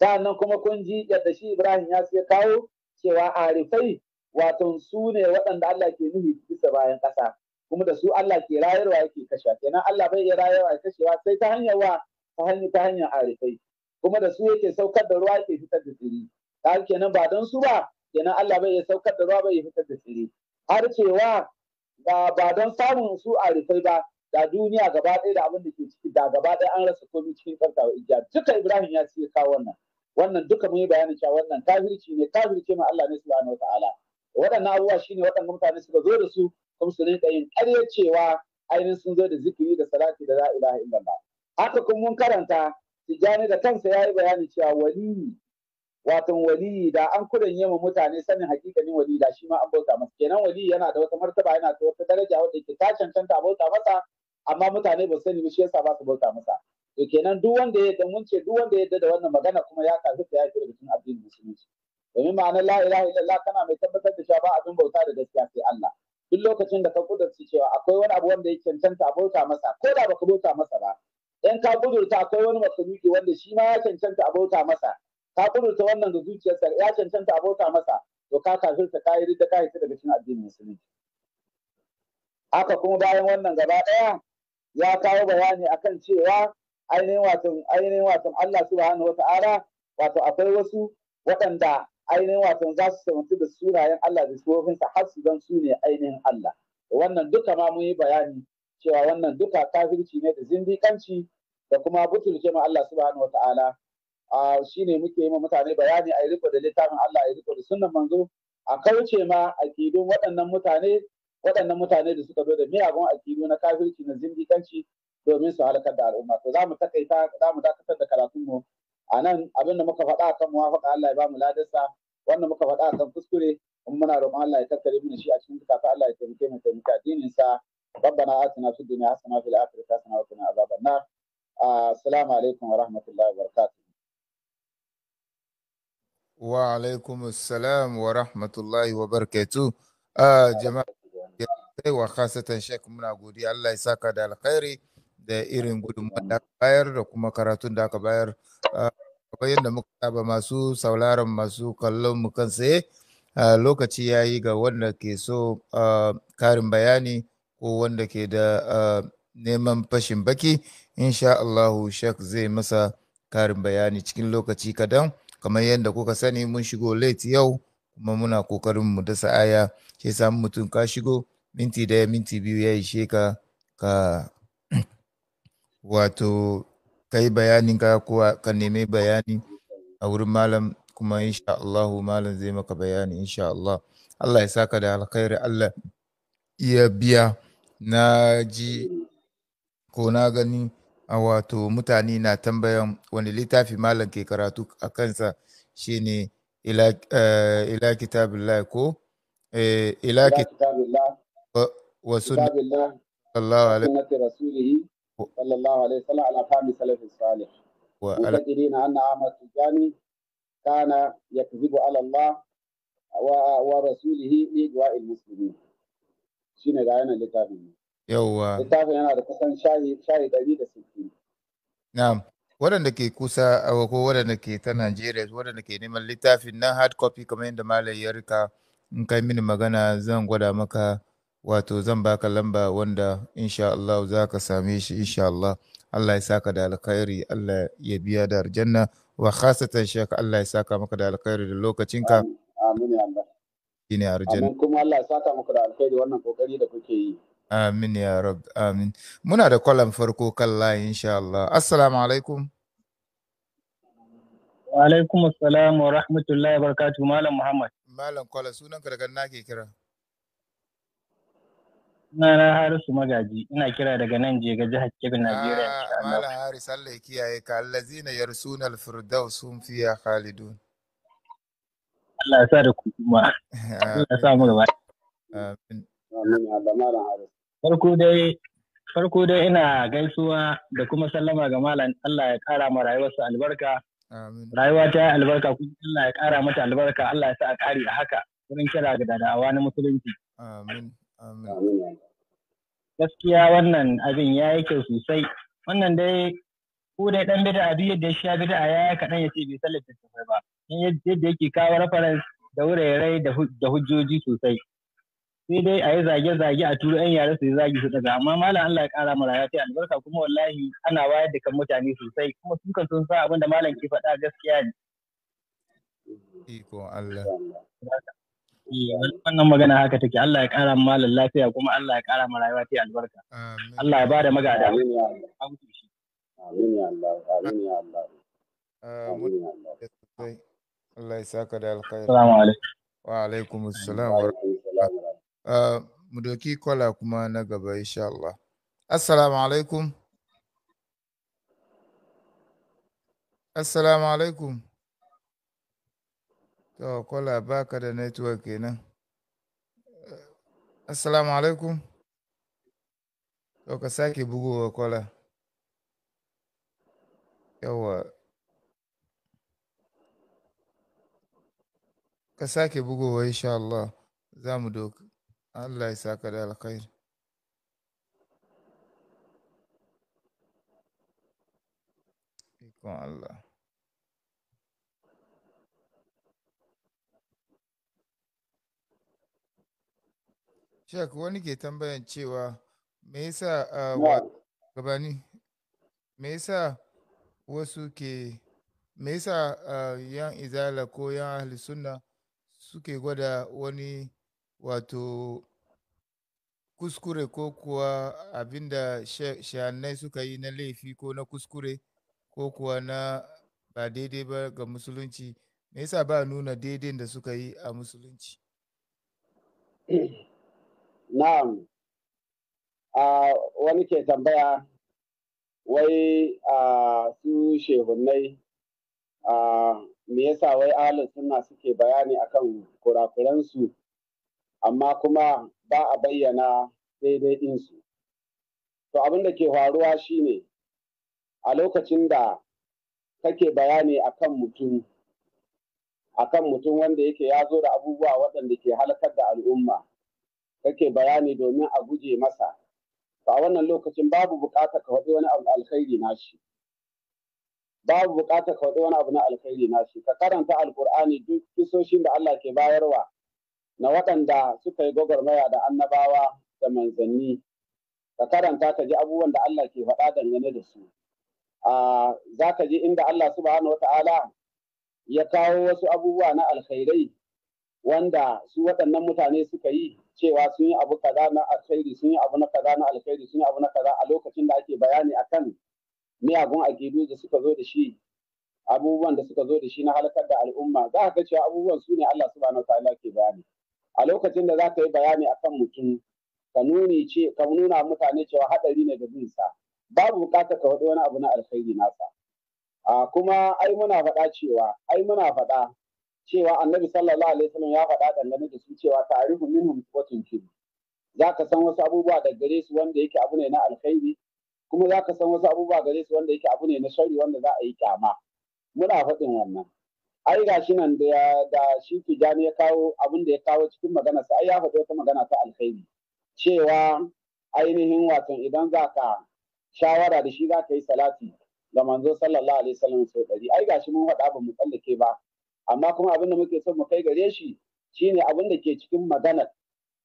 nan kuma kun ji yadda shi Ibrahim ya sai kawo cewa arifai wato su ne waɗanda Allah ke nuhi bisa bayan ƙasa kuma da su Allah ke rayarwa yake kashewa kenan Allah bai iya rayarwa ya kashewa sai ta hanyar wa ta hanyar ta hanyar arifai kuma da su yake saukar da ruwa yake fitar da tsiri ta kenan ba don su ba kenan Allah bai iya saukar da ruwa bai fitar da tsiri har cewa ba don samun su arifai ba da duniya gaba ɗaya da abin da ke ciki da gaba ɗaya an rasa komai cikin karkawa igiya duka ibrahim ya ce kawo wannan wannan duka mun yi bayani cewa wannan kafirci ne kafirci ma Allah ne subhanahu ta'ala. waɗannan abubuwa shine waɗannan mutane suka zo da su kuma su rinka yin ƙarya cewa ainihin sun zo da zikiri da salati da la ilaha illallah haka kuma mun karanta tijani da kansa ya yi bayani cewa waliyi wato waliyi da an kudan yama mutane sanin hakikanin waliyi da shi ma an bauta masa kenan waliyi yana da wata martaba yana da wata daraja wadda ke ta cancanta a bauta masa amma mutane ba sani ba shi yasa ba su bauta masa to kenan duk wanda ya dan wance duk wanda ya da wannan magana kuma ya kafi ta ya da cikin addinin musulunci domin ma'anar la ilaha illallah kana mai tabbatar da cewa ba abin bauta da gaskiya sai Allah duk lokacin da ka kudurci cewa akwai wani abu wanda ya cancanta bauta masa ko da baka bauta masa ba in ka kudurta akwai wani makaluki wanda shi ma ya cancanta a bauta masa ka kudurta wannan da zuciyarsa ya cancanta a bauta masa to ka kafirta ka yi da ka yi daga cikin addinin musulunci haka kuma bayan wannan gaba daya ya kawo bayani akan cewa ainihin watan ainihin Allah subhanahu wata'ala wato akwai wasu waɗanda ainihin watan za su samantu da sunayen Allah da sufofinsa har su zan su ne ainihin Allah wannan duka ma mun yi bayani cewa wannan duka kafirci ne da zindikanci da kuma butulke ma Allah subhanahu wata'ala Shi ne muke yi ma mutane bayani a riko da littafin Allah a yi riko da sunan manzo a kauce ma akidun waɗannan mutane waɗannan mutane da suka zo da miyagun aƙidu na kafirci na zindikanci domin su halakar da al'umma to za mu takaita za mu dakatar da karatunmu a nan abinda muka faɗa kan muwafaƙa Allah ya ba mu ladarsa wannan muka faɗa kan kuskure in muna roƙon Allah ya tattare mana shi a cikin zukata Allah ya taimake mu taimaka addinin sa ربنا آتنا في الدنيا حسنة وفي الآخرة حسنة وقنا عذاب النار السلام عليكم ورحمة الله وبركاته وعليكم السلام ورحمة الله وبركاته آه جماعة sosai wa khasatan shek muna godiya Allah ya saka da alkhairi da irin gudunmuwa da aka bayar da kuma karatun da aka bayar ah, kamar yadda muka saba masu sauraron masu kallon mu kan tsaye ah, lokaci ya yi ga wanda ke so ah, karin bayani ko wanda ke da neman fashin baki insha Allahu shek zai masa karin bayani cikin lokaci kadan kamar yadda kuka sani mun shigo late yau kuma muna kokarin mu dasa aya sai samu mutum ka shigo minti daya minti biyu ya ishe ka ka wato ka yi bayaninka ko ka nemi bayani a wurin malam kuma insha Allah malam zai maka bayani insha Allah Allah ya saka da alkhairi Allah iya biya na ji ko na gani a wato mutane na tambayan wani littafi malam ke karatu a kansa shi ne ila, uh, ila ko eh, ila kitabillah وسنة الله عليه رسوله صلى الله عليه وسلم على فهم سلف الصالح أن التجاني كان يكذب على الله ورسوله لإجواء المسلمين شنو غاينا da da waɗanda ke kusa ko waɗanda ke ta Najeriya waɗanda ke neman littafin nan hard copy kamar yadda malam ya rika in kai mini magana zan gwada maka wato zan baka lamba wanda insha Allah za ka same shi insha Allah Allah ya saka da alkhairi Allah ya biya da aljanna wa khasatan shek Allah ya saka maka da alkhairi da lokacinka amin ya Allah ina aljanna kuma Allah ya saka maka da alkhairi wannan kokari da kuke yi amin ya rab amin muna da kwalan farko kan layi insha Allah assalamu alaikum wa alaikum assalam wa rahmatullahi wa barakatuh malam muhammad malam kwala sunanka daga nake kira Sunana Harisu Magaji, ina kira daga nan je ga jihar Kebbi, Najeriya. Ah, Mala Haris, Allah ya kiyaye ka, Allah zina yar al-firdaus sun fiya khalidun. Allah ya sa da ku kuma. Allah ya sa mu gaba. Farko dai farko dai ina gaisuwa da kuma sallama ga malam Allah ya kara ma rayuwarsa albarka. Rayuwa ta albarka kuma Allah ya kara mata albarka, Allah ya sa a kari a haka. Wurin kira ga dadawa na musulunci. Amin. Gaskiya wannan abin ya yi kyau sosai. Wannan dai ko dai dan bida duk yadda ya sha bida ya kaɗan ya ce bai san littattafai ba. Yadda yake kawo rafarans da wurare da hujjoji sosai. Sai dai a yi zage-zage a turo 'yan yare su yi zage su daga amma malam Allah ya ƙara mara ya albarka kuma wallahi ana wayar da kan mutane sosai kuma su kan sun sa abin da malam ke faɗa gaskiya ne. Iko Allah. Eh, wannan magana haka take Allah ya kara malam lafiya kuma Allah ya kara ma rayuwa ta albarka Allah ya bada magada amin ya Allah amin ya Allah ah, amin ya Allah Allah ya saka da alkhairi assalamu alaikum wa alaikum assalam wa rahmatullahi mu doki kwala kuma na gaba insha Allah assalamu alaikum assalamu alaikum to kola baka da network kenan assalamu alaikum to ka sake bugowa kola yawa ka sake bugowa insha Allah za mu doka Allah ya saka da alkhairi Allah Shek wani ke tambayan cewa me yasa gabani me yasa wasu ke me yasa yan izala ko yan ahli sunna suke gwada wani wato kuskure ko kuwa abinda shahannai suka yi na laifi ko na kuskure ko kuwa na ba daidai ba ga musulunci me yasa ba nuna daidai da suka yi a musulunci eh, Na'am. A wani ke tambaya wai a su shehunai uh, me yasa wai alin suna suke bayani akan kurakuransu amma kuma ba a bayyana daidai ɗinsu. To abin da ke faruwa shine a lokacin da kake bayani akan mutum akan mutum wanda yake ya zo da abubuwa waɗanda ke halakar da al'umma. kake bayani domin a guje masa to a wannan lokacin babu bukata ka faɗi wani abu alkhairi babu bukata ka faɗi wani abu na alkhairi nashi ka karanta alkur'ani duk kisoshin da Allah ke bayarwa na waɗanda suka yi gwagwarmaya da annabawa da manzanni ka karanta ka ji abubuwan da Allah ke faɗa dangane da su za ka ji inda Allah subhanahu wata'ala ya kawo wasu abubuwa na alkhairai wanda su waɗannan mutane suka yi cewa sun yi abu kaza na alkhairi sun yi abu na kaza na alkhairi sun yi abu na kaza a lokacin da ake bayani akan miyagun akidu da suka zo da shi abubuwan da suka zo da shi na halakar da al'umma za ka cewa abubuwan su ne Allah subhanahu wa ta'ala ke bayani a lokacin da za ka yi bayani akan mutum ka nuna mutane cewa hadari ne da bin babu bukatar ka faɗi wani abu na alkhairi nasa kuma ai muna faɗa cewa ai muna faɗa cewa annabi sallallahu alaihi wasallam ya faɗa dangane da su cewa tarihu minhum quwwatun Za zaka san wasu abubuwa da gare su wanda yake abu ne na alkhairi kuma zaka san wasu abubuwa gare su wanda yake abu ne na shari wanda za a yi kyama muna faɗin wannan ai ga shi nan da da shi tijani ya kawo abin da ya kawo cikin magana sa ai ya faɗi wata magana ta alkhairi cewa ainihin watan idan zaka shawara da shi zaka yi salati ga manzo sallallahu alaihi wasallam sau ɗari ai gashi mun faɗa ba mu tsallake ba amma kuma abin da muke so mu kai gare shi shine abin da ke cikin maganar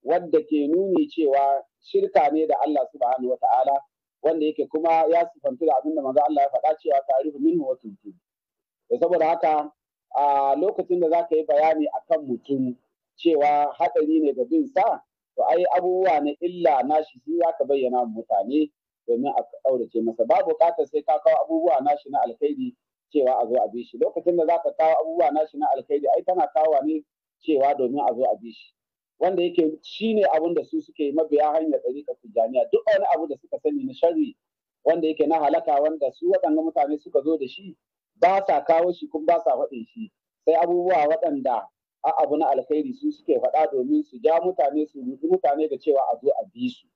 wadda ke nuni cewa shirka ne da Allah subhanahu ta'ala wanda yake kuma ya sifantu da abin da manzo Allah ya faɗa cewa ta'rifu minhu wa tuntu to saboda haka a lokacin da ka yi bayani akan mutum cewa hadari ne ga bin sa to ai abubuwa na illa nashi shi zaka bayyana mutane domin a ƙaurace masa babu bukatar sai ka kawo abubuwa nashi na alkhairi cewa a zo a bi shi lokacin da za ka kawo abubuwa nashi na alkhairi ai tana kawo ne cewa domin a zo a bi shi wanda yake shi ne abin da su suke yi mabiya hanyar ɗariƙar tijjaniya duk wani abu da suka sani na sharri wanda yake na halaka wanda su waɗanda mutane suka zo da shi ba sa kawo shi kuma ba sa faɗin shi sai abubuwa waɗanda a abu na alkhairi su suke faɗa domin su ja mutane su mutane da cewa a zo a bi su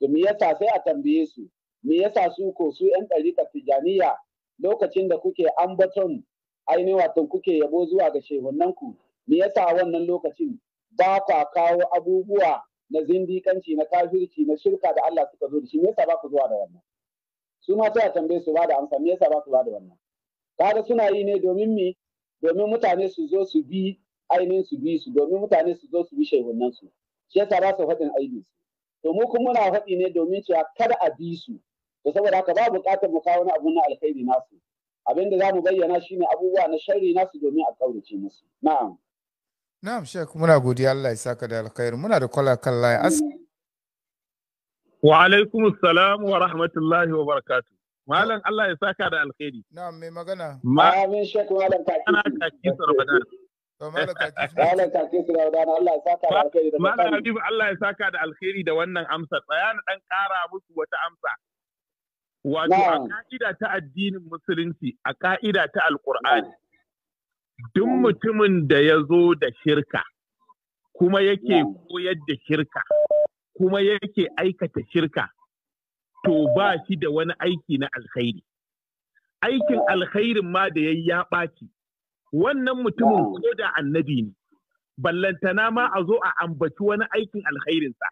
to me yasa sai a tambaye su me yasa su ko su yan ɗariƙar tijjaniya lokacin da kuke ambaton ainihin wato kuke yabo zuwa ga shehunanku me yasa wannan lokacin ba ta kawo abubuwa na zindikanci na kafirci na shirka da Allah suka zo da shi me yasa ba ku zuwa da wannan su ma sai a tambaye su ba da amsa me yasa ba ku zuwa da wannan kaga suna yi ne domin me domin mutane su zo su bi ainihin su bi su domin mutane su zo su bi shehunan su shi yasa ba su faɗin aibin su to mu kuma muna faɗi ne domin cewa kada a bi su to saboda haka ba buƙatar mu kawo wani abu na alkhairi nasu abin da zamu bayyana shine abubuwa na sharri nasu domin a kaurace musu na'am na'am shek muna godiya Allah ya saka da alkhairi muna da kwala kan laye as wa alaikum assalam wa rahmatullahi wa barakatuh malam Allah ya saka da alkhairi na'am mai magana malamin shek malam kaki ana kaki sarbadan Malam Habibu Allah ya saka da alkhairi da wannan amsa, tsaya na ɗan ƙara musu wata amsa. Wato a ka'ida ta addinin musulunci, a ka'ida ta alkur'ani, duk mutumin da ya zo da shirka, kuma yake koyar da shirka, kuma yake aikata shirka, to ba shi da wani aiki na alkhairi. Aikin alkhairin ma da ya ɓaci, wannan mutumin ko da annabi ne, ballantana ma a zo a ambaci wani aikin alkhairinsa.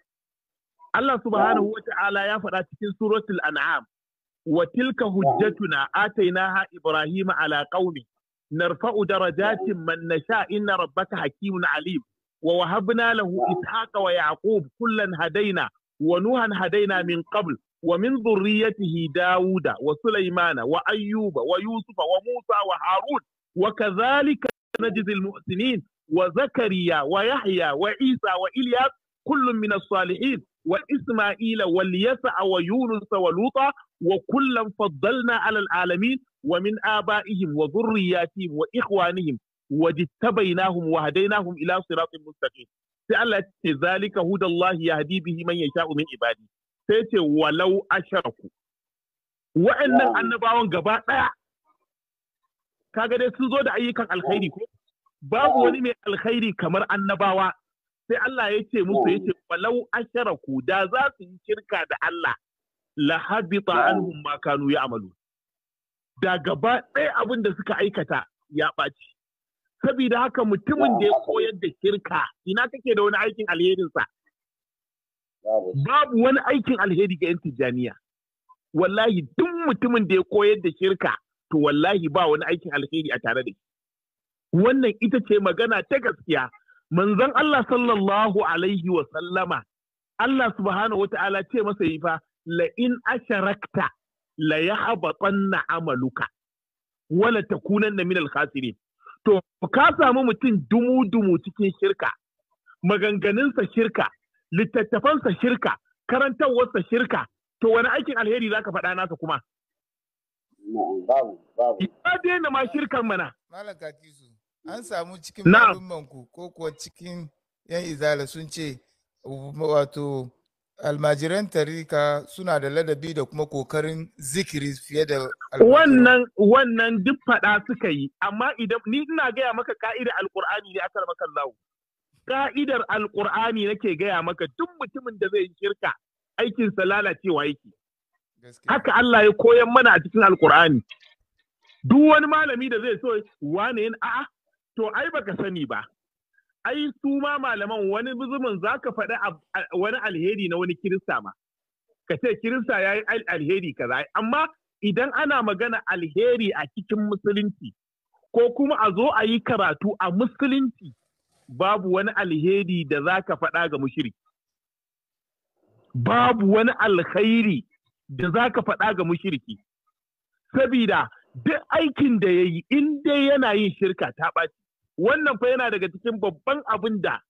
Allah subhanahu wa ta'ala ya faɗa cikin suratul an'am وتلك نعم. حجتنا آتيناها إبراهيم على قومه نرفع درجات نعم. من نشاء إن ربك حكيم عليم ووهبنا له نعم. إسحاق ويعقوب كلا هدينا ونوحا هدينا من قبل ومن ذريته داود وسليمان وأيوب ويوسف وموسى وهارون وكذلك نجد المحسنين وزكريا ويحيى وعيسى وإلياس كل من الصالحين wa Isma'ila wal Yasa'a wa yunusa wa Luta wa kullan faddalna alal alamin wa min aba'ihim wa dhurriyyatihim wa ikhwanihim wa jittabainahum wa hadainahum ila siratin mustaqim sai Allah ya ce zalika hudallahi yahdi bihi man yasha'u min ibadi sai ce walau annabawan gaba sun zo da ayyukan alkhairi ko babu wani mai alkhairi kamar annabawa sai Allah ya ce musu ya ce oh. walau asharaku da za su yi shirka da Allah la habita anhum ma kanu ya'malu da gaba ɗaya abin da suka aikata ya ɓaci saboda haka mutumin da ya koyar da shirka ina kake da wani aikin alherinsa babu wani aikin alheri ga 'yan tijjaniya wallahi duk mutumin da ya koyar da shirka to wallahi ba wani aikin alheri a tare da shi wannan ita ce magana ta gaskiya manzon Allah sallallahu alaihi wa sallama Allah subhanahu wa ta'ala ce masa yi fa la in asharakta la yahbatanna amaluka wala takunanna min al to ka samu mutum dumu dumu cikin shirka maganganunsa shirka littattafansa shirka karantarwarsa shirka to wani aikin alheri zaka faɗa nasa kuma babu babu ya daina ma shirkan mana an samu cikin malumman ko kuwa cikin yan izala sun ce wato almajiran tarika suna da ladabi da kuma kokarin zikiri fiye da wannan wannan duk faɗa suka yi amma idan ni ina gaya maka ka'idar alkur'ani ne akar maka lawo ka'idar alkur'ani nake gaya maka duk mutumin da zai shirka aikinsa lalacewa yake haka Allah ya koyan mana a cikin alkur'ani duk wani malami da zai so wane a'a to ai baka sani ba ai su ma malaman wani zumin za ka faɗi wani alheri na wani kirista ma ka ce kirista ya yi alheri kaza amma idan ana magana alheri a cikin musulunci ko kuma a zo a yi karatu a musulunci babu wani alheri da za ka faɗa ga mushiriki babu wani alkhairi da za ka faɗa ga mushiriki sabida duk aikin da ya yi inda yana yin shirka ta ɓaci wannan fa yana daga cikin babban abin da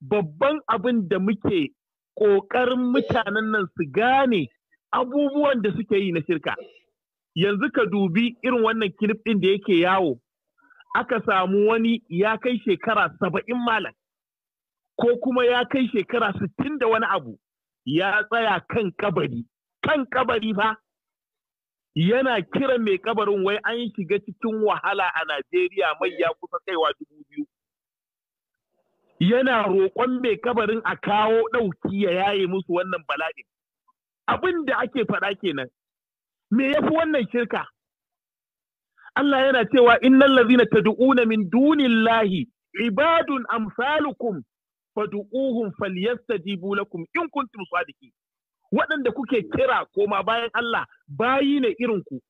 babban abin da muke ƙoƙarin mutanen nan su gane abubuwan da suke yi na shirka yanzu ka dubi irin wannan kilif ɗin da yake yawo aka samu wani ya kai shekara saba'in malam ko kuma ya kai shekara sittin da wani abu ya tsaya kan kabari kan kabari fa yana kiran mai kabarin wai an shiga cikin wahala a Najeriya mai ya kusa kaiwa dubu biyu. Yana roƙon mai kabarin a kawo ɗauki ya yaye musu wannan bala'in. Abin da ake faɗa kenan. Me ya fi wannan shirka? Allah yana cewa innal ladzina tad'una min dunillahi ibadun amsalukum fad'uuhum falyastajibu lakum in kuntum sadiqin. waɗanda kuke kira koma bayan Allah bayi ne irin ku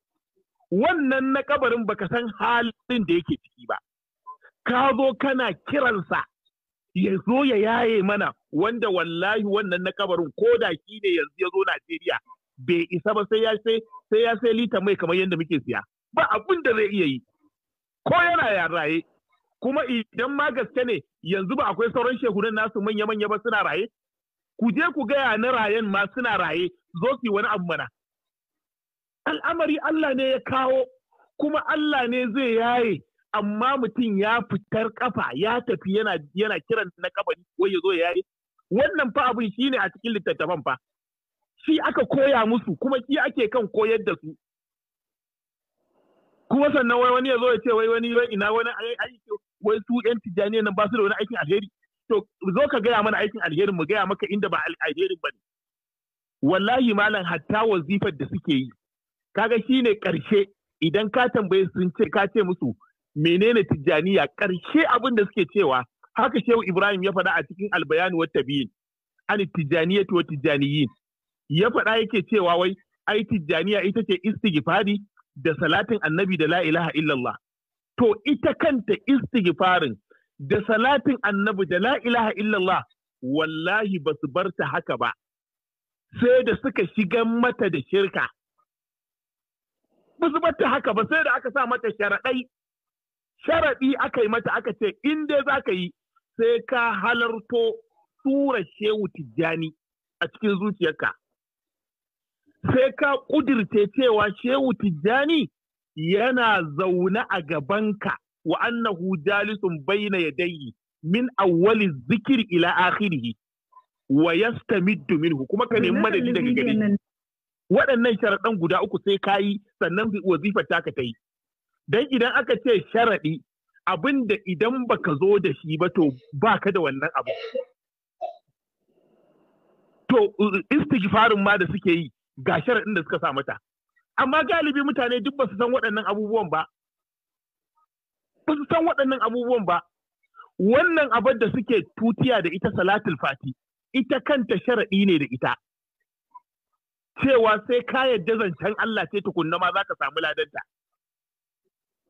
wannan na kabarin baka san halin da yake ciki ba ka zo kana kiransa ya zo ya yaye mana wanda wallahi wannan na kabarin ko da ki ne yanzu ya zo Najeriya bai isa ba sai ya sai ya sai lita mai kamar yadda muke siya ba abin da zai iya yi ko yana ya raye kuma idan ma gaske ne yanzu ba akwai sauran shekunan nasu manya manya ba suna raye ku je ku gaya na rayen ma suna raye zo su wani abu mana al'amari Allah ne ya kawo kuma Allah ne zai yaye amma mutum ya fitar kafa ya tafi yana yana kiran na kafa wai ya zo ya yaye wannan fa abin shi ne a cikin littattafan fa shi aka koya musu kuma shi ake kan koyar da su kuma sannan wai wani ya zo ya ce wai wani ina wani aiki wai su yan tijjani nan ba su da wani aikin alheri to zo ka gaya mana aikin alherin mu gaya maka inda ba alherin ba ne wallahi malam hatta wazifar da suke yi kaga shine karshe idan ka tambaye sun ce ka ce musu menene tijjaniya karshe abin da suke cewa haka shehu ibrahim ya faɗa a cikin albayani wa tabiyin Ani tijjaniya to tijjaniyin ya faɗa yake cewa wai ai tijjaniya ita ce istighfari da salatin annabi da la ilaha illallah to ita kanta istighfarin da salatin annabi da la ilaha illallah wallahi ba su bar ta haka ba sai da suka shigan mata da shirka ba su bar ta haka ba sai da aka sa mata sharaɗai sharaɗi aka yi mata aka ce in dai za ka yi sai ka halarto tura shehu tijjani a cikin zuciyarka sai ka ƙudirce cewa shehu tijjani yana zaune a gabanka wa annahu jalisun bayna yadayhi min awwali zikiri ila akhirih wa yastamiddu minhu kuma ka nemi madadi daga gari. waɗannan sharaɗan guda uku sai kayi sannan wazifar taka ta ta'i. dan idan aka ce sharaɗi abinda idan baka zo da shi ba to baka da wannan abu to istighfarin ma da suke yi ga sharaɗin da suka sa mata amma galibi mutane duk ba su san waɗannan abubuwan ba ba su san waɗannan abubuwan ba wannan abar da suke tutiya da ita salatul fati ita kanta sharaɗi ne da ita cewa sai ka yadda zancen Allah ce tukunna ma za ka samu ladanta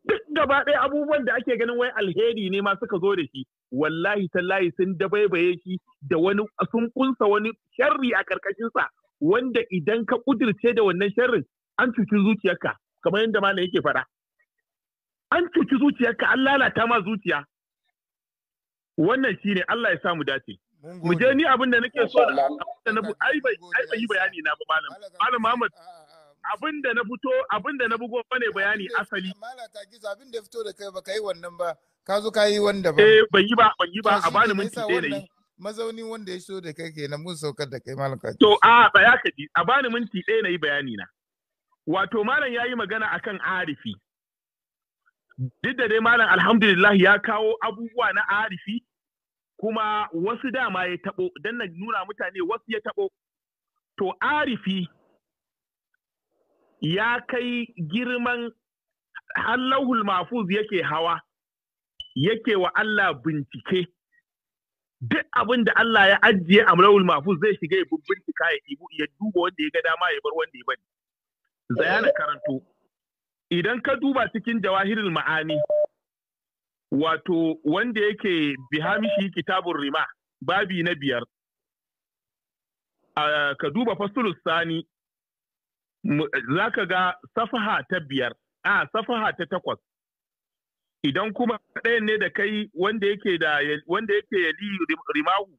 duk gaba ɗaya abubuwan da ake ganin wai alheri ne ma suka zo da shi wallahi tallahi sun dabaibaye shi da wani sun kunsa wani sharri a karkashinsa wanda idan ka kudirce da wannan sharrin an cuci zuciyarka kamar yadda malam yake faɗa an cuci zuciyarka an lalata ma zuciya wannan shine Allah ya sa mu dace mu je ni abin da nake so da na ai bai ai bai bayani na ba malam malam Muhammad ah, ah, ah, abin da na fito abin da na bugo bane bayani asali malam ta gizo abin da fito da kai ba kai wannan ba ka zo ka yi wanda ba eh ban yi ba ban yi ba a bani minti dai ne mazauni wanda ya so da kai kenan mun saukar da kai malam kaji to a ba ya kaji a bani minti dai ne bayani na wato malam yayi magana akan arifi duk da dai malam alhamdulillah ya kawo abubuwa na arifi kuma wasu dama ya taɓo don na nuna mutane wasu ya taɓo to arifi ya kai girman hallahul mafuz yake hawa yake wa Allah bincike duk abin da Allah ya ajiye a mulawul mafuz zai shiga ya bincika ya ibu ya duba wanda ya ga dama ya bar wanda ya bari zayana karanto idan ka duba cikin jawahirul ma'ani wato wanda yake bihamishi kitabun rima babi na biyar ka duba fasulus sani za ka ga safaha ta biyar a safaha ta takwas idan kuma ɗayan ne da kai wanda yake da wanda yake yali rimahu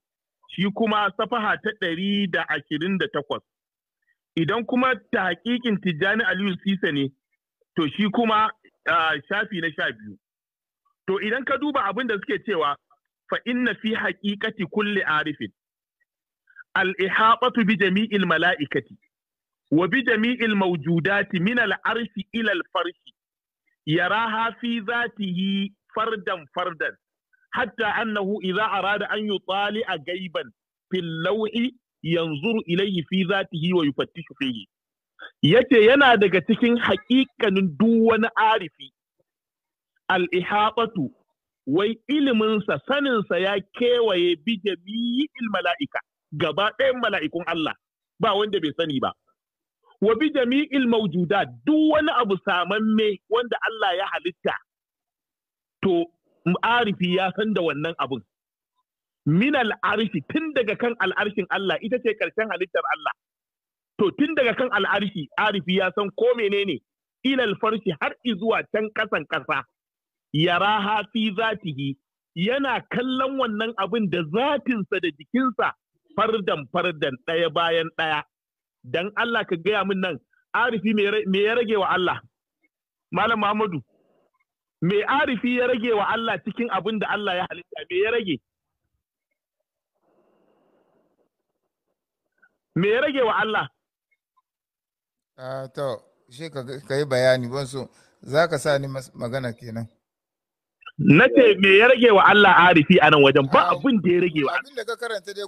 shi kuma safaha ta ɗari da ashirin da takwas idan kuma ta hakikin tijjani aliyu sisa ne to shi kuma shafi na sha biyu to idan ka duba abin da suke cewa fa inna fi haƙiƙati kulli arifin al-ihabatu bi jami'il mala'ikati wa bi jami'il mawjudati min al ilal ila al-farshi fi zatihi fardan fardan hatta annahu idza arada an tsali a gaiban fil law'i yanzuru ilayhi fi zatihi wa yufattishu fihi Ya ce yana daga cikin haƙiƙanin duk wani arifi al wai iliminsa saninsa ya kewaye bi jami'il mala'ika gaba ɗayan mala'ikun Allah ba wanda bai sani ba wa bi jami'il maujuda duk wani abu samamme wanda Allah ya halitta to arifi ya san da wannan abun min al'arshi tun daga kan al'arshin Allah ita ce ƙarshen halittar Allah to tun daga kan al'arshi arifi ya san ko menene ilal farshi har izuwa can kasan kasa raha fi zatihi yana kallon wannan abin da zatinsa da jikinsa fardan fardan ɗaya bayan ɗaya Don Allah ka gaya min nan arifi me ya rage wa Allah malam Muhammadu me arifi ya rage wa Allah cikin abin da Allah ya halitta me ya rage me ya rage wa Allah Ah, to, shi ka yi bayani ban so, za ka sa ni magana kenan. Na ce me ya rage wa Allah arifi a nan wajen ba abin da ya rage wa. Abin da ka karanta dai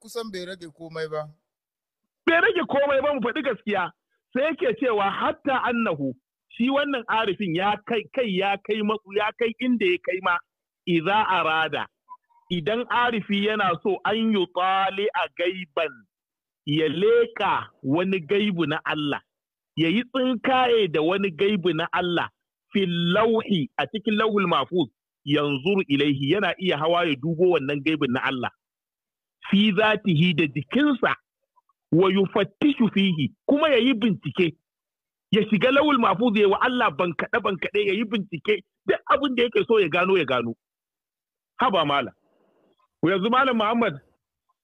kusan bai rage komai ba. Bai rage komai ba mu faɗi gaskiya. Sai yake cewa hatta annahu shi wannan arifin ya kai kai ya kai matsu ya kai inda ya kai ma idza arada idan arifi yana so an yi tsali a gaiban ya leka wani gaibu na Allah ya yi tsinkaye da wani gaibi na Allah fil lauhi a cikin lauhul mafuz yanzu ilaihi yana iya hawa ya dubo wannan gaibin na Allah fi zatihi da jikinsa wa yufattishu fihi kuma ya yi bincike ya shiga lawul mafuz ya wa Allah ban kaɗe ban kaɗe ya yi bincike duk abin da yake so ya gano ya gano haba mala yanzu malam Muhammad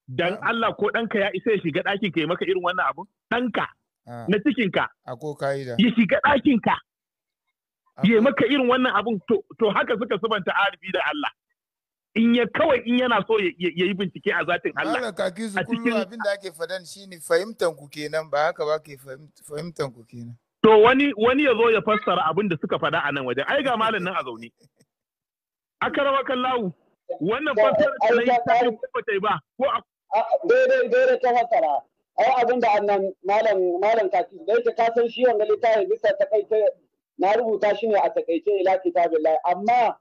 dan Allah ko ɗanka ya isa ya shiga ɗakin ka maka irin wannan abun ɗanka Ah. na cikinka ya shiga ɗakinka ya maka irin wannan abun to haka suka subanta arifi da Allah in ya kawai in yana so ya yi bincike a zatin Allah a kaki su kullum abin da ake fadan shine fahimtan ku kenan ba haka ba ke fahimtan ku kenan to wani wani ya zo ya fassara abin da suka fada a nan wajen ai ga malam nan a zaune akarwa kallahu wannan fassara da ta yi ba ko daidai daidai ta fassara ai abin da annan malam malam kaki da yake ka san shi wanda littafi bisa takaice na rubuta shi ne a takaice ila kitabillah amma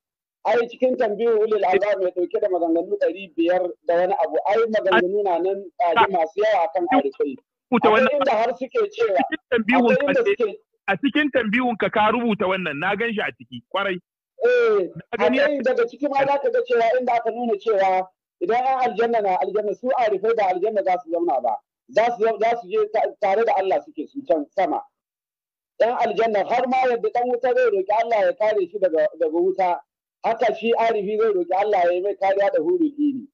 ai cikin tambayoyin ulil azab mai dauke da maganganu ɗari biyar da wani abu ai maganganu na nan ɗari masu yawa akan arifai rubuta wannan inda har suke cewa a cikin tambiyun ka ka rubuta wannan na gan shi a ciki kwarai eh a daga ciki ma zaka ga cewa inda aka nuna cewa idan an aljanna na aljanna su arifai da aljanna za su zauna ba za su je tare da Allah suke su can sama ɗan aljanna har ma yadda ɗan wuta zai roƙi Allah ya kare shi daga wuta haka shi arifi zai roƙi Allah ya yi mai kariya da hurin ini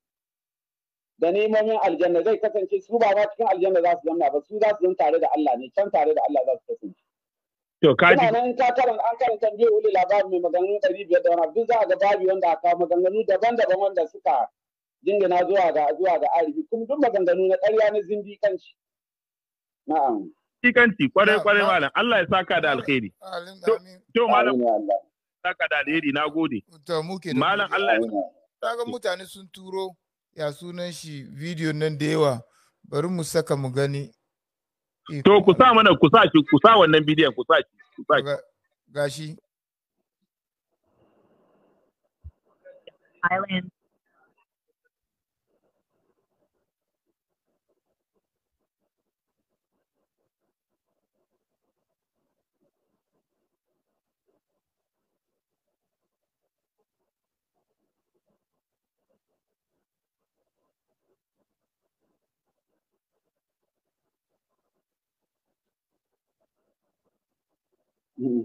da nemomin aljanna zai kasance su ba ma cikin aljanna za su zama ba su za su zama tare da Allah ne can tare da Allah za su kasance to ka ji nan ka karanta an karanta biyu uli labari mai maganganu 500 da wani duk za a ga babu wanda aka maganganu daban-daban wanda suka jingina zuwa ga zuwa ga arifi kuma duk maganganu na ƙarya na zimbi zindiƙanci na'am zindiƙanci kwarai kwarai malam Allah ya saka da alkhairi to malam saka da alheri na gode malam Allah ya kaga mutane sun turo ya sunan shi bidiyo nan da yawa bari mu saka mu gani to ku sa mana ku sa shi ku sa wannan bidiyon ku sa shi ku sa shi gashi island Mm.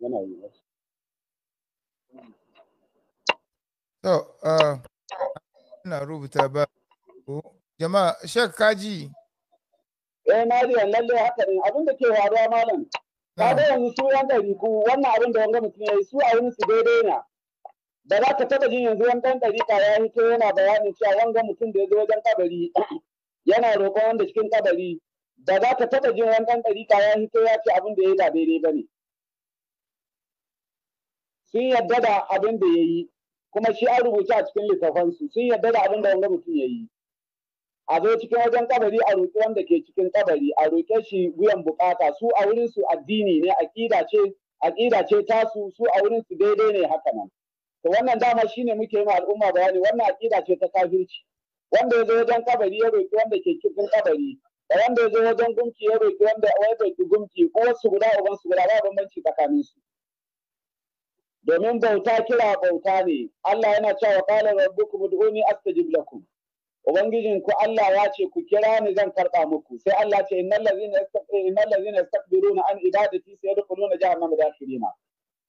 Yana So, uh, ina rubuta ba. Jama'a, Shek Kaji. Eh, na lalle haka ne. Abin da ke faruwa malam. Ka ga yanzu su yan ɗariku wannan abin da wanga mutum ya yi su a wurin su daidai na. da za ka taɓa jin yanzu wani ɗan ɗariƙa ya hito yana bayanin cewa wanga mutum da ya zo wajen kabari yana roƙon wanda cikin kabari da za ka taɓa jin wani ɗan ɗariƙa ya hito ya ce abin da ya yi ba daidai ba ne. Sun yadda da abin da ya yi kuma shi an rubuce a cikin littafansu sun yadda da abin da wanga mutum ya yi. A zo cikin wajen kabari a roƙi wanda ke cikin kabari a roƙe shi wuyan bukata su a wurinsu addini ne aƙida ce aƙida ce tasu su a wurinsu daidai ne haka nan. to wannan dama shine muke yi al'umma bayani wannan aƙida ce ta kafirci wanda ya zo wajen kabari ya roki wanda ke kirkin kabari da wanda ya zo wajen gumki ya roki wanda ya roki gumki ko su guda uban su guda ba bambanci tsakanin su domin bauta kira bauta ne Allah yana cewa qala rabbukum ud'uni astajib lakum ubangijin ku Allah ya ce ku kira ni zan karba muku sai Allah ce innal ladzina yastakbiruna an ibadati sayadkhuluna jahannama dakhirina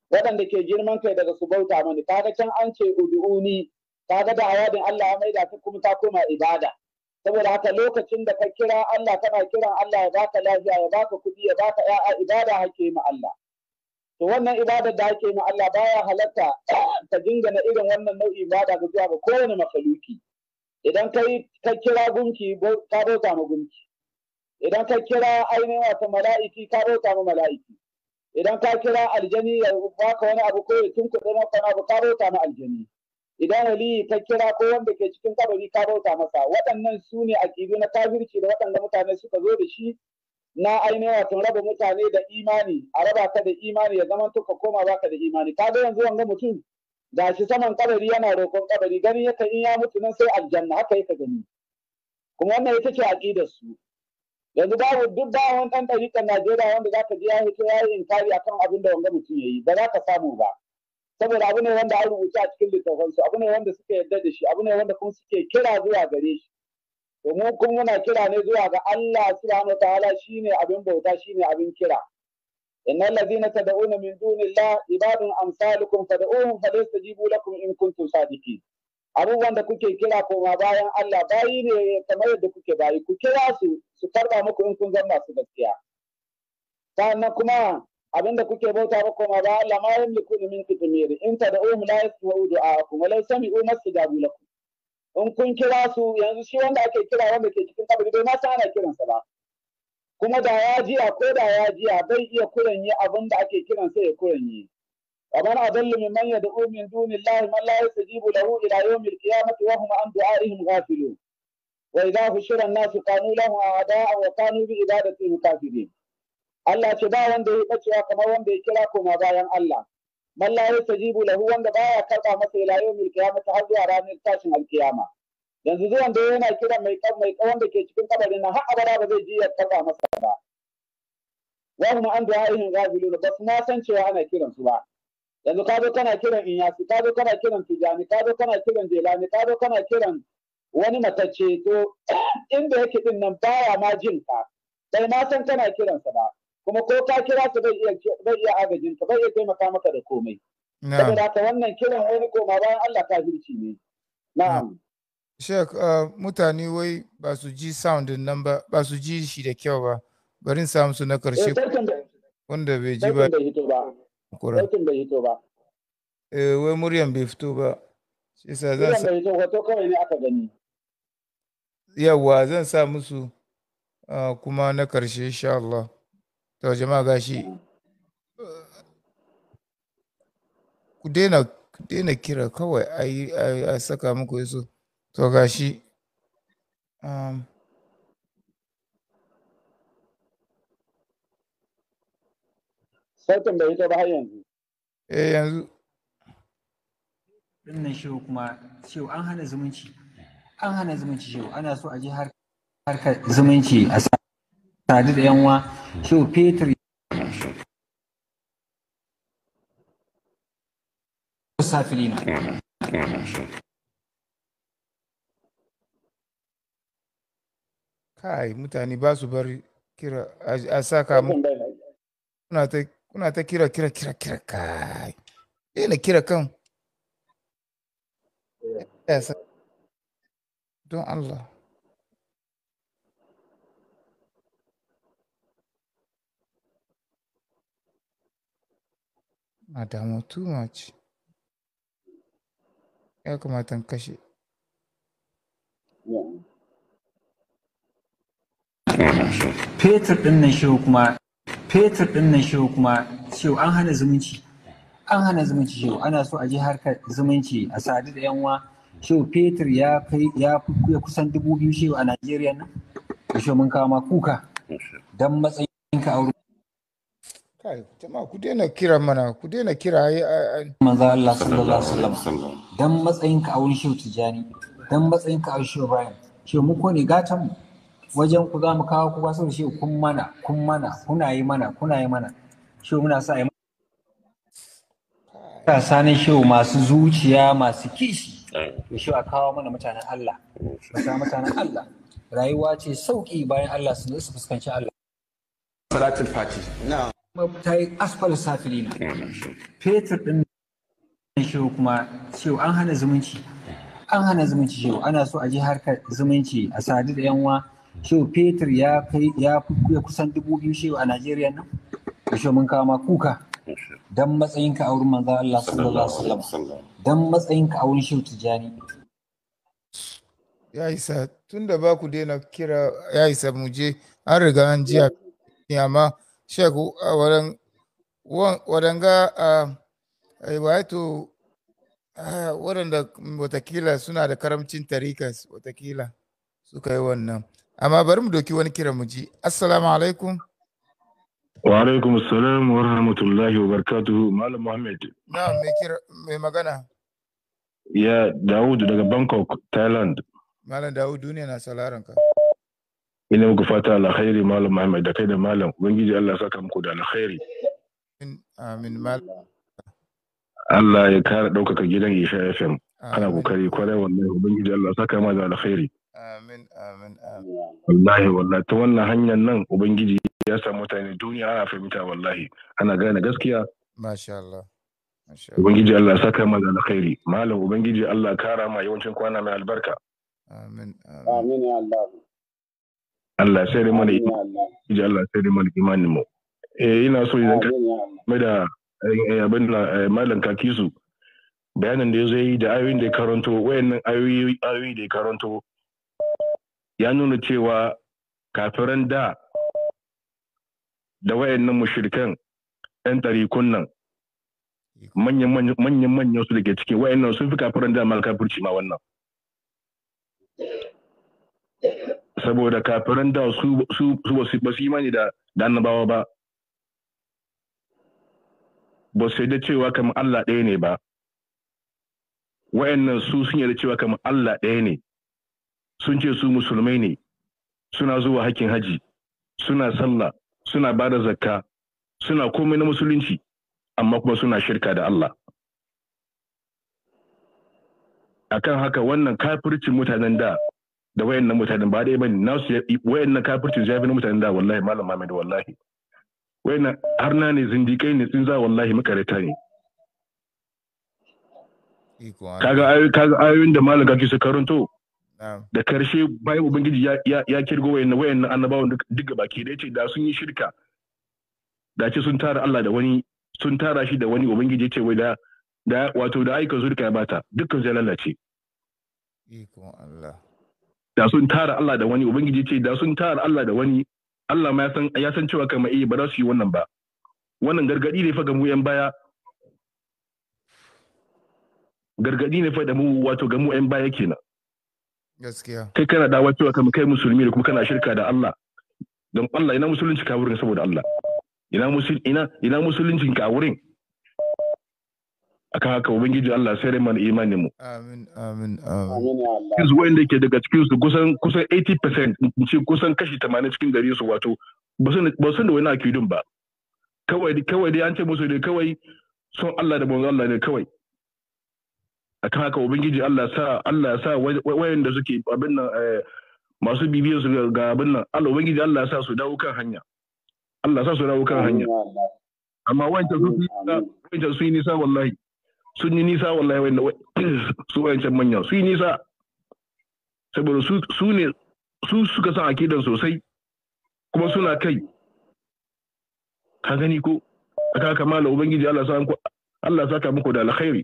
waɗanda ke girman kai daga su bauta mani kaga can an ce ud'uni kaga da awadin Allah ya maida ta kuma ta koma ibada saboda haka lokacin da ka kira Allah kana kiran Allah ya baka lafiya ya baka kuɗi ya baka ya'a ibada hake ma Allah to wannan ibada da hake ma Allah baya halatta ta dingana irin wannan nau'in ibada ga zuwa ga kowane makhluki idan kai ka kira gunki ka bauta ma gunki idan ka kira ainihin wata mala'iki ka bauta ma mala'iki idan ka kira aljani ya baka wani abu ko ya tunkuɗe maka wani abu ka bauta na aljani idan wali ka kira ko wanda ke cikin kabari ka bauta masa waɗannan su ne akidu na kafirci da waɗanda mutane suka zo da shi na ainihin wato raba mutane da imani a raba ka da imani ya zama ka koma baka da imani ka ga yanzu wanga mutum Ga shi saman kabari yana roƙon kabari gani yaka in ya mutu nan sai aljanna haka yake gani kuma wannan ita ce aqidar su yanzu babu duk bayan wani ɗan ɗariƙar Najeriya wanda za ka je ya hito ya yi inkari a kan abin da wanga mutum ya yi ba za ka samu ba. Saboda abu ne wanda an rubuta a cikin littafansu abu ne wanda suka yarda da shi abu ne wanda kuma suke kira zuwa gare shi. Domin kun muna kira ne zuwa ga Allah subhanahu wa ta'ala shi ne abin bauta shi ne abin kira. Inna allazina tad'una min dunillah ibadun amsalukum fad'uhum jibu lakum in kuntum sadiqin. abubuwan da kuke kira koma bayan Allah bayi ne kamar yadda kuke bayi ku kira su su karba muku in kun zama su gaskiya sannan kuma abinda kuke bauta ba koma bayan Allah ma yamliku min kitmir in a la yasma'u du'aakum wa la yasmi'u mastajabu ku. in kun kira su yanzu shi wanda ake kira wanda ke cikin kabari bai ma ana kiransa ba kuma da ya jiya ko da ya jiya bai iya kuren yi abin da ake kiransa ya kuren yi ومن أضل ممن يدعو من دون الله من لا يستجيب له إلى يوم القيامة وهم عن دعائهم غافلون وإذا بشر الناس كانوا له أعداء وكانوا بعبادتهم كافرين Allah ce ba wanda ya yi bacewa kamar wanda ya kira koma bayan Allah man la yastajibu lahu wanda baya karba masa ila yawmil qiyamati har zuwa ranar tashin alkiyama yanzu zuwan da yana kiran mai kan da ke cikin kabarin nan har abada ba zai ji ya masa ba wa hum an du'a'ihim ghafilun bas ma san cewa ana kiran su ba yanzu ka zo kana kiran inyasi ka zo kana kiran tijani ka zo kana kiran jelani ka zo kana kiran wani matacce to inda yake din nan baya ma jin ka bai ma san kana kiransa ba kuma ko ka kira su bai iya bai iya agajin ka bai iya taimaka maka da komai saboda haka wannan kiran wani koma bayan Allah ka hirci ne na'am Sheikh uh, mutane wai ba su ji sound nan ba ba su ji shi da kyau ba bari samu su na karshe eh, wanda bai ji ba Sautin bai hito ba. Eh, wai muryan bai fito ba. Shi sa zan sa. bai fito ba, kawai ne aka gani. Yawwa zan sa musu kuma na karshe insha Allah. To jama'a gashi. Mm. Ku daina ku daina kira kawai a saka muku yaso. To gashi. Um, Sautin bai ta ba har yanzu. Eh yanzu. Dinnan shehu kuma shehu an hana zumunci. An hana zumunci shehu ana so a ji har harkar zumunci a sadu da yanwa shehu Peter safilina. Kai mutane ba su bari kira a saka mu. Muna ta kuna ta kira kira kira kira kai eh na kira kan don Allah na damu too much ya kamata kashe Peter ɗin nan shi kuma fetur ɗin nan shehu kuma shehu an hana zumunci an hana zumunci shehu ana so a ji harkar zumunci a sadu da yanwa shehu fetur ya kai ya kusan dubu biyu shehu a najeriya nan da shehu mun kawo ma kuka don matsayin ka aure kai jama'a ku daina kira mana ku daina kira ai manzo Allah sallallahu alaihi wasallam dan matsayin ka aure shehu tijani don matsayin ka aure shehu bayan shehu mu ko ne gatan mu wajen ku za mu kawo ku wasu shi kun mana kun mana kuna yi mana kuna yi mana shi muna sa yi matasa sani shi masu zuciya masu kishi to shi a kawo mana mutanen Allah mutanen mutanen Allah rayuwa ce sauki bayan Allah su su fuskanci Allah salatul fati ta yi asfal safilina fetur din shi kuma cewa an hana zumunci an hana zumunci shi ana so a ji harkar zumunci a sadi da yanwa so fetur ya kai ya kusan dubu biyu shi a najeriya nan shi mun kama kuka dan matsayinka a wurin manzo Allah sallallahu alaihi wasallam dan matsayinka a wurin shi tijani ya isa tunda ba ku daina kira ya isa mu je an riga an ji amma shehu a wurin ga a wato da watakila suna da karamcin tarikas watakila suka yi wannan amma bari mu doki wani kiran mu ji assalamu alaikum wa alaikum assalam wa rahmatullahi wa barakatuhu malam muhammad na mai kira mai magana ya daud daga bangkok thailand malam daud duniya na salaran ka ina muku fata alkhairi malam muhammad da kai da malam ubangiji Allah saka muku da alkhairi amin malam Allah ya kara ɗaukaka gidan Isha FM. kana kokari kwarai wallahi Ubangiji Allah saka ma da alkhairi. Amin, amin, amin. Wallahi, wallahi, ta wannan hanyar nan Ubangiji ya samu mutane duniya ana fahimta wallahi, ana gane gaskiya. Masha Allah. Ubangiji Allah saka ma da alkhairi. Malam Ubangiji Allah kara ma yawancin kwana mai albarka. Amin. Amin ya Allah. Allah sai da mana Ubangiji Allah sai da mana imanin mu. Eh ina so idan ka mai da eh, eh, abin da eh, malam Kakisu bayanin da ya yi da ayoyin da ya karanto wayannan ayoyi ayoyi da ya karanto ya nuna cewa kafiran da da wayannan mushrikan ɗan ɗarikun nan manyan manyan su da ke cikin wayannan sun fi kafiran da mal kafirci ma wannan saboda kafiran da su su su ba su da da annabawa ba ba su da cewa kamar Allah ɗaya ne ba wayannan su sun yarda cewa kamar Allah ɗaya ne sun ce su musulmai ne suna zuwa hakkin haji suna sallah suna ba da zakka suna komai na musulunci amma kuma suna shirka da Allah akan haka wannan kafircin mutanen da da wayannan mutanen ba dai bane nasu wayannan kafircin ya fi mutanen da wallahi malam Muhammad wallahi wayannan harna ne zindikai ne sun za wallahi makarata ne kaga ayoyin da malam kake su karanto da karshe bayan ubangiji ya kirgo wayannan wayannan annabawan duk baki da yace da sun yi shirka da ce sun tara Allah da wani sun tara shi da wani ubangiji yace wai da da wato da aika zurka ya bata dukkan zai lalace iko Allah da sun tara Allah da wani ubangiji yace da sun tara Allah da wani Allah ma ya san ya san cewa kamar eh ba za su yi wannan ba wannan gargadi ne fa ga mu yan baya gargadi ne fa da mu wato ga mu yan baya kenan gaskiya kai kana dawa cewa kamar kai musulmi ne kuma kana shirka da Allah don Allah ina musulunci ka wurin saboda Allah ina musul ina ina musulunci ka wurin akan haka ubangiji Allah sai rai mana imanin mu amin amin amin yanzu wanda ke daga cikin su kusan kusan 80% in ce kusan kashi 80 cikin gari su wato ba su da wani akidun ba kawai kawai dai an ce musu ne kawai son Allah da manzo Allah ne kawai kan haka ubangiji Allah sa Allah sa da suke abin nan eh, masu bibiyar su ga abin nan Allah ubangiji Allah sa su dawo kan hanya Allah sa su dawo kan hanya amma wancan su wancan su yi nisa wallahi sun yi nisa wallahi wanda su wancan manya su yi nisa saboda su ne su suka san akidan sosai kuma suna kai ka gani ko aka kamala ubangiji Allah sa Allah ka muku da alkhairi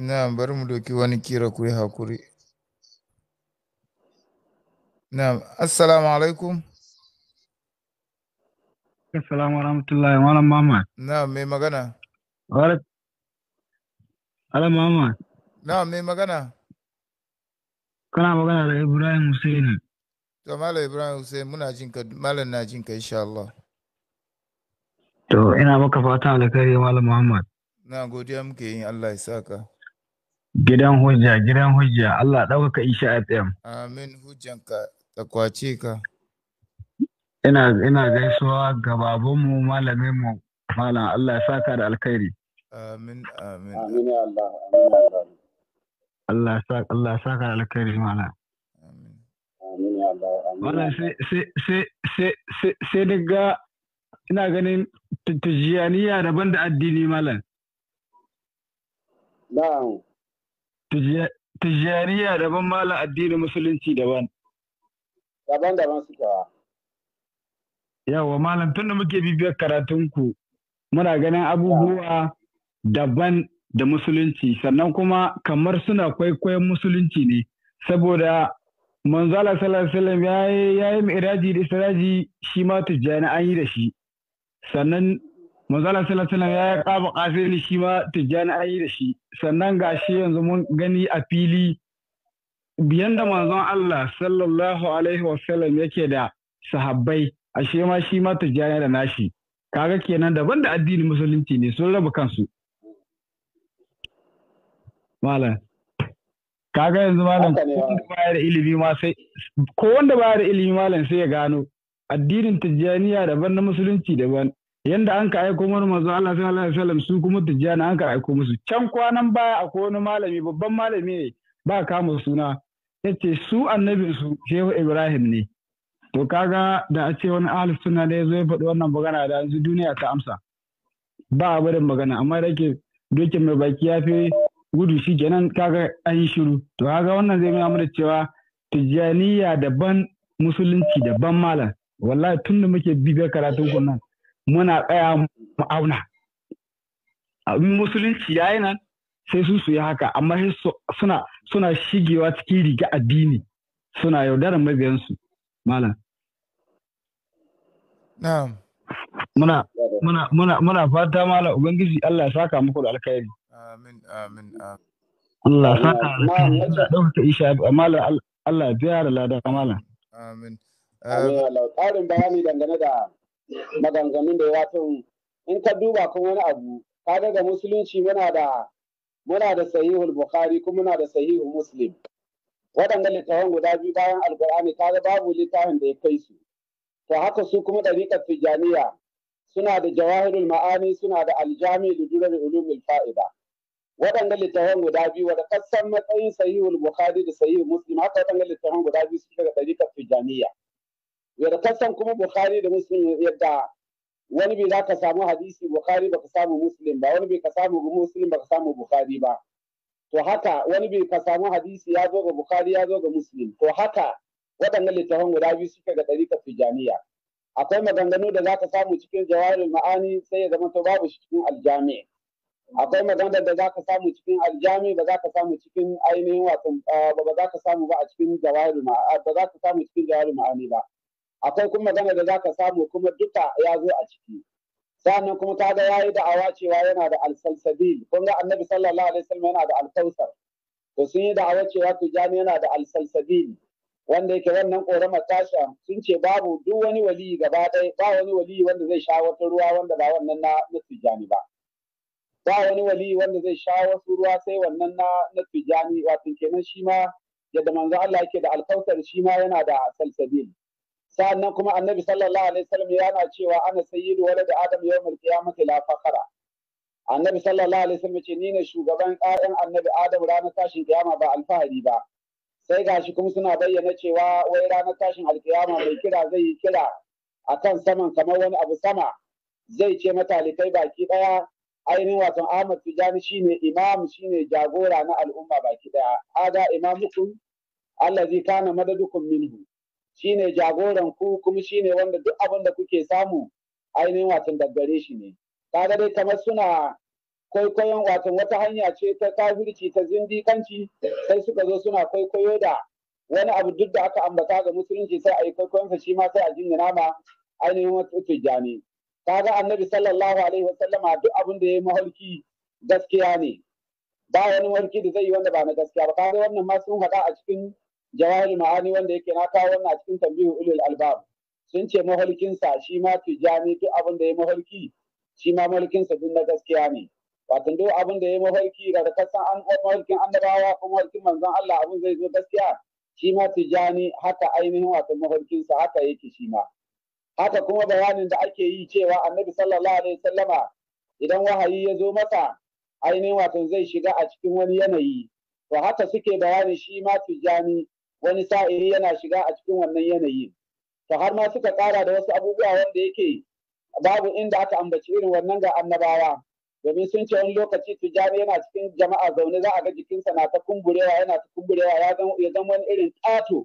Na'am, bari mu doki wani kira ku yi hakuri. Na'am, assalamu alaikum. Assalamu warahmatullahi Malam Muhammad. Na'am, mai magana. Malam Muhammad. Na'am, mai magana. Kana magana da Ibrahim Hussein. To Malam Ibrahim Hussein muna jin ka Malam na jin ka insha Allah. To ina maka fatan alkhairi Malam Muhammad. Na godiya muke yin Allah ya saka. Gidan hujja, gidan hujja, Allah ɗaukaka Isha FM. Amin hujjanka, takwace ka. Ina ina gaisuwa ga babanmu malamin mu malam Allah ya saka da alkhairi. Amin amin. Amin Allah amin Allah. Allah ya saka da alkhairi malam. Amin. Amin Allah amin. Malam sai sai sai sai sai daga ina ganin tijjaniya daban da addini malam. Na'am. Tijjaniya daban malam addinin musulunci daban. Daban-daban suke wa. Yawa malam tun da muke bibiyar karatunku muna ganin abubuwa daban da musulunci sannan kuma kamar suna kwaikwayon musulunci ne saboda manzala sallallahu ya yi miraji da isiraji shi ma tijjani an yi da shi sannan manzala sallallahu ya ya kaba ni shi ma tijjani ayi da shi sannan ga shi yanzu mun gani a fili biyan da manzon Allah sallallahu alaihi wasallam yake da sahabbai ashe ma shi ma tijjani da nashi kaga kenan daban da addinin musulunci ne sun raba kansu malam kaga yanzu malam ko wanda baya da ilimi ma sai baya da ilimi malam sai ya gano addinin tijjaniya daban na musulunci daban yanda an ka aiko mana manzo Allah sallallahu alaihi wasallam su kuma tijjani an ka aiko musu can kwanan baya akwai wani malami babban malami ne ba mu suna yace su annabin su Shehu Ibrahim ne to kaga da a ce wani ahli sunna ne zai ya faɗi wannan magana da yanzu duniya ta amsa ba a barin magana amma da ke doke mai baki ya fi gudu shi nan kaga an yi shiru to kaga wannan zai nuna mana cewa tijjaniya daban musulunci daban malam wallahi tun da muke bibiyar karatun kunnan muna tsaya mu auna abin musulunci yayi nan sai su su yi haka amma suna shigewa cikin riga addini suna yaudarar mabiyansu malam na'am muna muna muna muna fata malam ubangiji Allah ya saka muku da alkhairi amin amin amin Allah ya saka alkhairi da dauka isha malam Allah ya biya da lada malam amin Allah ya bayani dangane da maganganun da ya wato in ka duba kuma wani abu kaga da musulunci muna da muna da sahihul bukhari kuma muna da sahihul muslim Waɗanda littafan guda biyu bayan alkur'ani kaga babu littafin da ya kai su to haka su kuma ɗariƙar tijjaniya suna da jawahirul ma'ani suna da aljami da durar ulumul fa'ida Waɗanda littafan guda biyu wanda kasan matsayin sahihul bukhari da sahihul muslim haka waɗanda littafan guda biyu suke daga ɗariƙar tijjaniya san kuma bukhari da muslim yadda wani bai za ka samu hadisi bukhari baka samu muslim ba wani bai ka samu muslim baka samu bukhari ba to haka wani bai ka samu hadisi ya zo ga bukhari ya zo ga muslim to haka waɗannan littafan guda biyu suke ga ɗariƙar tijaniya akwai maganganu da za ka samu cikin jawarin ma'ani sai ya zama to babu shi cikin aljami akwai maganar da za ka samu cikin aljami ba za ka samu cikin ainihin wasan ba za ka samu ba a cikin jawarin ma'ani ba za ka samu cikin jawarin ma'ani ba akwai kuma magana da zaka samu kuma duka ya zo a ciki sannan kuma ta ga yayi awa cewa yana da alsalsabil kun ga annabi sallallahu alaihi wasallam yana da al-kausar to sun yi awa cewa tijani yana da alsalsabil wanda yake wannan korama tasha sun ce babu duk wani wali gaba ɗaya ba wani wali wanda zai sha wata ruwa wanda ba wannan na na tijani ba ba wani wali wanda zai sha wasu ruwa sai wannan na na tijani wato kenan shi ma yadda manzo Allah yake da al-kausar shi ma yana da salsabil sannan kuma annabi sallallahu alaihi wasallam yana cewa ana sayyidu da adam ya qiyamati la fakara annabi sallallahu alaihi wasallam ce ni ne shugaban ƴaƴan annabi adam ranar tashin kiyama ba alfahari ba sai gashi kuma suna bayyana cewa wai ranar tashin alkiyama mai kira zai yi kira akan saman kamar wani abu sama zai ce matalikai baki daya ainihin wato Ahmad Tijani shine imam shine jagora na al'umma baki daya ada imamukum allazi kana madadukum minhu shine jagoran ku kuma shine wanda duk abin da kuke samu ainihin watan daggare shi ne kaga dai kamar suna kwaikwayon wato wata hanya ce ta kafirci ta zindikanci sai suka zo suna kwaikwayo da wani abu duk da aka ambata ga musulunci sai a yi kwaikwayon sa shi ma sai a jingina ma ainihin wata tijjani kaga annabi sallallahu alaihi sallama duk abin da ya yi mahalki gaskiya ne ba wani mahalki da zai yi wanda ba na gaskiya ba kaga wannan ma sun haɗa a cikin jawahir ma'ani wanda yake na kawo wannan a cikin tambihu ulul albab sun ce maholkinsa shi ma tijani duk abin da ya mahalki shi ma maholkinsa duk na gaskiya ne wato duk abin da ya maholki daga kasan an maholkin annabawa ko maholkin manzon Allah abin zai zo gaskiya shi ma tijani haka ainihin wato maholkinsa haka yake shi ma haka kuma bayanin da ake yi cewa annabi sallallahu alaihi wasallama idan wahayi ya zo masa ainihin wato zai shiga a cikin wani yanayi to haka suke bayanin shi ma tijani wani sa'iri yana shiga a cikin wannan yanayi to har ma suka ƙara da wasu abubuwa wanda yake babu inda aka ambaci irin wannan ga annabawa domin sun ce wani lokaci tijjani yana cikin jama'a zaune za a ga jikinsa na ta kumburewa yana ta kumburewa ya zama wani irin ƙato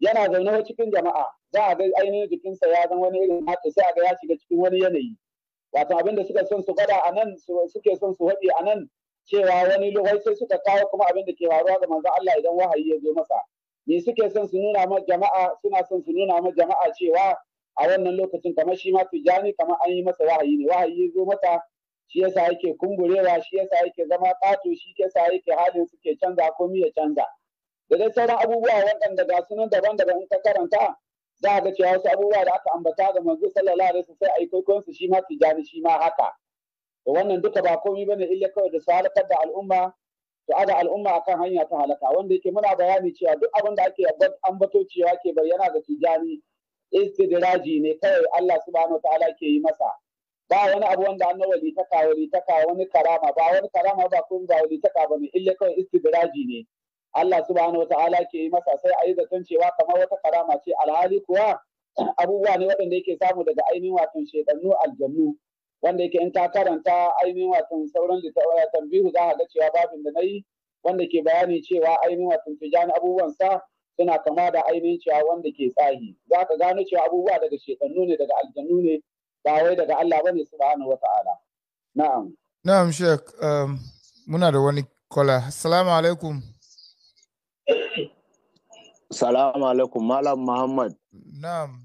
yana zaune cikin jama'a za a ga ainihin jikinsa ya zama wani irin ƙato sai a ga ya shiga cikin wani yanayi wato abin da suka son su gwada a nan suke son su haɗe a nan cewa wani lokaci sai suka kawo kuma abin da ke faruwa ga manzo Allah idan wahayi ya zo masa me suke son su nuna ma jama'a suna son su nuna ma jama'a cewa a wannan lokacin kamar shi ma tijani kamar an yi masa wahayi ne wahayi ya zo masa shi yasa yake kumburewa shi yasa yake zama ƙato shi yasa yake halin suke canza ko ya canza da dai sauran abubuwa waɗanda ga sunan daban-daban in ka karanta za ka ga cewa wasu abubuwa da aka ambata ga manzo sallallahu alaihi wasallam sai ayi kwaikwayon su shi ma tijani shi ma haka wannan duka ba komai bane illa kawai da su halakar da al'umma su ada al'umma akan hanya ta halaka wanda yake muna bayani cewa duk abin da ake ambato cewa ke bayyana ga tijani istidraji ne kawai Allah subhanahu ta'ala ke yi masa ba wani abu wanda an wali ta wali ta wani karama ba wani karama ba kun ba wali ta bane illa kawai istidraji ne Allah subhanahu ta'ala ke yi masa sai a yi zaton cewa kamar wata karama ce alhali kuwa abubuwa ne waɗanda yake samu daga ainihin wato shedannu aljannu wanda yake in ka karanta ainihin wato sauran littattafai tambihu za ka ga cewa babin da na wanda ke bayani cewa ainihin wato tijani abubuwan sa suna kama da ainihin cewa wanda ke tsahi za ka gano cewa abubuwa daga shekannu ne daga aljannu ne ba wai daga Allah bane subhanahu wata'ala na'am na'am shek um, muna da wani kola assalamu alaikum Salamu alaikum Malam Muhammad. Na'am,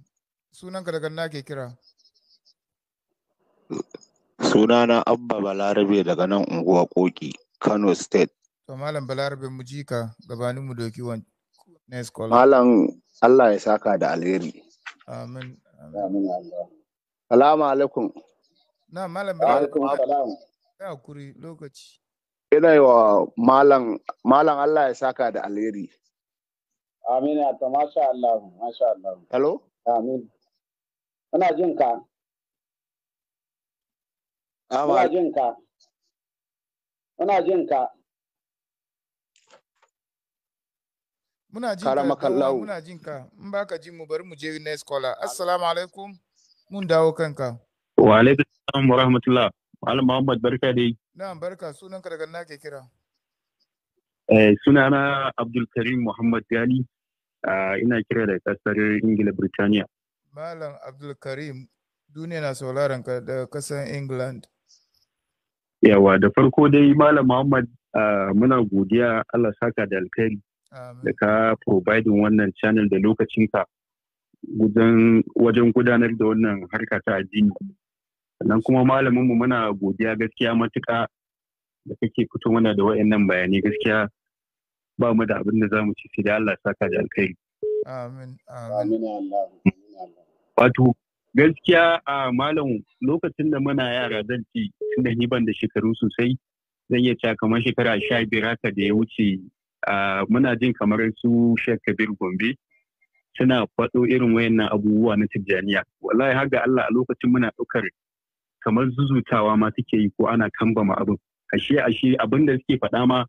sunanka daga na ke kira. Sunana Abba Balarabe daga nan unguwa Koki, Kano State. To Malam Balarabe mu ji ka gabanin mu doki wan next call. Malam Allah ya saka da alheri. Amin. Amin Allah. Salamu alaikum. Na Malam Balarabe. Ya kuri lokaci. Ina yi wa Malam Malam Allah ya saka da alheri. Amin ya ta masha Allah, masha Allah. Hello? Amin. Ina jin ka. Ina jin ka. Ina jin ka. Muna jin ka. Muna jin ka. In ba ka jin mu bari mu je next caller. Assalamu alaikum. Mun dawo kanka. Wa alaikum salam wa rahmatullah. Malam Muhammad barka dai. Na'am barka sunan ka daga na ke kira. Eh suna na Abdul Karim Muhammad Gali. Ah, ina kira da kasar Ingila Birtaniya. Malam Abdul Karim duniya na sauraron ka da kasar England. Yawa da farko dai Malam Muhammad muna godiya Allah saka da alkhairi da ka providing wannan channel da lokacinka wajen gudanar da wannan harka ta addini. Sannan kuma malaminmu muna godiya gaskiya matuka da kake fito mana da wa'annan bayanai gaskiya ba mu da abin da za mu ci sai da Allah saka da alkhairi. Amin. Amin. Wato Gaskiya a malam lokacin da muna yara zan ci da ban da shekaru sosai zan iya cewa kamar shekara sha biyar haka da ya wuce muna jin kamar su Sheikh Kabir Gombe suna faɗo irin wayannan abubuwa na Tijjaniya. Wallahi har ga Allah a lokacin muna ɗaukar kamar zuzutawa ma suke yi ko ana kambama abin. Ashe ashe abin da suke faɗa ma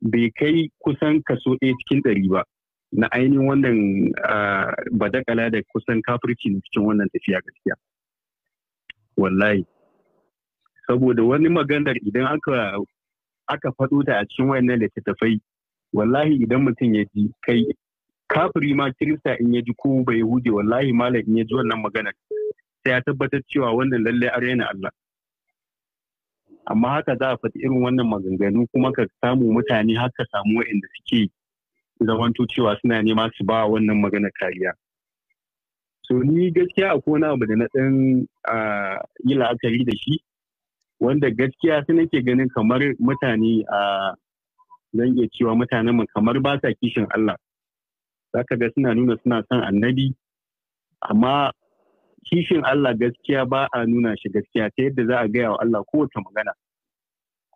bai kai kusan kaso ɗaya cikin ɗari ba. na ainihin wannan badakala da kusan kafirci cikin wannan tafiya gaskiya wallahi saboda wani maganar idan aka aka faɗo ta a cikin ta littattafai wallahi idan mutum ya ji kai kafiri ma kirista in ya ji ko bai hude wallahi malam in ya ji wannan maganar sai ya tabbatar cewa wannan lallai an raina Allah amma haka za a faɗi irin wannan maganganu kuma ka samu mutane haka samu waɗanda suke yi. zamanto cewa suna nema su ba wannan magana kariya so ni gaskiya a kona abu da na ɗan yi la'akari da shi wanda gaskiya su nake ganin kamar mutane a zan iya cewa mutanen mu kamar ba sa kishin Allah za ka ga suna nuna suna son annabi amma kishin Allah gaskiya ba a nuna shi gaskiya ta yadda za a gaya wa Allah kowace magana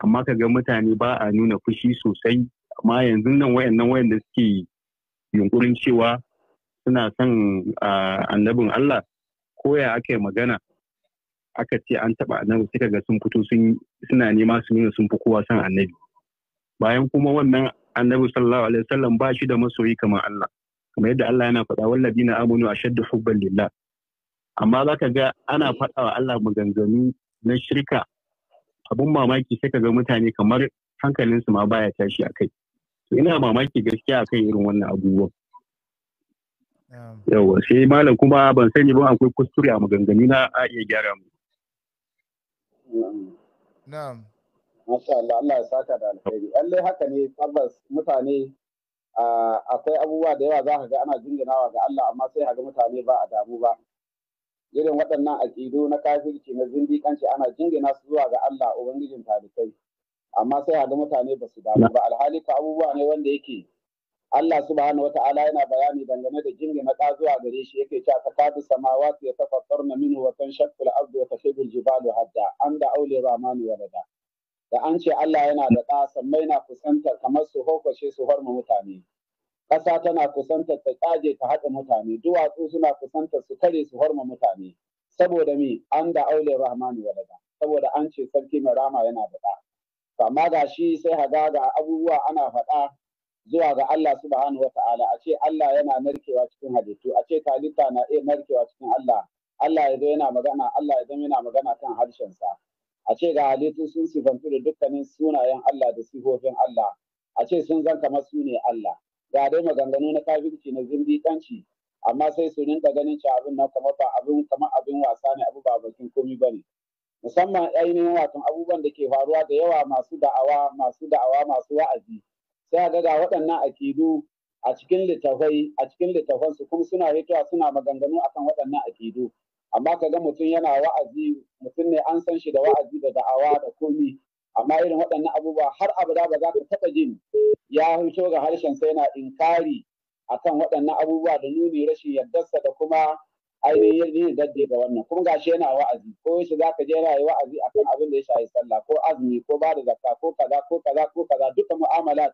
amma ka ga mutane ba a nuna fushi sosai amma yanzu nan nan wayan da suke yunkurin cewa suna son annabin Allah koya aka yi magana aka ce an taɓa annabi suka ga sun fito suna nema su nuna sun fi kowa son annabi bayan kuma wannan annabi sallallahu alaihi wasallam ba shi da masoyi kamar Allah kamar yadda Allah yana faɗa na amunu ashaddu hubban lillah amma zaka ga ana faɗa wa Allah maganganu na shirka abun mamaki sai ka ga mutane kamar hankalinsu ma baya tashi a kai ina mamaki gaskiya kan irin wannan abubuwan yawa sai malam kuma ban sani ba akwai kuskure a maganganu na a iya gyara mu na'am masha Allah Allah ya saka da alheri haka ne tabbas mutane akwai abubuwa da yawa za ka ga ana jinginawa ga Allah amma sai haga mutane ba a damu ba irin waɗannan aƙidu na kafirci na zindiƙanci ana jingina su zuwa ga Allah ubangijin talibai amma sai a ga mutane ba su damu ba alhali ka abubuwa ne wanda yake Allah subhanahu wata'ala yana bayani dangane da jinri na zuwa gare shi yake cewa takadu samawati ya na minhu wa tanshaqqu al-ardu wa tashibu jibalu hadda an da aule ramani walada da an ce Allah yana da ɗa sammai na kusantar kamar su hokwace su horma mutane ƙasa tana kusantar ta ƙage ta haɗa mutane duwatsu suna kusantar su kare su horma mutane saboda me an da aule rahmanu walada saboda an ce sarki mai rama yana da ɗa amma ga shi sai haga ga abubuwa ana faɗa zuwa ga Allah subhanahu ta'ala. a ce Allah yana narkewa cikin halittu a ce kalita na iya narkewa cikin Allah Allah ya zo yana magana Allah ya zama yana magana kan harshensa a ce ga halittu sun sifantu da dukkanin sunayen Allah da sifofin Allah a ce sun zan kamar su ne Allah ga dai maganganu na kafirci na zindiƙanci amma sai su rinka ganin cewa abin nan kamar ba abin kamar abin wasa ne abu ba bakin komi bane musamman ainihin wato abubuwan da ke faruwa da yawa masu da'awa masu da'awa masu wa'azi sai a ga waɗannan akidu a cikin littafai a cikin littafan su kuma suna hitowa suna maganganu akan waɗannan akidu amma kaga mutum yana wa'azi mutum ne an san shi da wa'azi da da'awa da komi amma irin waɗannan abubuwa har abada ba za ka taɓa jin ya hito ga harshen sai yana inkari akan waɗannan abubuwa da nuni rashin yardarsa da kuma ainihin yin dadde ga wannan kuma gashi yana wa'azi ko yace za ka je yana yi wa'azi akan abin da ya shafi sallah ko azumi ko ba da zakka ko kaza ko kaza ko kaza duka mu'amalat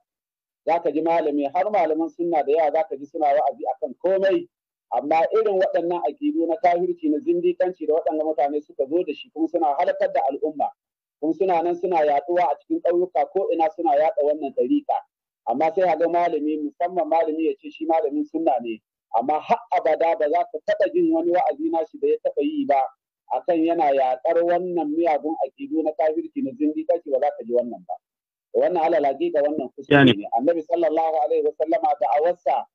za ka ji malami har malaman sunna da yawa za ka ji suna wa'azi akan komai amma irin waɗannan akidu na kafirci na zindikanci da waɗannan mutane suka zo da shi kuma suna halakar da al'umma kuma suna nan suna yaɗuwa a cikin ƙauyuka ko ina suna yaɗa wannan ɗarika amma sai ga malami musamman malami ya ce shi malamin sunna ne amma har abada ba za ka taɓa jin wani wa'azi na nashi da ya taɓa yi ba akan yana yaƙar wannan miyagun aƙidu na kafirci na zindiƙaci ba za ka ji wannan ba wannan alal ga wannan kusa ne annabi sallallahu alaihi wa sallama da awassa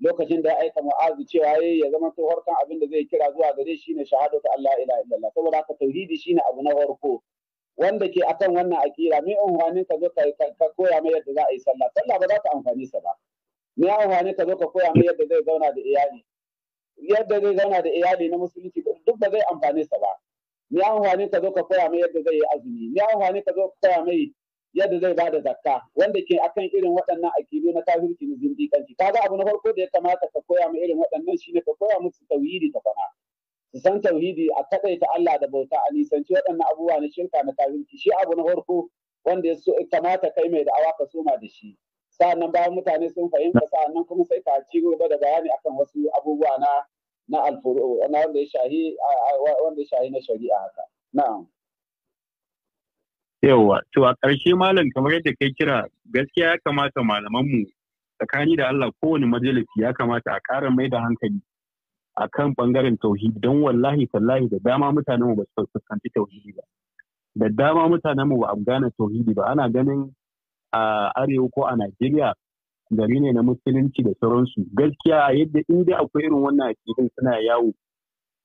lokacin da ya aika mu'azu cewa yayi ya zama to abin da zai kira zuwa gare shi ne ta Allah ila illallah saboda haka tauhidi shine abu na farko wanda ke akan wannan aƙida mai unwanin ka zo ka koya mai yadda za a yi sallah sallah ba za ta amfani sa ba me amfani ka zo ka koya mai yadda zai zauna da iyali yadda zai zauna da iyali na musulunci duk ba zai amfane sa ba me amfani ka zo ka koya mai yadda zai yi azumi me amfani ka zo ka koya mai yadda zai ba da zakka wanda ke akan irin waɗannan akidu na kafirci na zindiƙanci kaga abu na farko da ya kamata ka koya mai irin waɗannan shine ka koya musu tauhidi ta fana su san tauhidi a kaɗaita Allah da bauta a nisanci waɗannan abubuwa na shirka na kafirci shi abu na farko wanda ya kamata kai mai da'awa ka soma da shi sa'annan bayan mutane sun fahimta sa'annan kuma sai ka ci gaba da bayani akan wasu abubuwa na na alfuru na wanda ya shahi wanda ya shahi na shari'a haka na'am yawwa to a ƙarshe malam kamar yadda kai kira gaskiya ya kamata malamanmu tsakani da Allah kowane majalisi ya kamata a ƙara mai da hankali a kan ɓangaren tauhidi don wallahi tallahi da dama mutanenmu ba su fuskanci tauhidi ba da dama mutanenmu ba a gane tauhidi ba ana ganin a arewa ko a Najeriya gari ne na musulunci da sauransu gaskiya yadda inda akwai irin wannan akidin suna yawo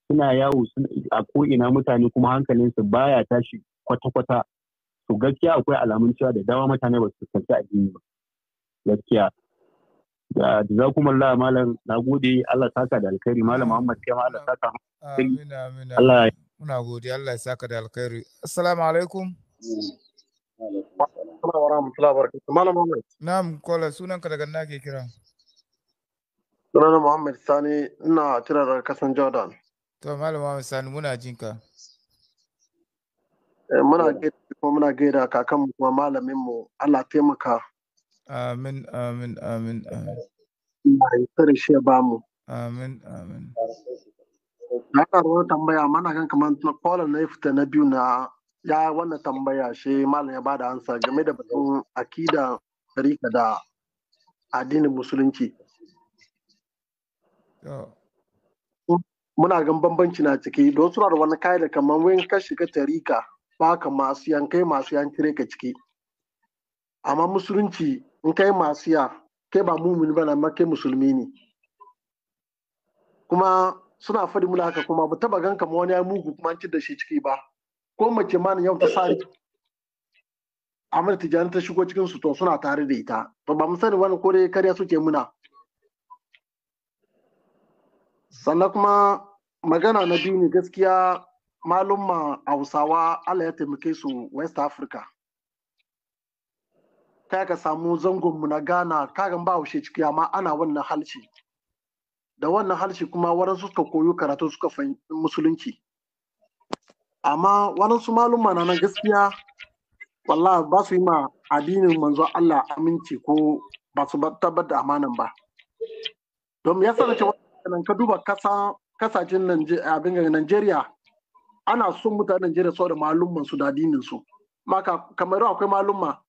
suna yawo a ko'ina mutane kuma hankalinsu baya tashi kwata-kwata to gaskiya akwai alamun cewa da dama mutane ba su fuskanci addini ba gaskiya da za kuma Allah malam na gode Allah saka da alkhairi malam Muhammad kai Allah saka amin amin Allah muna gode Allah saka da alkhairi assalamu alaikum Assalamu warahmatullahi wabarakatuh. Malam Muhammad. Na'am, kola sunan ka daga nake kira. Sunana Muhammad Sani ina kira daga kasan Jordan. To Malam Muhammad Sani muna jin ka. Eh, muna gaida kakanmu muna gaida kakan mu kuma malamin Allah taimaka. Amin amin amin shi Na karuwa tambaya mana kan kamar kola na fita na biyu na ya wannan tambaya shi malam ya ba da ansa game da batun akida rika da addinin musulunci muna gan bambanci na ciki don suna da wani kayan kamar wayan ka shiga tarika ba ka masu yankai masu yan cire ka ciki amma musulunci in kai masu ya kai ba mumini ba na kai musulmi ne kuma suna faɗi muna haka kuma ba taba gan kamar wani ya mugu kuma an ci da shi ciki ba ko mace ma yau ta sari amir tijani ta shigo cikin su to suna tare da ita to ba mu sani wani ko dai karya suke muna sannan kuma magana na biyu ne gaskiya malumma hausawa allah ya taimake su west africa ta ka samu zangon mu na ghana kagan ba haushe ciki amma ana wannan halshe da wannan halshe kuma waransu suka koyo karatu suka fahimci musulunci amma waɗansu maluma na na gaskiya wallah ba su yi ma addinin manzo Allah aminci ko ba su tabbatar da amanan ba don ya sanar cewa ka duba kasa kasashen Najeriya ana son mutanen Najeriya sau da malumman su da addinin su maka kamaru akwai malumma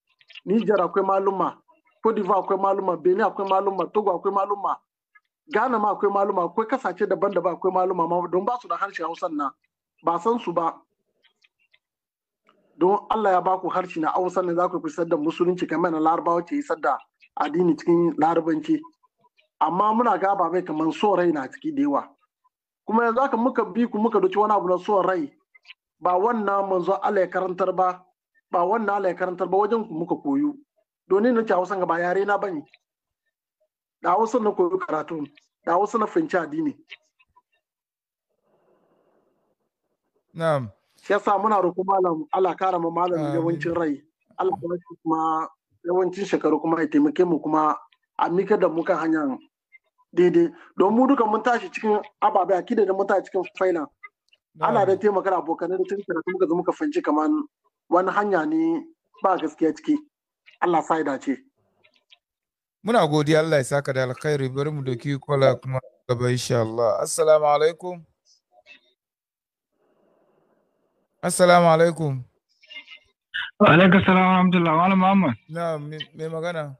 Niger akwai malumma Cote akwai malumma Benin akwai malumma Togo akwai malumma Ghana ma akwai maluma akwai kasashe daban-daban akwai maluma don ba su da harshen Hausa na ba san su ba don Allah ya baku harshe na Hausa ne za ku fi da musulunci kamar na Larabawa ke yi da addini cikin Larabanci amma muna ga ba bai kamar so rai na ciki da yawa kuma yanzu haka muka bi ku muka doki wani abu na so rai ba wannan manzo Allah ya karantar ba ba wannan Allah ya karantar ba wajen ku muka koyo domin na ci Hausa ba yare na bane da wasu na koyo karatu da wasu na fahimci addini Na'am. Yasa muna roƙo malam Allah kara ma malam yawancin rai. Allah kuma kuma yawancin shekaru kuma ya taimake mu kuma a mika da mu kan hanyar daidai. Don mu duka mun tashi cikin ababe a kida da mun tashi cikin faila. Ana da taimaka da abokanai da cikin karatu muka zo muka fahimci kamar wani hanya ne ba gaskiya ciki. Allah sa ya dace. Muna godiya Allah ya saka da alkhairi bari mu doki kola kuma gaba insha Allah. Assalamu alaikum. Assalamu alaikum. Wa alaikum salam alhamdulillah. Wani Malam Muhammad. Na mai magana.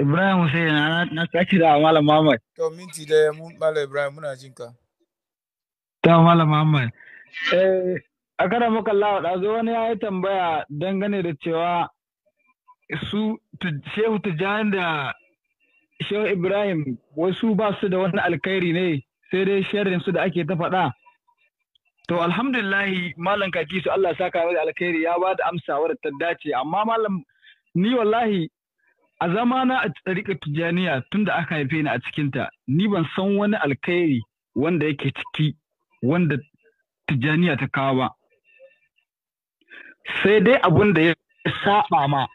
Ibrahim Hussein na sake da Malam Muhammad. To minti da mun Malam Ibrahim muna jin ka. Ta Malam Muhammad. Eh a kada muka lawa da zo wani yi tambaya dangane da cewa su Shehu Tijjani da Shehu Ibrahim wasu ba su da wani alkhairi ne sai dai sharrin su da ake ta faɗa. To alhamdulillahi malam kaki su Allah saka wa alkhairi ya ba da amsa wadda ta dace amma malam ni wallahi a zamana a tsarika tijaniya tun da aka haife ni a cikinta ni ban san wani alkhairi wanda yake ciki wanda tijaniya ta kawo ba. Sai dai abun da ya saba ma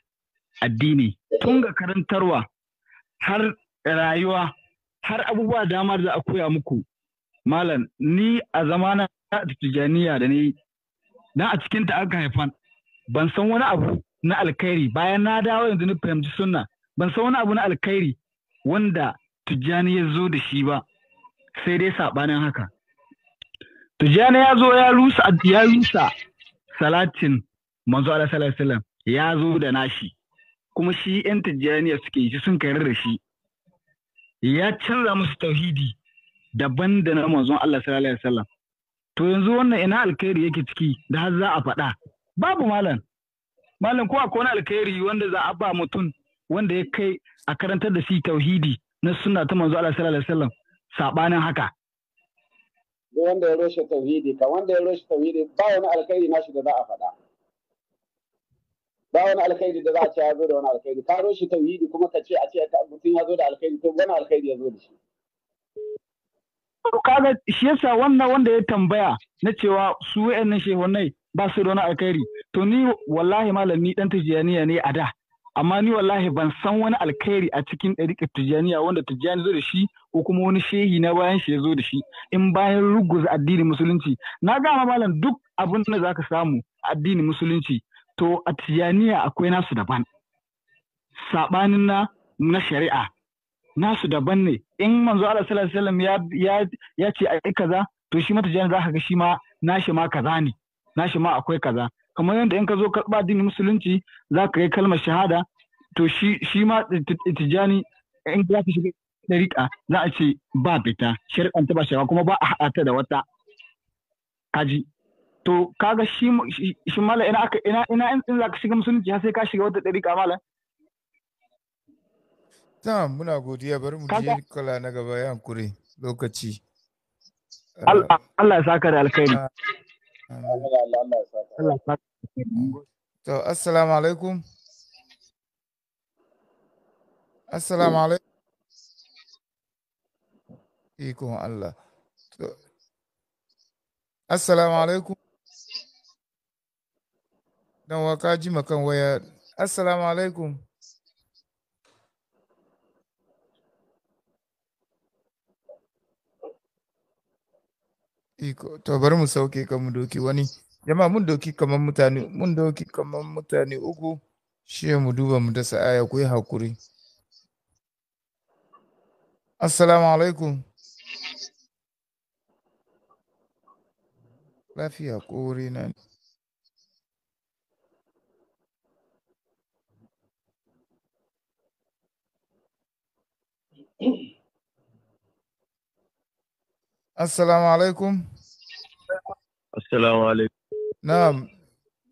addini tun ga karantarwa har rayuwa har abubuwa dama da a koya muku. Malam, ni a zamana tijaniya da ne na a cikin ta aka haifan ban san wani abu na alkhairi bayan na dawo yanzu na fahimci sunna ban san wani abu na alkhairi wanda tijani ya zo da shi ba sai dai sabanin haka tijjani ya zo ya rusa ya rusa salatin manzo Allah sallallahu alaihi wasallam ya zo da nashi kuma shi yan tijjaniya suke shi sun karar da shi ya canza musu tauhidi daban da na manzon Allah sallallahu alaihi wasallam to yanzu wannan ina alkhairi yake ciki da har za a faɗa babu malam malam ko akwai wani alkhairi wanda za a ba mutum wanda ya kai a karantar da shi tauhidi na suna ta manzo Allah sallallahu alaihi wasallam sabanin haka wanda ya roshe tauhidi ka wanda ya roshe tauhidi ba wani alkhairi nashi da za a faɗa ba wani alkhairi da za a ce ya zo da wani alkhairi ka roshe tauhidi kuma ka ce a ce mutum ya zo da alkhairi to wani alkhairi ya zo da shi kaga shi yasa wannan wanda ya tambaya na cewa su wayannan shehunai ba su da wani alkhairi to ni wallahi malam ni dan tijaniya ne a da amma ni wallahi ban san wani alkhairi a cikin ɗariƙar tijaniya wanda tijani zo da shi ko kuma wani shehi na bayan shi ya zo da shi in bayan ruguza addini musulunci na gama malam duk abin da zaka samu addini musulunci to a tijaniya akwai nasu daban saɓanin na na shari'a nasu daban ne in manzo Allah sallallahu alaihi wasallam ya ce ai kaza to shi mata za zaka ga shi ma nashi ma kaza ne nashi ma akwai kaza kamar yadda in ka zo karba addinin musulunci za ka yi kalmar shahada to shi shi ma tijani in za ka shiga dariƙa za a ce ba bita shirƙan ta ba shawa kuma ba a haɗa ta da wata kaji to kaga shi shi mala ina ina ina in za ka shiga musulunci sai ka shiga wata dariƙa mala Ta muna godiya bari mu je kala na gaba ya hankuri lokaci. Allah ya saka da alkhairi. Ah, ah. Hmm. To assalamu alaikum. Assalamu alaikum. Ikon Allah. Assalamu alaikum. Dan waka ji makan waya. Assalamu alaikum. Iko, to bari mu sauke kan mu doki wani. jama mun doki kamar mutane, mun doki kamar mutane uku, shi mu duba mu dasa aya ku yi hakuri. Assalamu alaikum. Lafiya kore na ne. mm Assalamu alaikum. Assalamu alaikum. Na'am,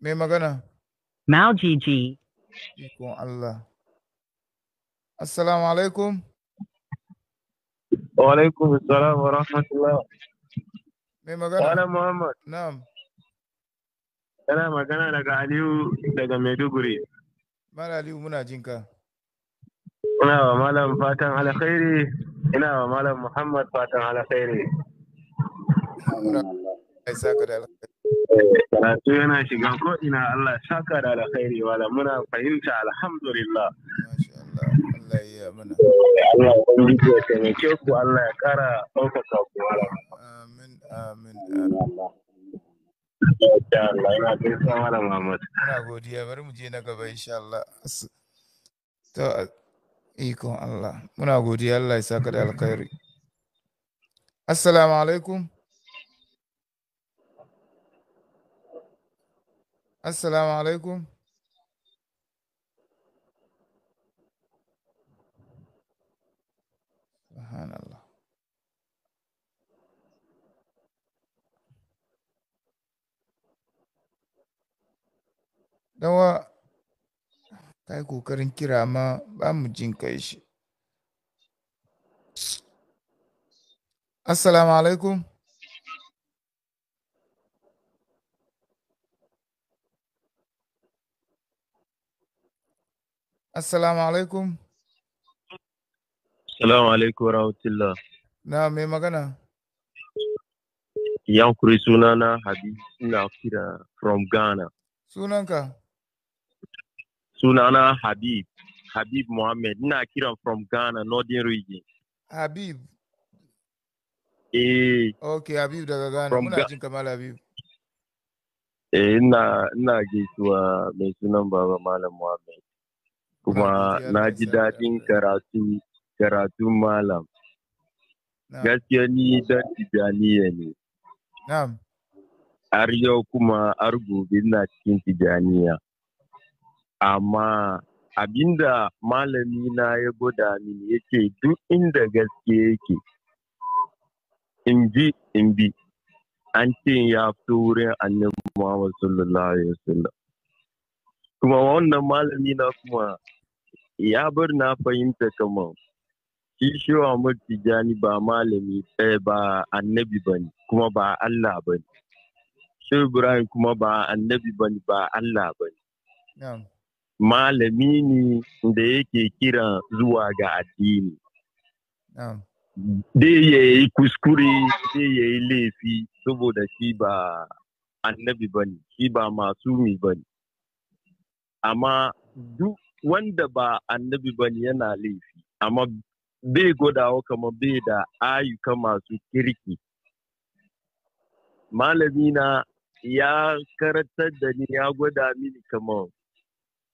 mai magana? Mal Gigi. Ikon Allah. Assalamu alaikum. Wa alaikum assalam wa rahmatullah. Mai magana? Wala Muhammad. Na'am. Kana magana daga Aliyu daga Maiduguri. Mala Aliyu muna jinka. Ina wa Malam fatan alkhairi, ina wa Malam Muhammad fatan alkhairi. karatu yana shiga ko ina Allah saka da alkhairi wala muna fahimta alhamdulillah Allah ya mana Allah ya taimake ku Allah ya kara ɗaukaka ku wala amin amin Allah ina gaisa Muhammad ina godiya bari mu je na gaba insha Allah to ikon Allah muna godiya Allah ya saka da alkhairi assalamu alaikum Assalamu alaikum. Subhanallah. Dawa, ka yi ƙoƙarin kira ma ba mu jin kai shi. Assalamu alaikum. Assalamu alaikum. Assalamu alaikum rahmatullah. Na mai magana? Yankuri sunana Habibu suna kira from Ghana. Sunanka? Sunana Habib. Habib Mohammed. Ina kira from Ghana, Northern region. Habib. Eh. Okay, Habib daga Ghana. From Muna jin kamar Habib. Eh, ina ina gaisuwa mai sunan Baba Malam Mohammed. kuma na ji daɗin karatu karatun malam gaskiya ni dan tijaniya ne har yau kuma har gobe na cikin tijaniya amma abinda malami na ya gwada mini ya ce duk inda gaske yake in ji in bi an ce ya fito wurin annabi Muhammad sallallahu alaihi wasallam kuma wannan malami na kuma ya bar na fahimta kamar shi shewa Ahmad ba malami ɗaya ba annabi ba ne kuma ba Allah ba ne. Shi Ibrahim kuma ba annabi ba ne ba Allah ba ne. Malami ne da yake kira zuwa ga addini. Dai ya yi kuskure, dai ya yi laifi saboda shi ba annabi ba ne, shi ba masu ba ne. Amma duk wanda ba annabi ba ne yana laifi amma bai gwadawa kamar bai da ayyuka masu kirki malamina ya karatar da ni ya gwada mini kamar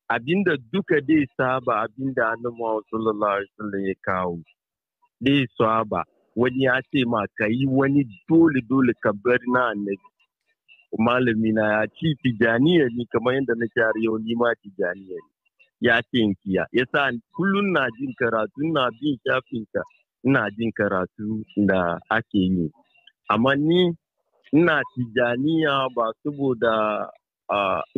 abinda duka dai saba abinda annabi sallallahu alaihi wasallam ya kawo dai saba wani ya ce ma ka yi wani dole dole ka bar na annabi Malamina ya ci tijaniya ni kamar yadda na share yau ni ma tijaniya ne ya ce in ya sa kullum na jin karatu na bin shafinka na jin karatu da ake yi amma ni ina tijaniya ba saboda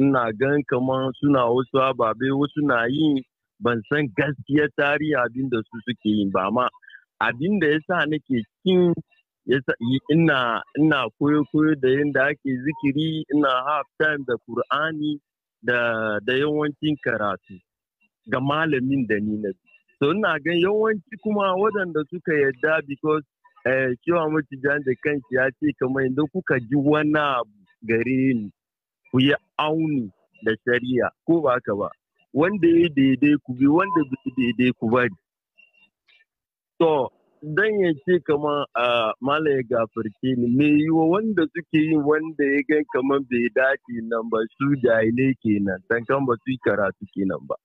ina gan kamar suna wasu ababe wasu na yi ban san gaskiya tarihi abinda da su suke yi ba ma abin da yasa nake cikin ina ina koyo koyo da yadda ake zikiri ina half time da Kur'ani da yawancin karatu ga malamin da ni na so ina gan yawanci kuma waɗanda suka yadda because eh, cewa jan da kansi ya ce kamar idan kuka ji wani abu gare ni ku yi auni da shari'a ko ba ka ba wanda ya daidai ku bi wanda bai daidai ku bari to dan ya ce kama a ah, mala ya gafarce ni me yi wa wanda suke yi wanda ya gan kamar bai dace nan ba su jahilai kenan dan kan ba su yi karatu kenan ba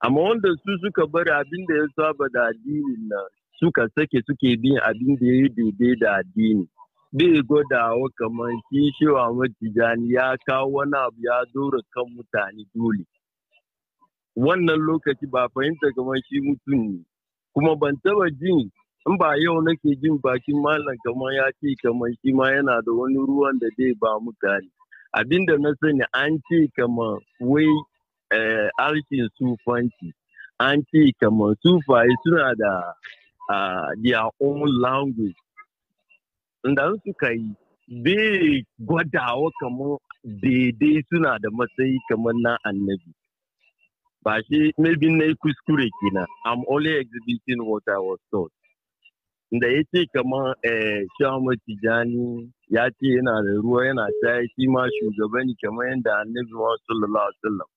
amma wanda su suka bari abin da ya saba da addinin na suka sake suke bin abin da ya yi daidai da addini bai gwadawa kamar shi shewa matijani ya kawo wani abu ya dora kan mutane dole wannan lokaci ba fahimta kamar shi mutum ne kuma ban taba jin in ba yau nake jin bakin malam kamar ya ce kamar shi ma yana da wani ruwan da zai ba mutane abinda na sani an ce kamar wai Eh, harshen sufanci an ce kamar sufaye suna da their own language da suka yi bai gwadawa kamar daidai suna da matsayi kamar na annabi ba shi maybe na kuskure kenan i'm only exhibiting what i was taught da ya ce kamar eh, shamu tijani ya ce yana da ruwa yana shayi shi ma shugaba ne kamar yadda annabi wa sallallahu alaihi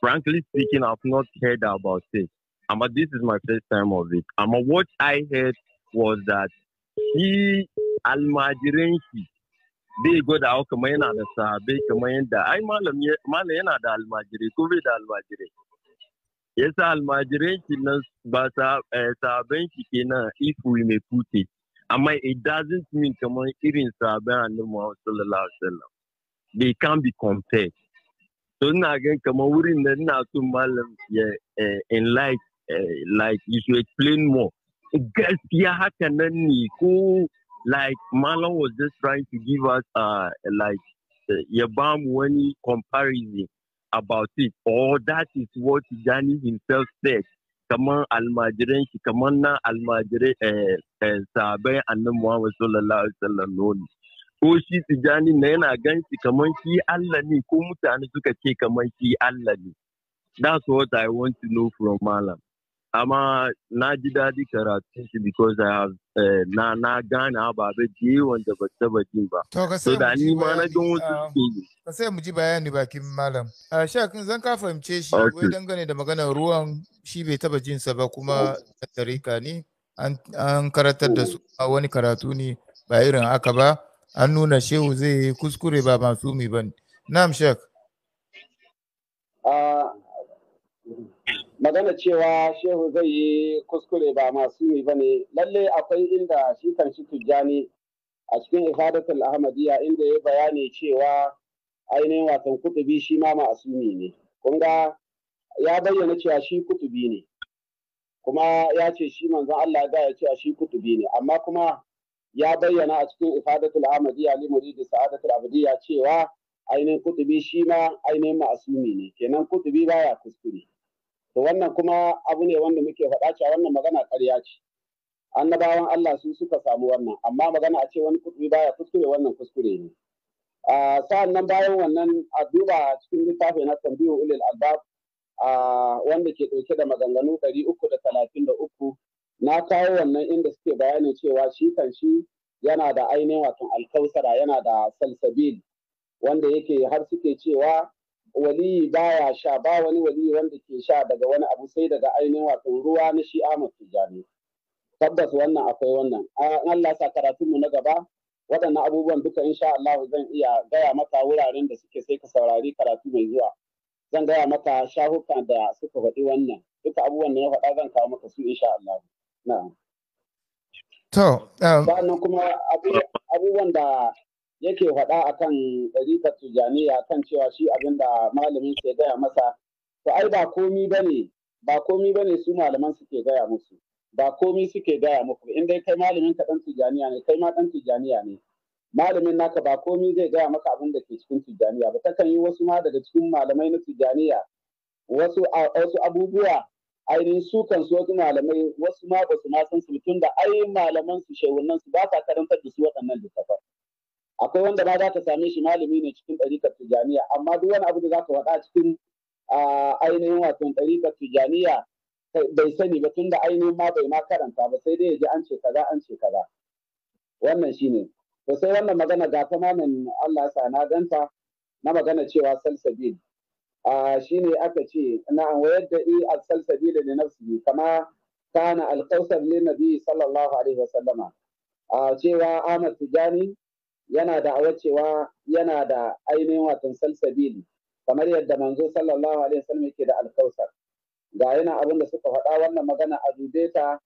frankly speaking, I've not heard about it. But this is my first time of it. Ama, what I heard was that he be almajiranki bai gwada hau kamar yana da sahabai kamar yadda ai malam yana da almajirai ko bai da almajirai yasa almajirai ki nan ba uh, eh, sahaban shi kenan if we may put it am I? it doesn't mean come kamar irin sahaban annabi Muhammad sallallahu alaihi wasallam they can be compared so again, come on, we did now to malam yeah, eh, in like eh, like you should explain more. Gaskiya haka nan ne ko like Malam was just trying to give us uh like eh, ya ba mu wani comparison about it or that is what Gani himself said kaman almajiran shi kaman na almajirai sahabai annabi Muhammad sallallahu alaihi wasallam ko shi tijani na yana gan shi kamar shi Allah ne ko mutane suka ce kamar shi Allah ne. That's what I want to know from Malam. Amma na ji daɗi karatu shi because I have eh, na na gane ababe da yawan da ba taba jin ba. To ka sai da ni ma na gan wasu um, su Ka sai mu ji bayani bakin Malam. Uh, Shak zan ka fahimce shi wai dangane da maganar ruwan shi bai taba jin sa ba kuma oh. tarika ne an karantar da su a wani karatu ne ba irin haka ba. an nuna shehu zai yi kuskure ba masumi ba ne Nam shek magana cewa shehu zai yi kuskure ba masumi ba ne lalle akwai inda shi kan shi tujjani a cikin ifadatul ahmadiyya inda ya bayani cewa ainihin watan kutubi shi ma mi ne kun ya bayyana cewa shi kutubi ne kuma ya ce shi manzon Allah da ya ce shi kutubi ne amma kuma ya bayyana a cikin ifadatul ahmadiyya li muridi sa'adatul abadiyya cewa ainihin kutubi shi ma ainihin ma'asumi ne kenan kutubi baya kuskure to wannan kuma abu ne wanda muke faɗa cewa wannan magana ƙarya ce annabawan Allah su suka samu wannan amma magana a ce wani kutubi baya kuskure wannan kuskure ne a sa'an nan bayan wannan a duba cikin littafi na tambiyu ulil albab wanda ke ɗauke da maganganu ɗari uku da talatin da uku na kawo wannan inda suke bayanin cewa shi kan shi yana da ainihin wato alkausara yana da salsabil wanda yake har suke cewa waliyi baya sha ba wani waliyi wanda ke sha daga wani abu sai daga ainihin wato ruwa na shi Ahmad jami tabbas wannan akwai wannan Allah sa karatun mu na gaba waɗannan abubuwan duka insha Allah zan iya gaya maka wuraren da suke sai ka saurari karatu mai zuwa zan gaya maka shahukan da suka faɗi wannan duka abubuwan da ya faɗa zan kawo maka su insha Allah To, um, sannan kuma abubuwan da yake faɗa a kan ɗarikar tujaniya kan cewa shi abin da malamin ke gaya masa, to ai ba komi ba ne, ba komi ba ne su malaman suke gaya musu, ba komi suke gaya muku, in dai kai malamin ka ɗan tujaniya ne, kai ma ɗan tujaniya ne. Malamin naka ba komi zai gaya maka abin da ke cikin tujaniya ba, kan yi wasu ma daga cikin malamai na tujaniya, wasu abubuwa ainihin su kansu wasu malamai wasu ma ba su ma san su tun da ai malaman su shehunan su ba sa karantar da su waɗannan littafan akwai wanda ba za ka same shi malami ne cikin ɗarikar tijaniya amma duk wani abu da za ka faɗa cikin ainihin wato ɗarikar tijaniya bai sani ba tun da ainihin ma bai ma karanta ba sai dai ya ji an ce kaza an ce kaza wannan shine to sai wannan magana ga ta mamin Allah sa na ganta na magana cewa salsabil a shine aka ce na'am wa yadda i arsal sabila li nafsihi kama kana alkausar li nabi sallallahu alaihi wasallama a cewa Ahmad Tijani yana da cewa yana da ainihin watan salsabili kamar yadda manzo sallallahu alaihi sallam yake da alkausar ga yana abin da suka faɗa wannan magana a dube ta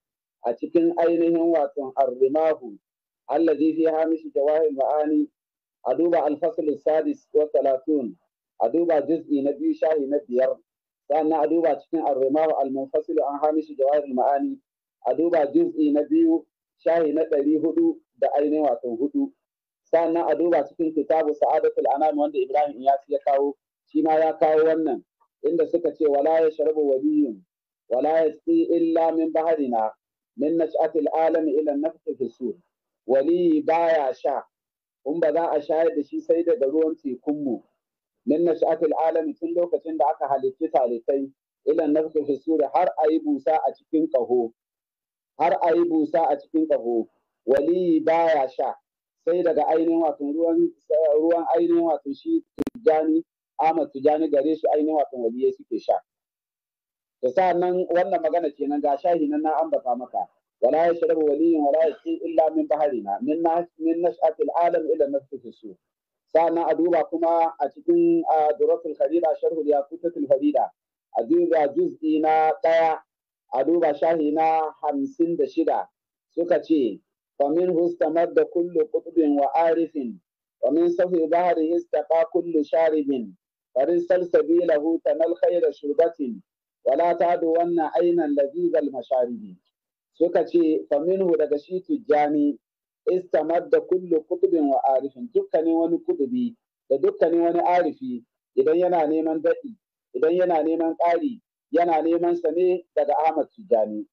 a cikin ainihin wato arrimahu allazi fi hamishi jawahir ma'ani a duba alfasl sadis wa 30 a duba juz'i na biyu shahi na biyar sannan a duba cikin arrimahu al-munfasilu an hamisu jawahirul ma'ani a duba juz'i na biyu shahi na ɗari hudu da ainihin wato hudu sannan a duba cikin kitabu sa'adatul anam wanda ibrahim iyasi ya kawo shi ma ya kawo wannan inda suka ce wala ya sharabu waliyun wala ya tsi illa min baharina min nash'atil alami ila nafsi fi sur waliyi baya sha in ba za a shayar da shi sai daga ruwan tekunmu mu min nash'atil alami tun lokacin da aka halitti talitai ilan nafsi fi sura har ayi busa a cikin kaho har ayi busa a cikin kaho wali baya sha sai daga ainihin wato ruwan ruwan ainihin wato shi tijani Ahmad Tijani gare shi ainihin wato waliyai suke sha da sa'annan wannan magana kenan ga shahi nan na ambata maka wala yashrabu waliyun wala yasqi illa min baharina min nas min nash'atil alam ila nafsi fi sura sannan a duba kuma a cikin duratul harira sharhul yakutatul harira a duba juz'i na ɗaya a duba shahi na hamsin da shida suka ce famin hustamar da kullu kutubin wa arifin famin safi bahari hustaka kullu sharibin farin salsabila hutan alkhaira shurbatin wala ta da wannan ainihin lazizal masharibi suka ce faminu daga shi tujjani istamar da kullu kutubin wa arifin dukkanin wani kutubi da dukkanin wani arifi idan yana neman daɗi idan yana neman ƙari yana neman sa ne daga Ahmad Tijani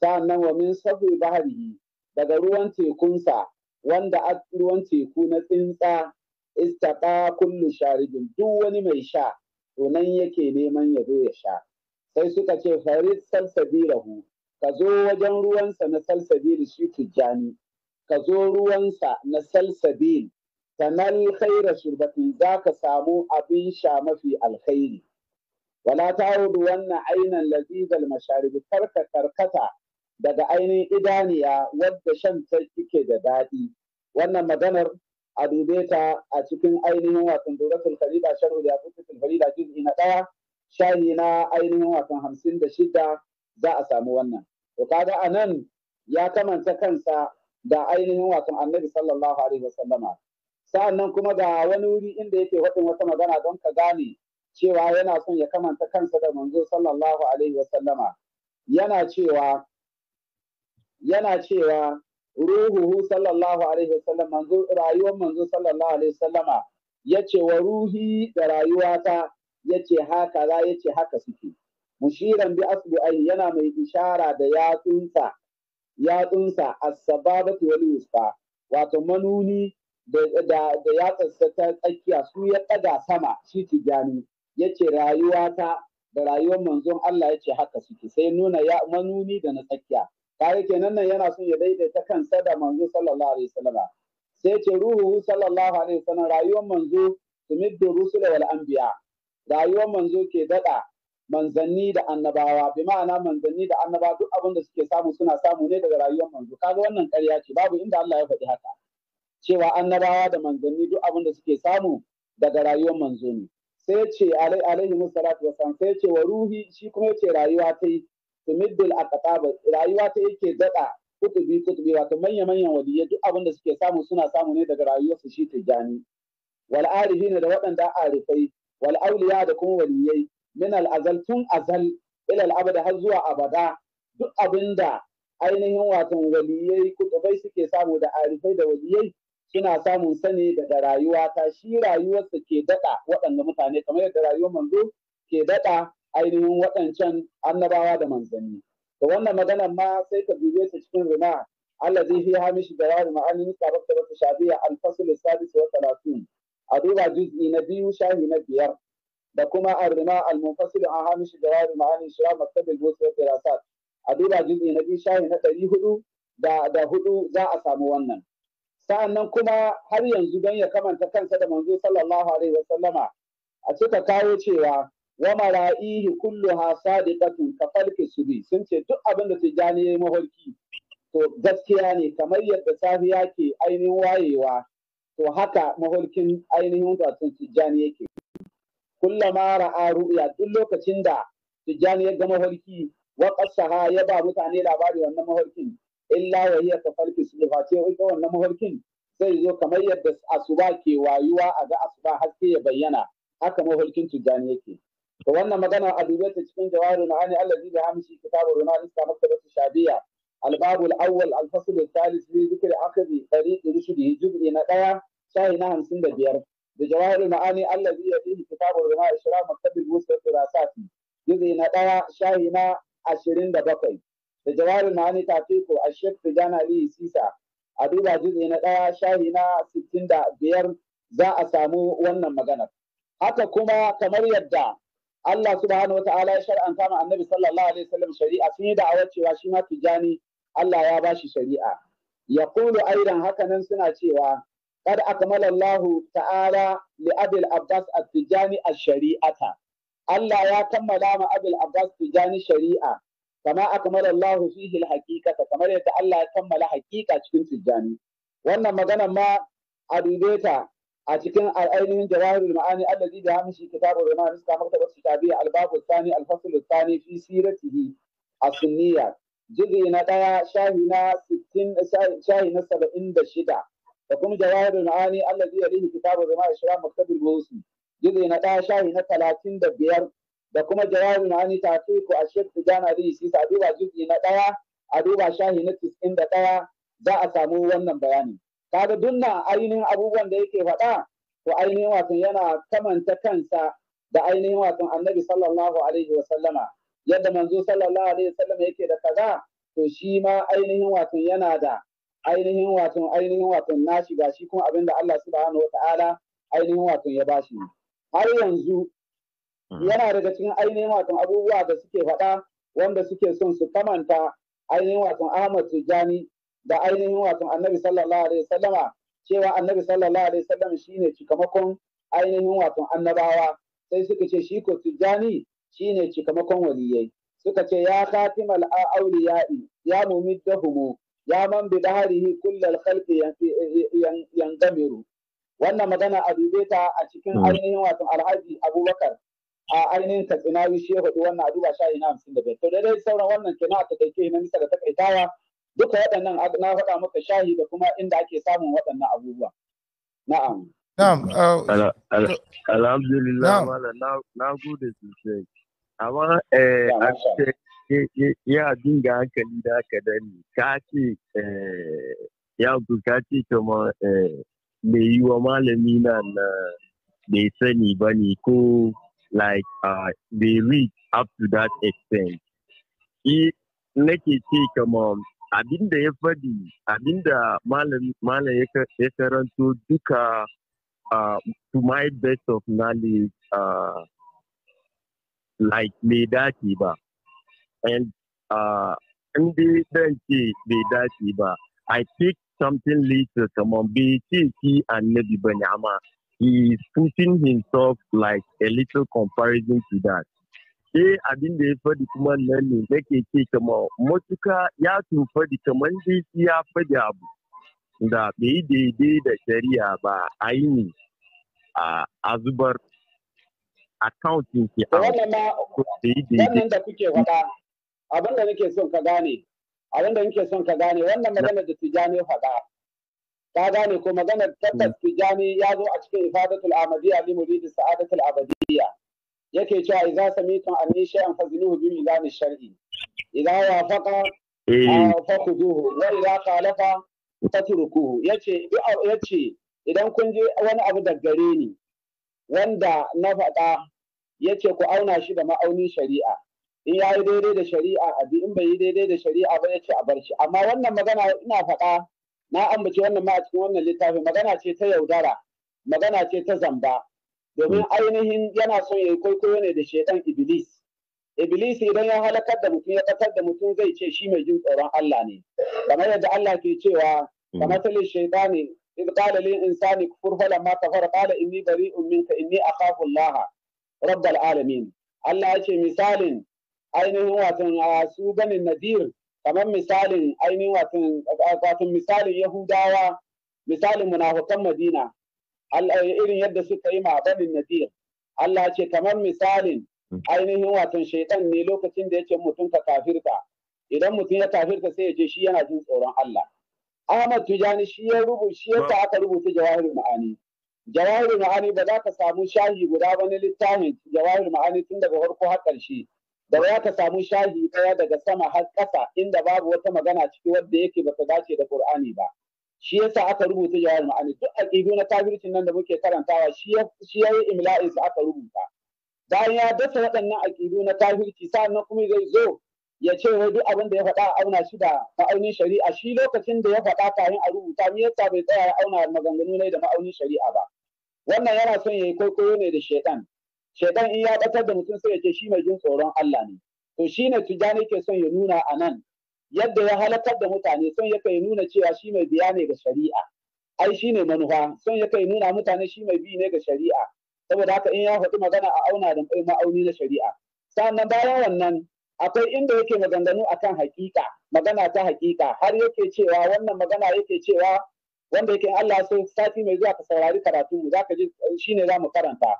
sa'annan wa min bahar bahrihi daga ruwan tekunsa wanda a ruwan teku na tsinsa istaqa kullu sharibin duk wani mai sha to nan yake neman ya zo ya sha sai suka ce farid salsabirahu ka zo wajen ruwansa na salsabiri shi tijjani ka zo ruwansa na salsabil sanal khaira shurbatin za ka samu abin sha mafi alkhairi wala ta'udu wannan ainihin lazizal masharibi karka karkata daga ainihin idaniya wadda shan ta yake da daɗi wannan maganar a dube ta a cikin ainihin watan duratul farida sharhu da yaqutul farida juz'i na ɗaya shahi na ainihin watan hamsin da shida za a samu wannan to kaga anan ya kamanta kansa da ainihin wato annabi sallallahu alaihi wasallama sa'annan kuma ga wani wuri inda yake faɗin wata magana don ka gane cewa yana son ya kamanta kansa da manzo sallallahu alaihi wasallama yana cewa yana cewa ruhuhu sallallahu alaihi wasallam manzo rayuwar manzo sallallahu alaihi wasallama yace wa ruhi da rayuwata yace haka za yace haka suke mushiran bi asbu yana mai ishara da yatsunsa yatsunsa as-sababatu wal wusfa wato manuni da da yatsarsa ta tsakiya su ya ɗaga sama shi tijani yace rayuwata da rayuwar manzon Allah yace haka suke sai nuna ya manuni da na tsakiya kare kenan nan yana son ya daidaita kan da manzo sallallahu alaihi wasallam sai ce ruhu sallallahu alaihi wasallam rayuwar manzo tumiddu rusul wal anbiya rayuwar manzo ke dada manzanni da annabawa bi ma'ana manzanni da annaba duk abin da suke samu suna samu ne daga rayuwar manzo kaga wannan ƙarya ce babu inda Allah ya faɗi haka cewa annabawa da manzanni duk abin da suke samu daga rayuwar manzo ne sai ce alaihi musallatu wasallam sai ce wa ruhi shi kuma yace rayuwa ta yi tumiddul aqtaba rayuwa ta yake dada kutubi kutubi wato manya manyan waliyai duk abin da suke samu suna samu ne daga rayuwar su shi tijani wal arifina da waɗanda arifai wal auliya da kuma waliyai min al'azal tun azal ilal abada har zuwa abada duk abinda ainihin watan waliyai kutubai suke samu da arifai da waliyai suna samun sani daga rayuwa ta shi rayuwarsa ke daɗa waɗanda mutane kamar yadda rayuwar manzo ke daɗa ainihin waɗancan annabawa da manzanni to wannan maganar ma sai ka dube ta cikin rima allazi fi hamish garar ma'anin sabab da wata shabiya al-fasl sadis wa talatin a duba juz'i na biyu shahi na biyar da kuma arrima al-munfasil an hamishi jawari ma'ani shira maktabil busra firasat a duba juz'i na biyu shahi na ɗari hudu da da hudu za a samu wannan sa'annan kuma har yanzu don ya kamanta kansa da manzo sallallahu alaihi wasallama a cika kawo cewa wa mara'ihi kulluha sadiqatun ka falki sun ce duk abin da ya yi mahulki. to gaskiya ne kamar yadda safiya ke ainihin wayewa to haka mahulkin ainihin wato Tijjani yake mara a ru'ya duk lokacin da tijjani ya ga mafarki wa qasaha ya ba mutane labari wannan mafarkin illa wa hiya tafarki sulfa ce ita wannan mafarkin zai zo kamar yadda asuba ke wayuwa a ga asuba haske ya bayyana haka mafarkin tijjani yake to wannan magana a dube ta cikin jawarin ani allazi bi hamshi kitabu runal islam maktabatu shabiya الباب Auwal الفصل الثالث في ذكر عقد طريق رشده جزء na ɗaya sha'i na hamsin da biyar da jawahirul ma'ani allazi yafihi kitabul ulama ishra maktabil wusta dirasati juzi na daya shahi na 27 da jawahirul ma'ani tafiqu ash-shaykh Tijani Ali Sisa a duba juzi na daya shahi na biyar za a samu wannan maganar haka kuma kamar yadda Allah subhanahu wata'ala ya shari'an kama annabi sallallahu alaihi wasallam shari'a sun yi da'awar cewa shi ma tijani Allah ya bashi shari'a Ya kulu aidan hakanan suna cewa قد أكمل الله تعالى لأبي العباس التجاني الشريعة الله يا كمل ما أبي العباس التجاني شريعة كما أكمل الله فيه الحقيقة كما يدى ya kammala حقيقة cikin tijjani wannan maganar ma a dube a cikin ainihin jawahirul ma'ani allazi da hamishi kitabu rama nuska maktabar shitabiya albabu tsani alfasulu tsani fi siratihi a sunniya jizi na ɗaya shahi na na saba'in da shida da kuma jawahirul ma'ani allazi yalihi kitabul rima ishram maktabul musi jizi na ɗaya shahi na talatin da biyar da kuma jawahirul ma'ani taqiqu ashek tijana ali sisa a duba jizi na ɗaya a duba shahi na tis'in da za a samu wannan bayani kaga dunna ainihin abubuwan da yake faɗa ko ainihin wasan yana kamanta kansa da ainihin wasan annabi sallallahu alaihi wa sallama yadda manzo sallallahu alaihi wa sallama yake da kaza to shi ma ainihin wasan yana da ainihin watan ainihin watan na shiga shi kuma abinda Allah subhanahu wa ta'ala ainihin watan ya bashi har yanzu hmm. yana daga cikin ainihin watan abubuwa da suke faɗa wanda suke son su kamanta ainihin watan Ahmad Tijani da ainihin watan Annabi sallallahu alaihi wasallama cewa Annabi sallallahu alaihi wasallam shine cikamakon ainihin watan annabawa sai suka ce shi ko Tijani shine cikamakon waliyai suka ce ya khatimal auliya'i ya mumiddahu ya man bi daharihi kullal khalqi yanzamiru wannan magana a dube ta a cikin hmm. ainihin wato alhaji abubakar a ainihin katsinawi shi ya faɗi wannan a duba na ina hamsin da biyar to dai sauran wannan ke na a takaice na bisa da takaitawa duka waɗannan na faɗa maka shahi da kuma inda ake samun waɗannan abubuwa na'am na'am uh, alhamdulillah na gode sosai amma eh ya dinga hankali da haka ni ka ce eh, ya ka ce kama mai eh, yi wa malami na bai sani ba ne ko like uh, ah, they reach up to that extent. I nake ce kama da ya abin da malam ya karanto duka uh, to my best of knowledge uh, like me dace ba. and uh and the benchy the dashi ba I pick something little come on B T T and maybe Banyama. He is putting himself like a little comparison to that. Hey, I've been there for the commandment learning, make it come on Motuka Yatu for the command here for the abu. Da be the day the sharia ba aini uh azubar accounting. abin da nake son ka gane abin da nake son ka gane wannan magana da tijani faɗa ka gane ko maganar tabbas tijani ya zo a cikin ifadatul amadiyya li muridi sa'adatul abadiyya yake cewa idza samitum anni shay'an fazinuhu bi mizan shar'i idza wafaqa eh. faquduhu wa idza khalafa fatrukuhu yace yace idan kun je wani abu da gare ni wanda na faɗa yace ku auna shi da ma'aunin shari'a in ya yi daidai da shari'a a bi in bai yi daidai da shari'a ba ya ce a bar shi amma wannan magana ina faɗa na ambaci wannan ma a cikin wannan littafin magana ce ta yaudara magana ce ta zamba domin ainihin yana son ya yi kwaikwayo ne da shaidan iblis iblis idan ya halakar da mutum ya ƙasar da mutum zai ce shi mai jin tsoron Allah ne kamar yadda Allah ke cewa hmm. kamar talin shaidani إذ قال للإنسان كفر فلما كفر قال إني بريء منك إني أخاف الله رب العالمين Allah ya ce misalin ainihin watan su banin nadir kamar misalin ainihin watan misalin yahudawa misalin munafukan madina eh, irin yadda suka yi ma banin nadir Allah ce kamar misalin ainihin watan shaitan ne lokacin da yake mutum ka kafirta idan mutum ya kafirta sai ya ce shi yana jin tsoron Allah Ahmad Tijani shi ya rubuta shi aka rubuta Jawahirul Ma'ani Jawahirul Ma'ani ba za ka samu shahi guda ba na littafin Jawahirul Ma'ani tun daga farko har ƙarshe da ya ka samu shahi ɗaya daga sama har ƙasa inda babu wata magana ciki wadda yake ba ta dace da Qur'ani ba shi yasa aka rubuta jawahir ma'ani duk aqidu na kafircin nan da muke karantawa shi ya shi yayi imla'in sa aka rubuta bayan ya dasa waɗannan aqidu na sa na kuma zai zo ya ce wai duk abin da ya faɗa auna shi da ma'aunin shari'a shi lokacin da ya faɗa kafin a rubuta me yasa bai tsaya auna maganganu ne da ma'aunin shari'a ba wannan yana son yayi kwaikwayo ne da shaidan shaitan in ya batar da mutum sai ya ce shi mai jin tsoron Allah ne to shine Tijjani ke son ya nuna a nan yadda ya halartar da mutane son ya kai nuna cewa shi mai biya ne ga shari'a ai shi ne manufa son ya kai nuna mutane shi mai bi ne ga shari'a saboda haka in ya faɗi magana a auna da ma'auni na shari'a sannan bayan wannan akwai inda yake maganganu akan hakika magana ta hakika har yake cewa wannan magana yake cewa wanda yake Allah so sati mai zuwa ka saurari karatu za ka ji shine za mu karanta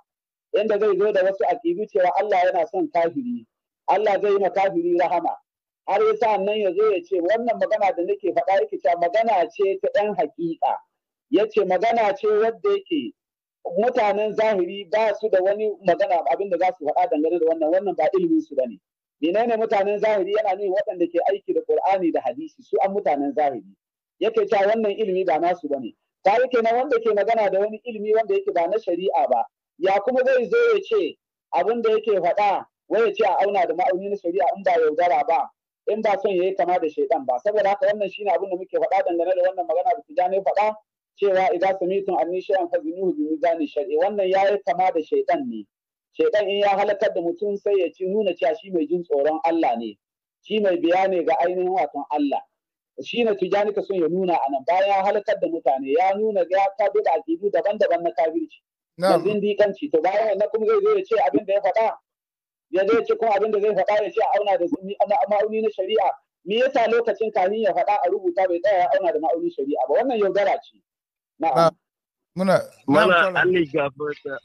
yanda zai zo da wasu aƙidu cewa Allah yana son kafiri Allah zai yi ma kafiri rahama har ya sa nan ya zo ya ce wannan magana da nake faɗa yake cewa magana ce ta ɗan haƙiƙa ya ce magana ce wadda yake mutanen zahiri ba su da wani magana abin da za su faɗa dangane da wannan wannan ba ilimin su bane menene mutanen zahiri yana nuna waɗanda ke aiki da Qur'ani da hadisi su an mutanen zahiri yake cewa wannan ilimi ba nasu bane ta yake na wanda ke magana da wani ilimi wanda yake ba na shari'a ba ya kuma zai zo ya ce abin da yake faɗa wai ya ce a auna da ma'aunin na shari'a in ba yaudara ba in ba son yi kama da shaidan ba saboda haka wannan shine abin da muke faɗa dangane da wannan magana da tijani faɗa cewa idan samitum an shay'an fazinuhu bi mizani shar'i wannan ya yi kama da shaidan ne shaidan in ya halakar da mutum sai ya ci nuna cewa shi mai jin tsoron Allah ne shi mai biya ne ga ainihin watan Allah shi ne tijani ka son ya nuna anan bayan halakar da mutane ya nuna ga ya bi da daban-daban na kafirci da zindiƙanci to bayan wannan kuma zai zo ya ce abin da ya faɗa ya zo ya ce kuma abin da zai faɗa ya ce a auna da ma'auni na shari'a me yasa lokacin kamin ya faɗa a rubuta bai tsaya ya auna da ma'aunin shari'a ba wannan yaudara ce na'am muna mana an gafarta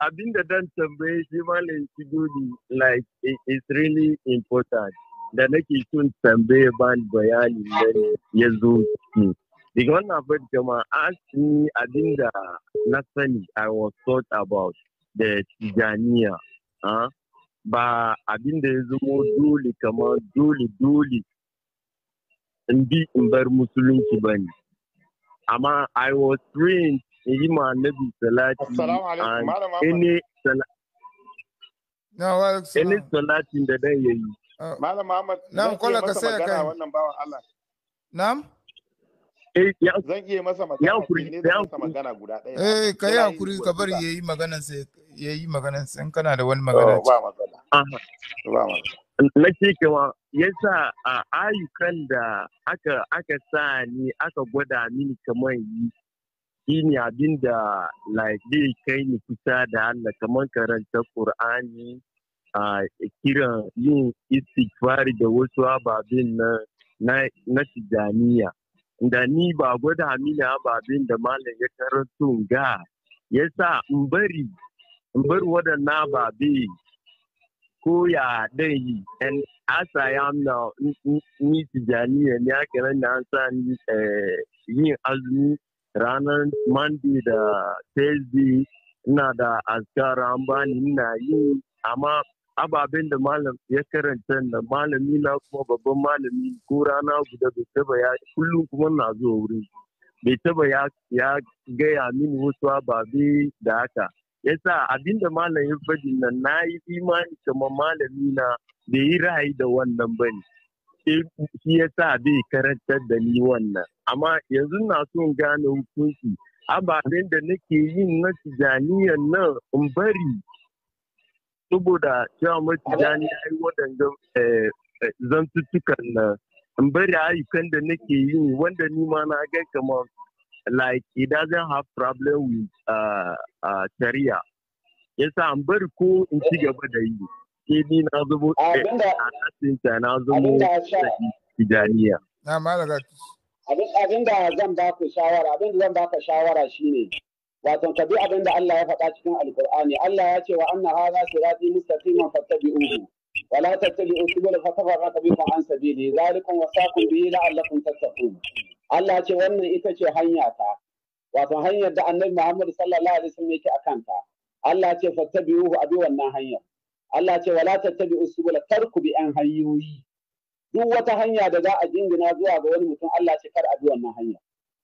abin da dan tambaye shi malam like it's really important da nake son tambaye ban bayani ne ya zo Daga wannan akwai jama'a asini abinda na sani I was taught about da Tijaniya. Ba abinda ya zama dole kamar dole dole in bi in bar musulunci ba ne. Amma I was trained in yi ma nabi salati and any salati. salatin da dan yayi. Ah. Malam ahmad na ka sai ka Na'am? Eh, zan iya masa magana guda ɗaya eh kai hakuri ka bari yayi maganar sai yayi maganar sai kana da wani oh, magana ba magana ba magana na ce kewa yasa a ayyukan da aka aka sa ni aka gwada mini kamar yi ne abin da laifin zai kai ni kusa da Allah kamar karanta Kur'ani, a kiran yin istighfari da wasu ababen na na tijaniya da ni ba gwada hamila ba abin da malam ya karanto ga ya sa in bari in bari waɗannan ko ya dai yi en asa ya amna ni tijaniya ne aka nan an sa ni eh, yin azumi ranar mandi da thursday ina da askara an bani ina yi amma ababen da malam ya karanta na malami na kuma babban malami ko rana guda bai taba ya kullum kuma na zuwa wurin bai taba ya gaya mini wasu ababe da haka yasa abinda malam ya faɗi nan na yi imani kama malami na bai yi ra'ayi da wannan ba ne shi yasa bai karanta da ni wannan amma yanzu na son gane hukunci ababen da nake yin na tijaniyan nan in bari saboda cewa mafi jani ya yi waɗanda eh, eh, zantuttukan na in bari ayyukan da nake yi wanda ni ma na ga kamar like it doesn't have problem with ah, ah, shari'a ya sa an bari ko in ci gaba da yi ke ni na zubo eh, a nasin ta na zubo da tijaniya. Na malaga. Abin da zan ba ku shawara, abin da zan ba ka shawara shine. wato ka bi abin da Allah ya faɗa cikin alkur'ani Allah ya ce wa anna hadha sirati mustaqiman fattabi'uhu wa la tattabi'u subula fatafarraqa bikum an sabili zalikum wasaqu bihi la'allakum tattaqun Allah ya ce wannan ita ce hanya ta wato hanyar da Annabi Muhammad sallallahu alaihi wasallam yake akan ta Allah ya ce fattabi'uhu abi wannan hanyar Allah ya ce wa la tattabi'u subula tarku bi an hanyoyi duk wata hanya da za a jingina zuwa ga wani mutum Allah ya ce kar a bi wannan hanya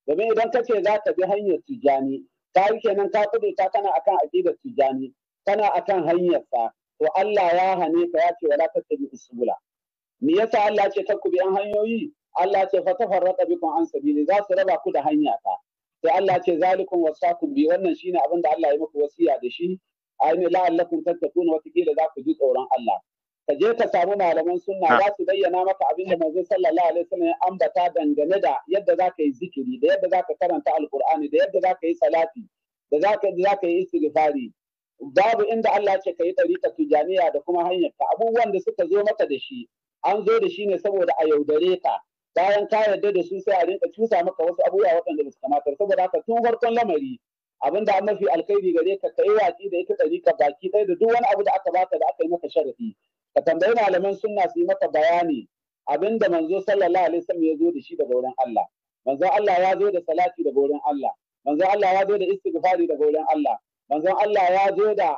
domin idan kace za ka bi hanyar tijani ka yi kenan ka kudurta kana akan aqidar tijani tana akan hanyarsa to Allah ya hane ka ya ce wala tattabi usbula me yasa Allah ce takku bi an hanyoyi Allah ce fa tafarraqa bikum an sabili za su raba ku da hanya ta sai Allah ce zalikum wasakum bi wannan shine abin da Allah ya muku wasiya da shi ayin la'allakum tattaquna wa kila za ku ji tsoron Allah ka je ka samu malaman sunna za su bayyana maka abin da manzo sallallahu alaihi wasallam ya ambata dangane da yadda za ka yi zikiri da yadda za ka karanta alkur'ani da yadda za ka yi salati da za ka za ka yi istighfari babu inda Allah ce ka yi ɗarika tijaniya da kuma hanyar ka abubuwan da suka zo maka da shi an zo da shi ne saboda a yaudare ka bayan ka yarda da su sai a rinka cusa maka wasu abubuwa waɗanda ba su kamata saboda haka tun farkon lamari abin da mafi alkhairi gare ka kai waki da ita ɗarika baki ɗaya da duk wani abu da aka baka da aka yi maka sharafi ka tambayi malaman sunna su yi maka bayani abinda manzo sallallahu alaihi wasallam ya zo da shi daga wurin Allah manzo Allah ya zo da salati daga wurin Allah manzo Allah ya zo da istighfari daga wurin Allah manzo Allah ya zo da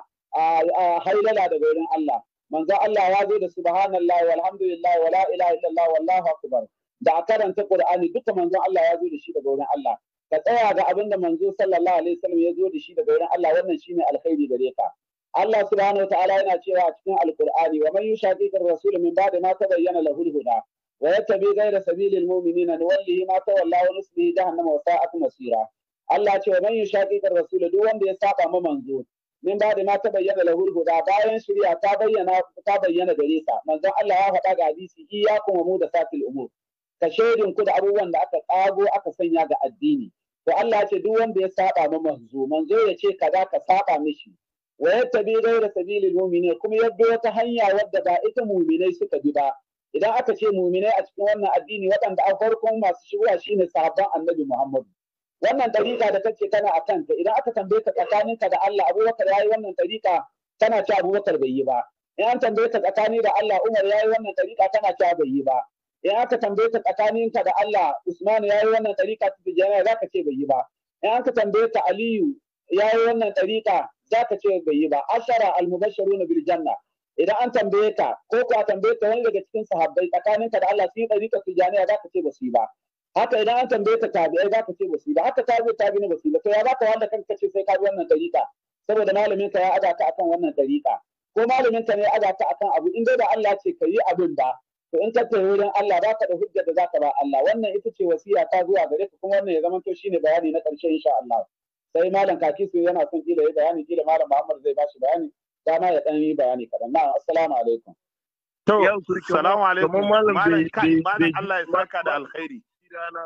hailala daga wurin Allah manzo Allah ya zo da subhanallahi walhamdulillahi wala ilaha illallah wallahu akbar da a karanta Qur'ani duka manzo Allah ya zo da shi daga wurin Allah ka tsaya ga abinda manzo sallallahu alaihi wasallam ya zo da shi daga wurin Allah wannan shine alkhairi gare ka Allah subhanahu wa ta'ala yana cewa a cikin alkur'ani wa man yushaqiqir rasul min ba'di ma tabayyana lahu al-huda wa yattabi ghayra sabilil mu'minina nuwallihi ma tawalla wa nuslihi jahannama wa sa'at masira Allah ce wa man yushaqiqir rasul duk wanda ya saba ma manzo min ba'di ma tabayyana lahu al-huda bayan shari'a ta bayyana ta bayyana gare sa manzo Allah ya faɗa ga hadisi iyyakum wa mudasatil umur ka shaidin ku da abubuwan da aka kago aka sanya ga addini to Allah ce duk wanda ya saba ma manzo manzo ya ce kaza ka saba mishi wa yattabi da sabilil muminai kuma ya wata hanya wadda ba ita mu'minai suka bi ba idan aka ce mu'minai a cikin wannan addini waɗanda a farkon masu shigowa shine sahabban annabi Muhammadu wannan dariƙa da kake tana a kanta idan aka tambaye ka tsakaninka da Allah Abubakar yayi wannan dariƙa tana ce Abubakar bai yi ba in an tambaye ka tsakani da Allah Umar yayi wannan dariƙa tana ta bai yi ba in aka tambaye ka da Allah Usman yayi wannan dariƙa ta zaka ce bai yi ba in aka tambaye ka Aliyu yayi wannan dariƙa za ce bai yi ba ashara almubashsharuna na birjanna idan an tambaye ka ko ka tambaye ka wani daga cikin sahabbai ka da Allah sun yi ka tijaniya za ka ce ba su yi ba haka idan an tambaye ka tabi'ai za ka ce ba su yi ba haka tabi'ai tabi'ai ba su yi ba to ya za ka wanda ka ce sai ka bi wannan ɗariƙa saboda malamin ka ya aza ka akan wannan ɗariƙa ko malamin ka ne ya aza ka akan abu in dai da Allah ce ka yi abin ba to in ka ta wurin Allah za ka da hujjar da za ka ba Allah wannan ita ce wasiya ta zuwa gare ka kuma wannan ya zama to shine bayani na ƙarshe insha Allah sai malam kaki su yana son kila ya bayani kila malam Muhammad zai bashi bayani dama ya dan yi bayani kadan na assalamu alaikum to assalamu alaikum malam malam Allah ya saka da alkhairi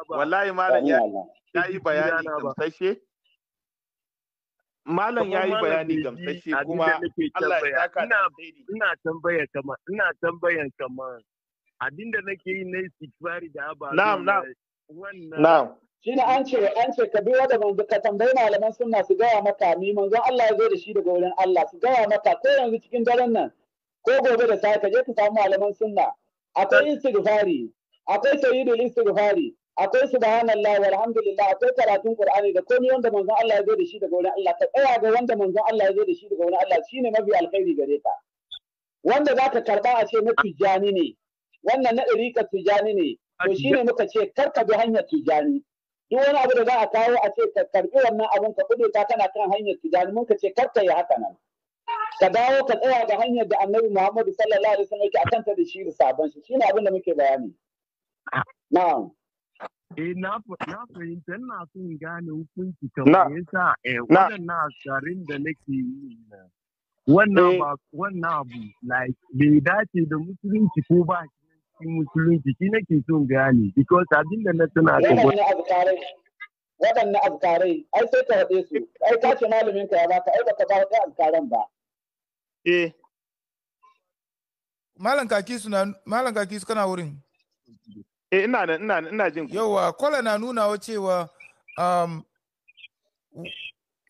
wallahi malam ya yi bayani gamsashe Malam ya yi bayani gamsashe kuma Allah ya saka da alkhairi ina tambaya kama ina tambayan kama abinda nake yi na istikfari da ababa na'am na'am na'am shine an ce an ce ka bi wanda manzo ka tambayi malaman sunna su gaya maka ni manzon Allah ya zo da shi daga wurin Allah su gaya maka ko yanzu cikin daren nan ko gobe da safe je ka samu malaman sunna akwai istighfari akwai sayyidul istighfari akwai subhanallah walhamdulillah akwai karatun qur'ani da komai wanda manzon Allah ya zo da shi daga wurin Allah ka tsaya ga wanda manzon Allah ya zo da shi daga wurin Allah shine mafi alkhairi gare ka wanda zaka karba a ce na tijani ne wannan na ɗarikar tijani ne to shine muka ce kar ka bi hanyar tijani duk wani abu da za a kawo a ce ka karbi wannan abin ka ta tana kan hanyar tijani mun ka ce kar ta yi haka nan ka dawo ka tsaya da hanyar da annabi muhammadu sallallahu alaihi wasallam yake akanta da shi da sabon shi shine abin da muke bayani na'am Eh na fahimta ina son gane hukunci kamar yasa eh wannan asarin da nake yi wannan eh. wannan abu like bai dace da musulunci ko ba shi cikin musulunci shi nake son gane because abin da na tuna da waɗannan azkarai ai sai ka haɗe su ai ka ce malamin ka ya baka ai baka ba ka azkaran ba eh malam kaki suna malam kaki su kana wurin eh ina nan ina ina jin yawa kola na nuna wa cewa um,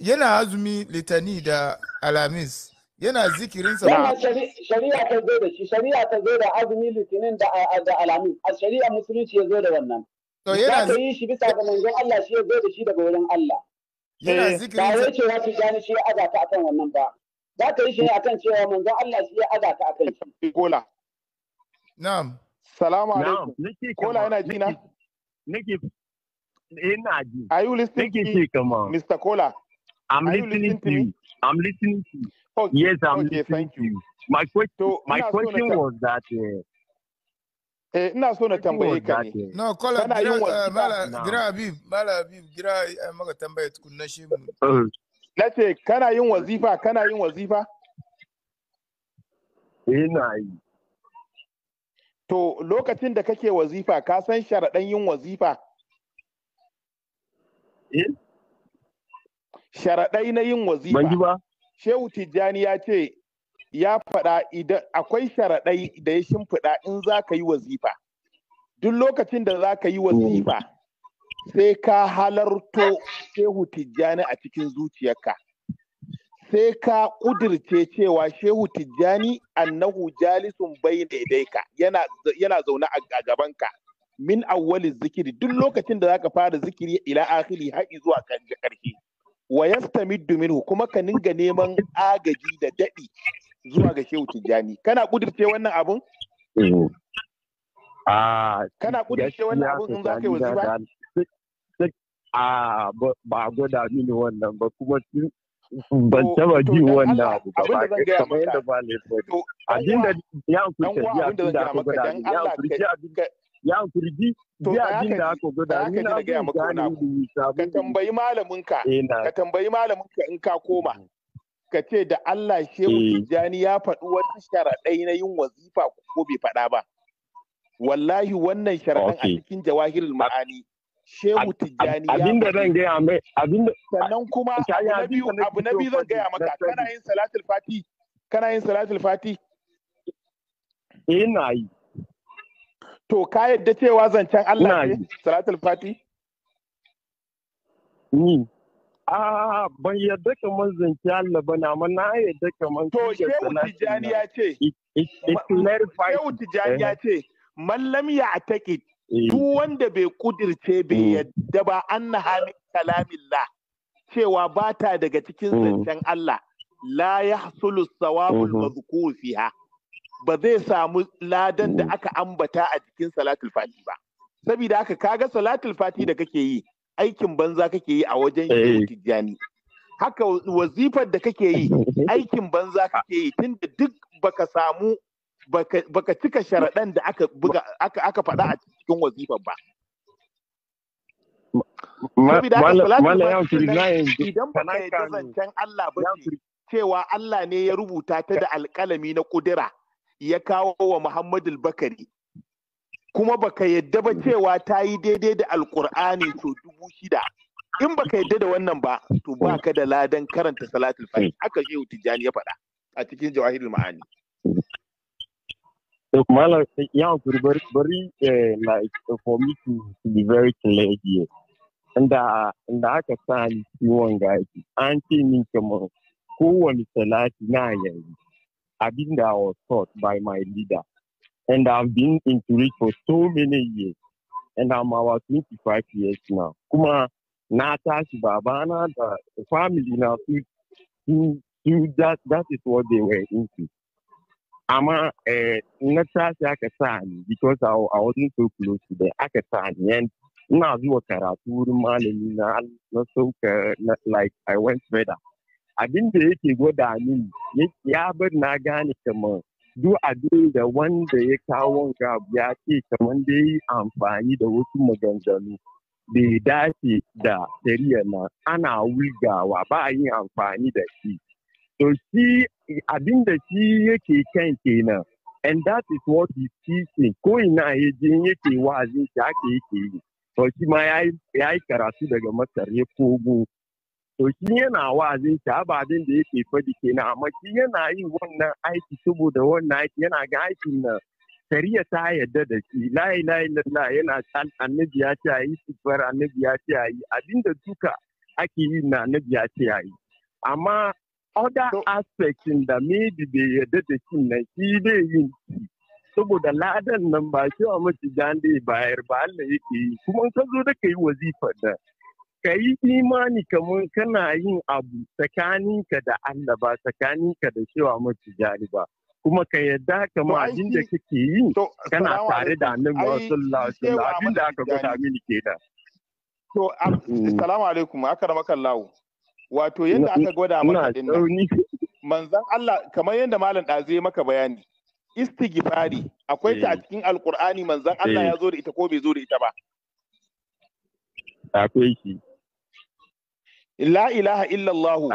yana azumi litani da alamis yana zikirinsa ba shari'a ta zo da shi shari'a ta zo da azumi litinin da da alami a shari'a musulunci ya zo da wannan to yana ta yi shi bisa ga manzon Allah shi ya zo da shi daga wurin Allah yana zikirin eh, ba wai cewa shi gani shi ya azata akan wannan ba za ta yi shi ne akan cewa manzon Allah shi ya azata akan shi kola na'am salamu alaikum kola yana ji na nake ina ji are you listening to me mr kola i'm listening to you I'm listening to you. Okay. Oh, yes, I'm okay, listening thank you. to you. My question, so, my eh, eh, question was that. Uh, so na tambaye ka ne. No, kola na eh, shi mu. Uh-huh. Na yin wazifa, kana yin wazifa? To, lokacin da kake wazifa, ka san sharaɗan yin wazifa? Eh? sharaɗai na yin wazifa shehu tijjani ya ce ya faɗa idan akwai sharaɗai da ya shimfiɗa in za ka yi wazifa duk lokacin da za ka yi wazifa sai ka halarto shehu tijjani a cikin zuciyarka sai ka ƙudirce cewa shehu tijjani annahu jalisun bai daidaika yana, yana zaune a gabanka min awwali zikiri duk lokacin da za ka fara zikiri ila akhiri har zuwa ƙarshe wa yastamiddu minhu kuma ka ninga neman agaji da daɗi zuwa ga Shehu Tijjani kana kudirce wannan abun ah, kana kudirce wannan abun in za ka yi ah, a ba gwada mini wannan ba kuma ban taba ji wannan abu ba ba kamar yadda ba ne abin abinda ya kuke ji abin kusa aka gwada ya kuke ji abin ya kurji to da abin da aka gwada ni na ga maka eh, na ka tambayi malamin ka ka tambayi malamin ka in ka koma mm. ka ce da Allah shehu eh. Tijjani ya faɗi wata sharaɗai na yin wazifa ko bai faɗa ba wallahi wannan sharaɗin a cikin jawahirul ma'ani shehu Tijjani ya abinda zan gaya mai abinda sannan kuma abu na biyu zan gaya maka kana yin salatul fati kana yin salatul fati eh, ina yi to ka yadda cewa zancen Allah ne salatul fati ni a ban yadda kamar zance Allah ba na amma na yadda kamar to shehu tijani ya ce shehu tijani ya ce mallam ya ataki eh. duk wanda bai kudirce bai mm. yadda ba annaha min kalamillah cewa ba ta daga cikin mm. zancen Allah la yahsulu thawabul mm-hmm. mazkur fiha ba zai samu ladan da aka ambata a cikin salatul fati ba saboda haka kaga salatul fati da kake yi aikin banza kake yi a wajen eh. tijjani haka wazifar da kake yi aikin banza kake yi tunda duk baka samu baka cika sharaɗan da aka buga aka aka faɗa a cikin wazifar ba idan ba na yi ta zancen Allah ba cewa Allah ne ya rubuta ta da alƙalami na ƙudura ya kawo wa Muhammadu Bakari kuma baka yadda ba cewa ta yi daidai da Alƙur'ani to dubu shida in baka yadda da wannan ba to baka da ladan karanta salatul fati haka shehu tijjani ya faɗa a cikin jawahirul ma'ani Malam, yawon kuri bari eh, like for me to be very clear here. Inda aka sa ni ciwon gaji, an ce min kamar kowane salati na yanzu I think I was taught by my leader. And I've been into it for so many years. And I'm about 25 years now. Kuma Natasha babana the family now, su to, su that that is what they were into. i am eh, na tashi aka because I, I wasn't so close to the Aka sa ni and ina zuwa karatu wurin malami not so sauka like I went further. abin da yake gwada mini ya bar na gane kamar duk abin da wanda ya kawo gab ya ce kamar da yi amfani da wasu maganganu ya dace da shari'a na ana wulgawa ba a yin amfani da shi to shi abin da shi yake kan kenan and that is what he teaching ko ina ya je yake wa'azin shi ake yake yi to shi ma ya yi karatu daga masar ya kogo to shi yana wa'azin shi abin da yake fadi kenan amma shi yana yin wannan aiki saboda wannan aiki yana ga aikin nan shari'a ta yadda da shi la ilaha lalla yana annabi ya ce yi sifar annabi ya ce yi abinda duka ake yi na annabi ya ce yi amma other in da maybe bai yadda da shi nan shi dai yin shi saboda ladan nan ba shi wa mace jan dai bayar ba Allah yake yi kuma ka zo da kai yi wazifar da ka yi imani kamar kana yin abu tsakaninka da Allah ba tsakaninka da cewa mace jari ba kuma ka yadda kama abin da kake yi kana tare da annabi sallallahu alaihi wasallam abin da aka gwada mini kenan to assalamu mm. alaikum aka rama kallahu wato yadda aka gwada maka din nan manzon Allah kamar yadda malam dazai maka bayani istighfari akwai ta a eh. cikin alqur'ani manzon Allah eh. ya zo da ita ko bai zo da ita ba akwai shi la ilaha illallahu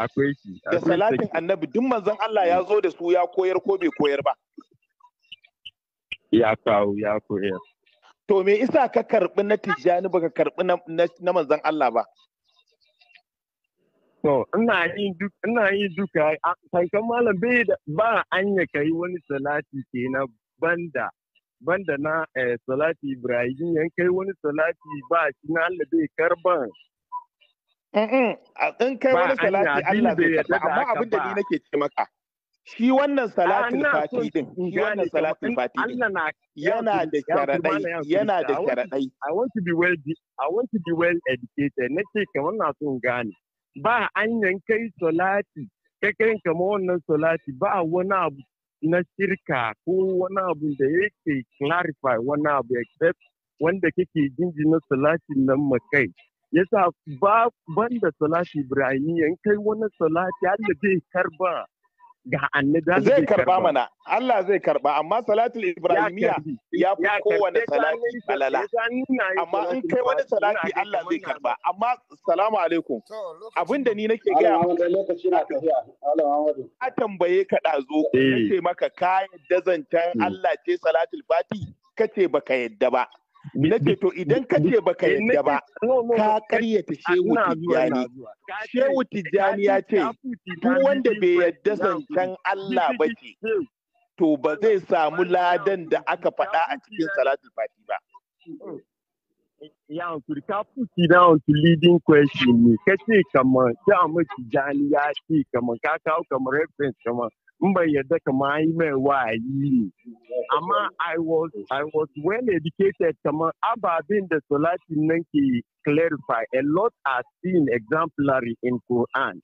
da salatin annabi duk manzon Allah ya zo da su ya koyar ko bai koyar ba ya kawo ya koyar to me isa ka karbi na tijjani baka karbi na, na, manzon Allah ba to ina yi duk ina yi duka sai kan malam bai da ba anya kai wani salati kenan banda banda na eh, salati ibrahim yan kai wani salati ba shi na Allah bai karban In kai wani salati Allah zai karɓa, amma abin da ni nake ce maka. Shi wannan salatin fati din, shi wannan salatin fati din, yana da sharaɗai, yana da sharaɗai. I want to be well, I want to be well educated, na ce kamar na son gane. Ba anyan kai salati, kai kai kamar wannan salati ba wani abu na shirka ko wani abu da yake clarify wani abu except wanda kake jinjina salatin nan makai. yasa ba banda salati ibrahimiyya in kai wani salati Allah zai karba ga annabi zai karba mana Allah zai karba amma salatul Ibrahim ya fi kowane salati alala amma in kai wani salati Allah zai karba amma salamu alaikum abinda ni nake gaya a tambaye ka dazo eh. ce maka ka yadda zantan hmm. Allah ce salatul fati kace baka yadda ba Nake to idan ka ce baka yadda ba ka karyata Shehu Tijjani. Shehu Tijjani ya ce duk wanda bai yadda zancen Allah ba ce to ba zai samu ladan da aka faɗa a cikin salatul fati ba. Ya hankuri, ka puti down to leading question ne, ka ce kamar, ta a jani ya ce kamar, ka kawo kamar reference kamar, in bai i was i was well educated kamar ababen da salatin nan ke clarify a lot are seen exemplary in quran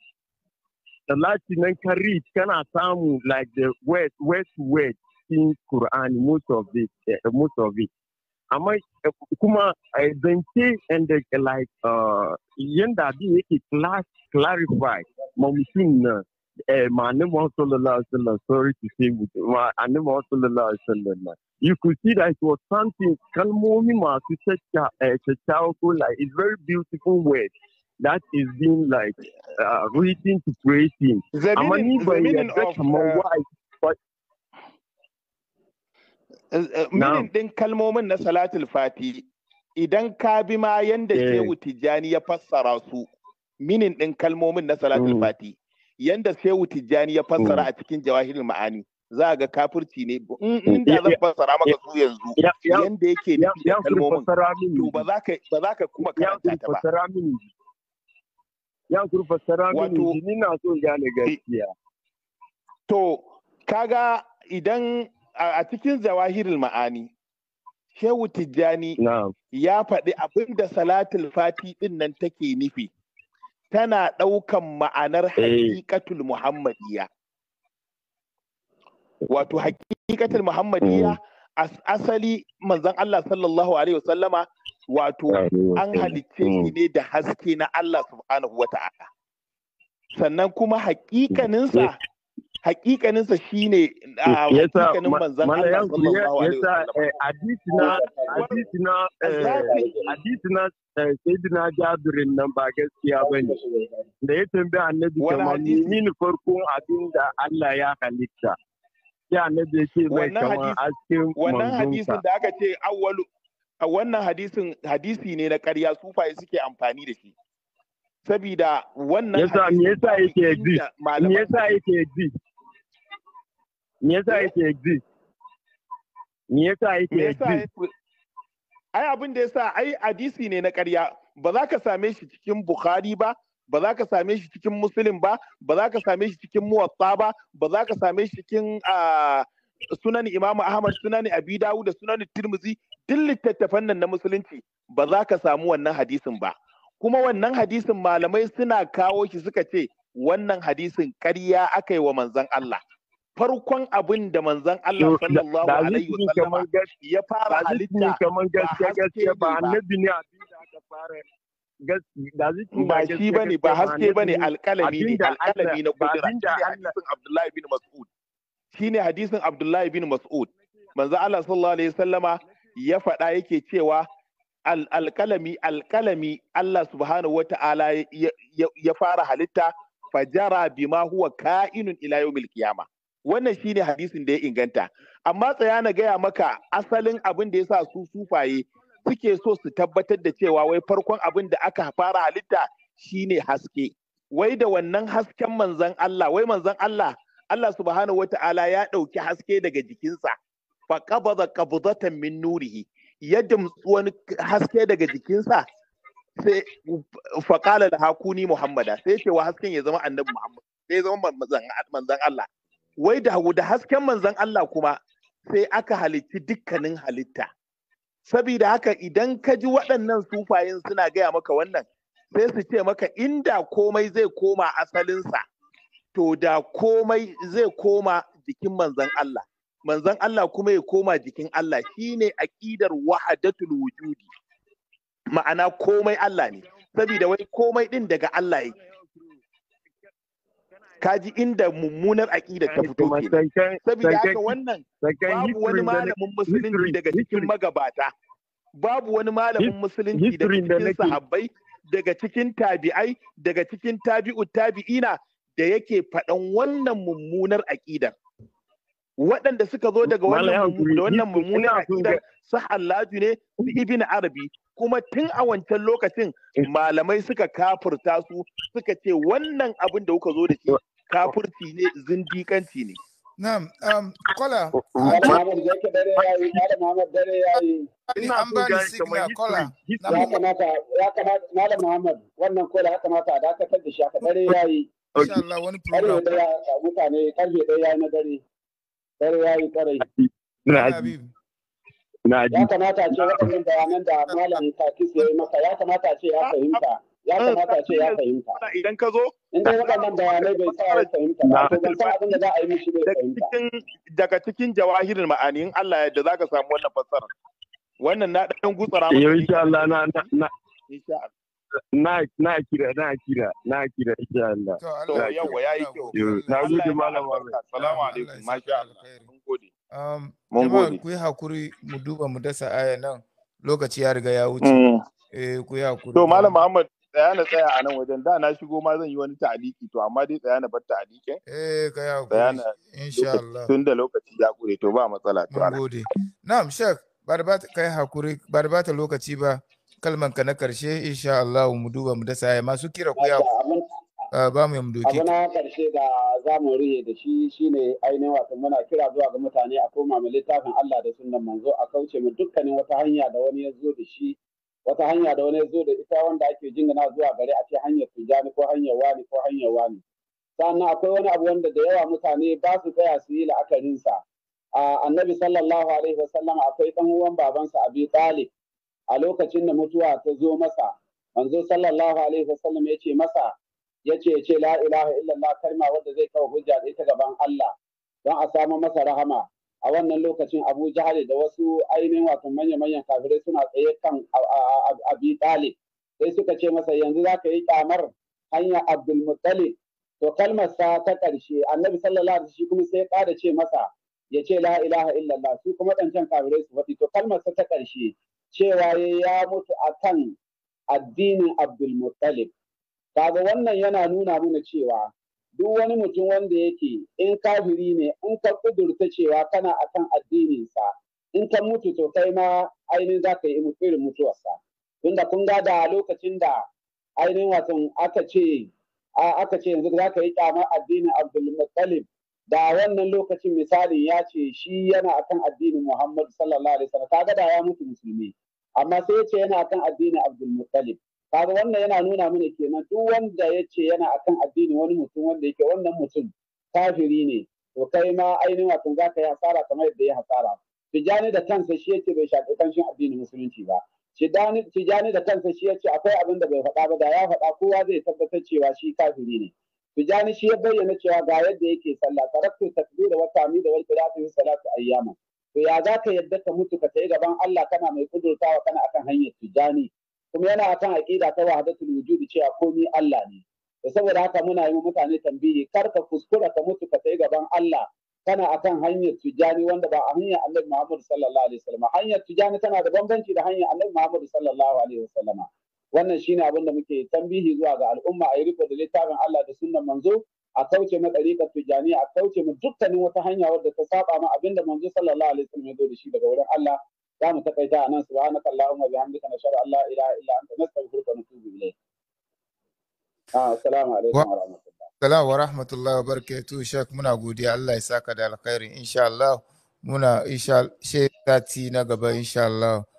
The nan ka read kana samu like the word word to in quran most of it uh, most of it amma eh, kuma eh, zance and like uh, yanda abin yake clarify ma mutum my eh, Anema Sallallahu sorry to say with my Anema Sallallahu you could see that it was something Kalmomima to Chachako, eh, like it's very beautiful word that is being like uh, written to praise him. The meaning, the meaning of, uh, but, uh, meaning din kalmomin na salatul fati idan ka bi ma yanda eh. Shehu Tijjani ya fassara su minin din kalmomin na salatul mm-hmm. fati yanda Shehu Tijjani ya fassara mm. a cikin Jawahirul Ma'ani za ga kafirci ne in mm. da zan fassara maka su yanzu yanda yake da kalmomin to ba za ka ba za ka kuma karanta ta ba ya kur fassara mini ni na so ne gaskiya to kaga idan a cikin Jawahirul Ma'ani Shehu Tijjani ya faɗi abin da Salatul Fati ɗin nan take nufi. tana ɗaukan ma'anar eh. haƙiƙatul muhammadiya wato haƙiƙatul muhammadiya mm. asali manzon Allah sallallahu alaihi wasallama wato an halicce shi mm. ne da haske na Allah subhanahu wata'ala sannan kuma mm. haƙiƙaninsa eh. hakikaninsa shi ne ah, a hakikanin manzan Allah sallallahu alaihi wasallam eh, haditina haditina eh, hadisi eh, sayyidina jabirin nan ba gaskiya bane da ya tambaya annabi kamar mini farkon abin da Allah ya halitta ya annabi yake mai kamar askin wannan hadisin da aka ce awwalu wannan hadisin hadisi ne na ƙarya sufaye suke amfani da shi saboda wannan me yasa yake exist me yasa yake exist Eh? me yasa yake ai abin da yasa ai hadisi ne na karya. ba za ka same shi cikin bukhari ba ba za ka same shi cikin muslim ba ba za ka same shi cikin muwatta ba ba za ka same shi cikin sunan Imam ahmad sunan abi dawud da sunan tirmizi duk littattafan nan na musulunci ba za ka samu wannan hadisin ba kuma wannan hadisin malamai suna kawo shi suka ce wannan hadisin karya aka yi wa manzon Allah farkon abin da manzon Allah sallallahu alaihi wa sallam ya fara halitta kamar gaskiya gaskiya ba annabi ne abin da aka fara ba shi ba ne ba haske ba ne alƙalami ne alƙalami na kudura shi ne hadisin abdullahi bin mas'ud shi ne hadisin abdullahi bin mas'ud manzo Allah sallallahu alaihi wasallama ya faɗa yake cewa alƙalami alƙalami Allah subhanahu wata'ala ya fara halitta fajara bima huwa ka'inun ila yawmil qiyamah wannan shine hadisin da ya inganta amma tsaya na gaya maka asalin abin da yasa su sufaye suke so su tabbatar da cewa wai farkon abin da aka fara halitta shine haske wai da wannan hasken manzon Allah wai manzon Allah Allah subhanahu wata'ala ya ɗauki haske daga jikinsa fa qabada qabdatan min nurihi ya wani haske daga jikinsa sai faƙala da hakuni muhammada sai cewa hasken ya zama annabi muhammad sai ya zama manzan Allah wai da da hasken manzon Allah kuma sai aka halitti dukkanin halitta sabida haka idan ka ji waɗannan sufayen suna gaya maka wannan sai su ce maka inda komai zai koma asalinsa to da komai zai koma jikin manzon Allah manzon Allah kuma ya koma jikin Allah Shi shine aƙidar wahadatul wujudi ma'ana komai Allah ne Sabida wai komai ɗin daga Allah yake kaji inda mummunar aƙida ta fito ke saboda haka wannan babu wani malamin musulunci daga cikin magabata babu wani malamin musulunci daga cikin sahabbai daga cikin tabi'ai daga cikin tabi'u tabi'ina da yake faɗan wannan mummunar aƙidar waɗanda suka zo daga wannan mummunar aƙidar su Allah ne su ibn arabi kuma tun a wancan lokacin malamai suka kafurta su suka ce wannan abin da kuka zo da shi kafurci ne zindikanci ne Na'am, kola. Malam Muhammad wannan kola ya kamata a dakatar da shi aka dare Karfe daya mutane karfe na dare. Dare karai. na ji ya kamata a ce waɗannan bayanan da malam takis ya yi maka ya kamata a ce ya fahimta ya kamata ce ya fahimta. Idan ka zo? In dai waɗannan bayanai bai sa ya fahimta ba, to ban san abin da za a yi mishi bai fahimta. Daga cikin jawahirin ma'ani in Allah yadda za ka samu wannan fassarar. Wannan na ɗan gutsara maka. Yau insha Allah na na na na kira na kira na kira insha Allah. To yawa yayi kyau. Na gode malama. Assalamu alaikum. Masha Allah. Um, mun gode ku yi hakuri mu duba mu dasa aya nan lokaci ya riga ya wuce mm. eh ku yi hakuri to malam Muhammad tsaya na tsaya a nan wajen da na shigo ma zan yi wani ta'aliki to amma dai tsaya na bar ta'alikin eh kai hakuri insha Allah tun da lokaci ya kure to ba matsala to mun gode na'am shek barbata kai hakuri barbata lokaci ba kalman ka na karshe insha Allah mu duba mu dasa aya masu kira ku ya ba mu yamdoke abu na karshe da za mu riye da shi shine ainihin wasan muna kira zuwa ga mutane a koma mu littafin Allah da sunnan manzo a kauce mu dukkanin wata hanya da wani ya zo da shi wata hanya da wani ya zo da ita wanda ake jingina zuwa gare a ce hanyar tijani ko hanyar wani ko hanyar wani sannan akwai wani abu wanda da yawa mutane ba su tsaya su yi la'akarinsa annabi sallallahu alaihi wasallam akwai dan uwan babansa abi talib a lokacin da mutuwa ta zo masa manzo sallallahu alaihi wasallam ya ce masa ya ce ce la ilaha illallah kalma wanda zai kawo hujja da ita gaban Allah don a samu masa rahama a wannan lokacin Abu Jahal da wasu ainihin wato manya-manyan kafirai suna tsaye kan Abi Talib sai suka ce masa yanzu zaka yi kyamar hanya Abdul Muttalib to kalmar sa ta ƙarshe Annabi sallallahu alaihi wasallam kuma sai ya ce masa ya ce la ilaha illallah su kuma dancan kafirai su faɗi to kalmar sa ta ƙarshe cewa ya mutu akan addinin Abdul Muttalib kaga wannan yana nuna mana cewa duk wani mutum wanda yake in kafiri ne in ka kudurta cewa kana akan addininsa in ka mutu to kai ma ainihin za ka yi irin mutuwarsa tunda kun ga da lokacin da ainihin watan aka ce aka ce yanzu za ka yi kyama addinin abdulmuttalib da wannan lokacin misalin ya ce shi yana akan addinin muhammadu sallallahu alaihi wasallam kaga da ya mutu musulmi amma sai ya ce yana akan addinin abdulmuttalib kaga wannan yana nuna mana kenan duk wanda ya ce yana akan addini wani mutum wanda yake wannan mutum kafiri ne to kai ma ainihin wato za ka yi hasara kamar yadda ya hasara tijani da kansa shi yake bai shafi kanshin addinin musulunci ba tijani da kansa shi yace akwai abin da bai faɗa ba da ya faɗa kowa zai tabbatar cewa shi kafiri ne tijani shi ya bayyana cewa ga yadda yake sallah taraktu takbira wa da wal qira'atu salatu ayyama to ya za ka yadda ka mutu ka tayi gaban Allah kana mai kudurtawa kana akan hanyar tijani kuma yana akan aqida ta wahdatul wujud cewa komi Allah ne to saboda haka muna yi mutane tambihi kar ka kuskura ka mutu ka sai gaban Allah kana akan hanyar Tijjani wanda ba a hanyar Annabi Muhammad sallallahu alaihi wasallam hanyar tijani tana da bambanci da hanyar Annabi Muhammad sallallahu alaihi wasallam wannan shine abin da muke tambihi zuwa ga al'umma a yi riko da littafin Allah da sunnan manzo a kauce ma ɗariƙar Tijjani a kauce ma dukkanin wata hanya wadda ta saba ma abinda manzo sallallahu alaihi wasallam ya zo da shi daga wurin Allah za mu takaita a nan su ba na allahumma bihamdika nashhadu an na ilaha Allah anta ila an natubu ilayk ah, assalamu alaikum wa rahmatullah assalamu wa rahmatullahi wa barakatuh shek muna godiya Allah ya saka da alkhairi insha Allah muna insha sati na gaba insha Allah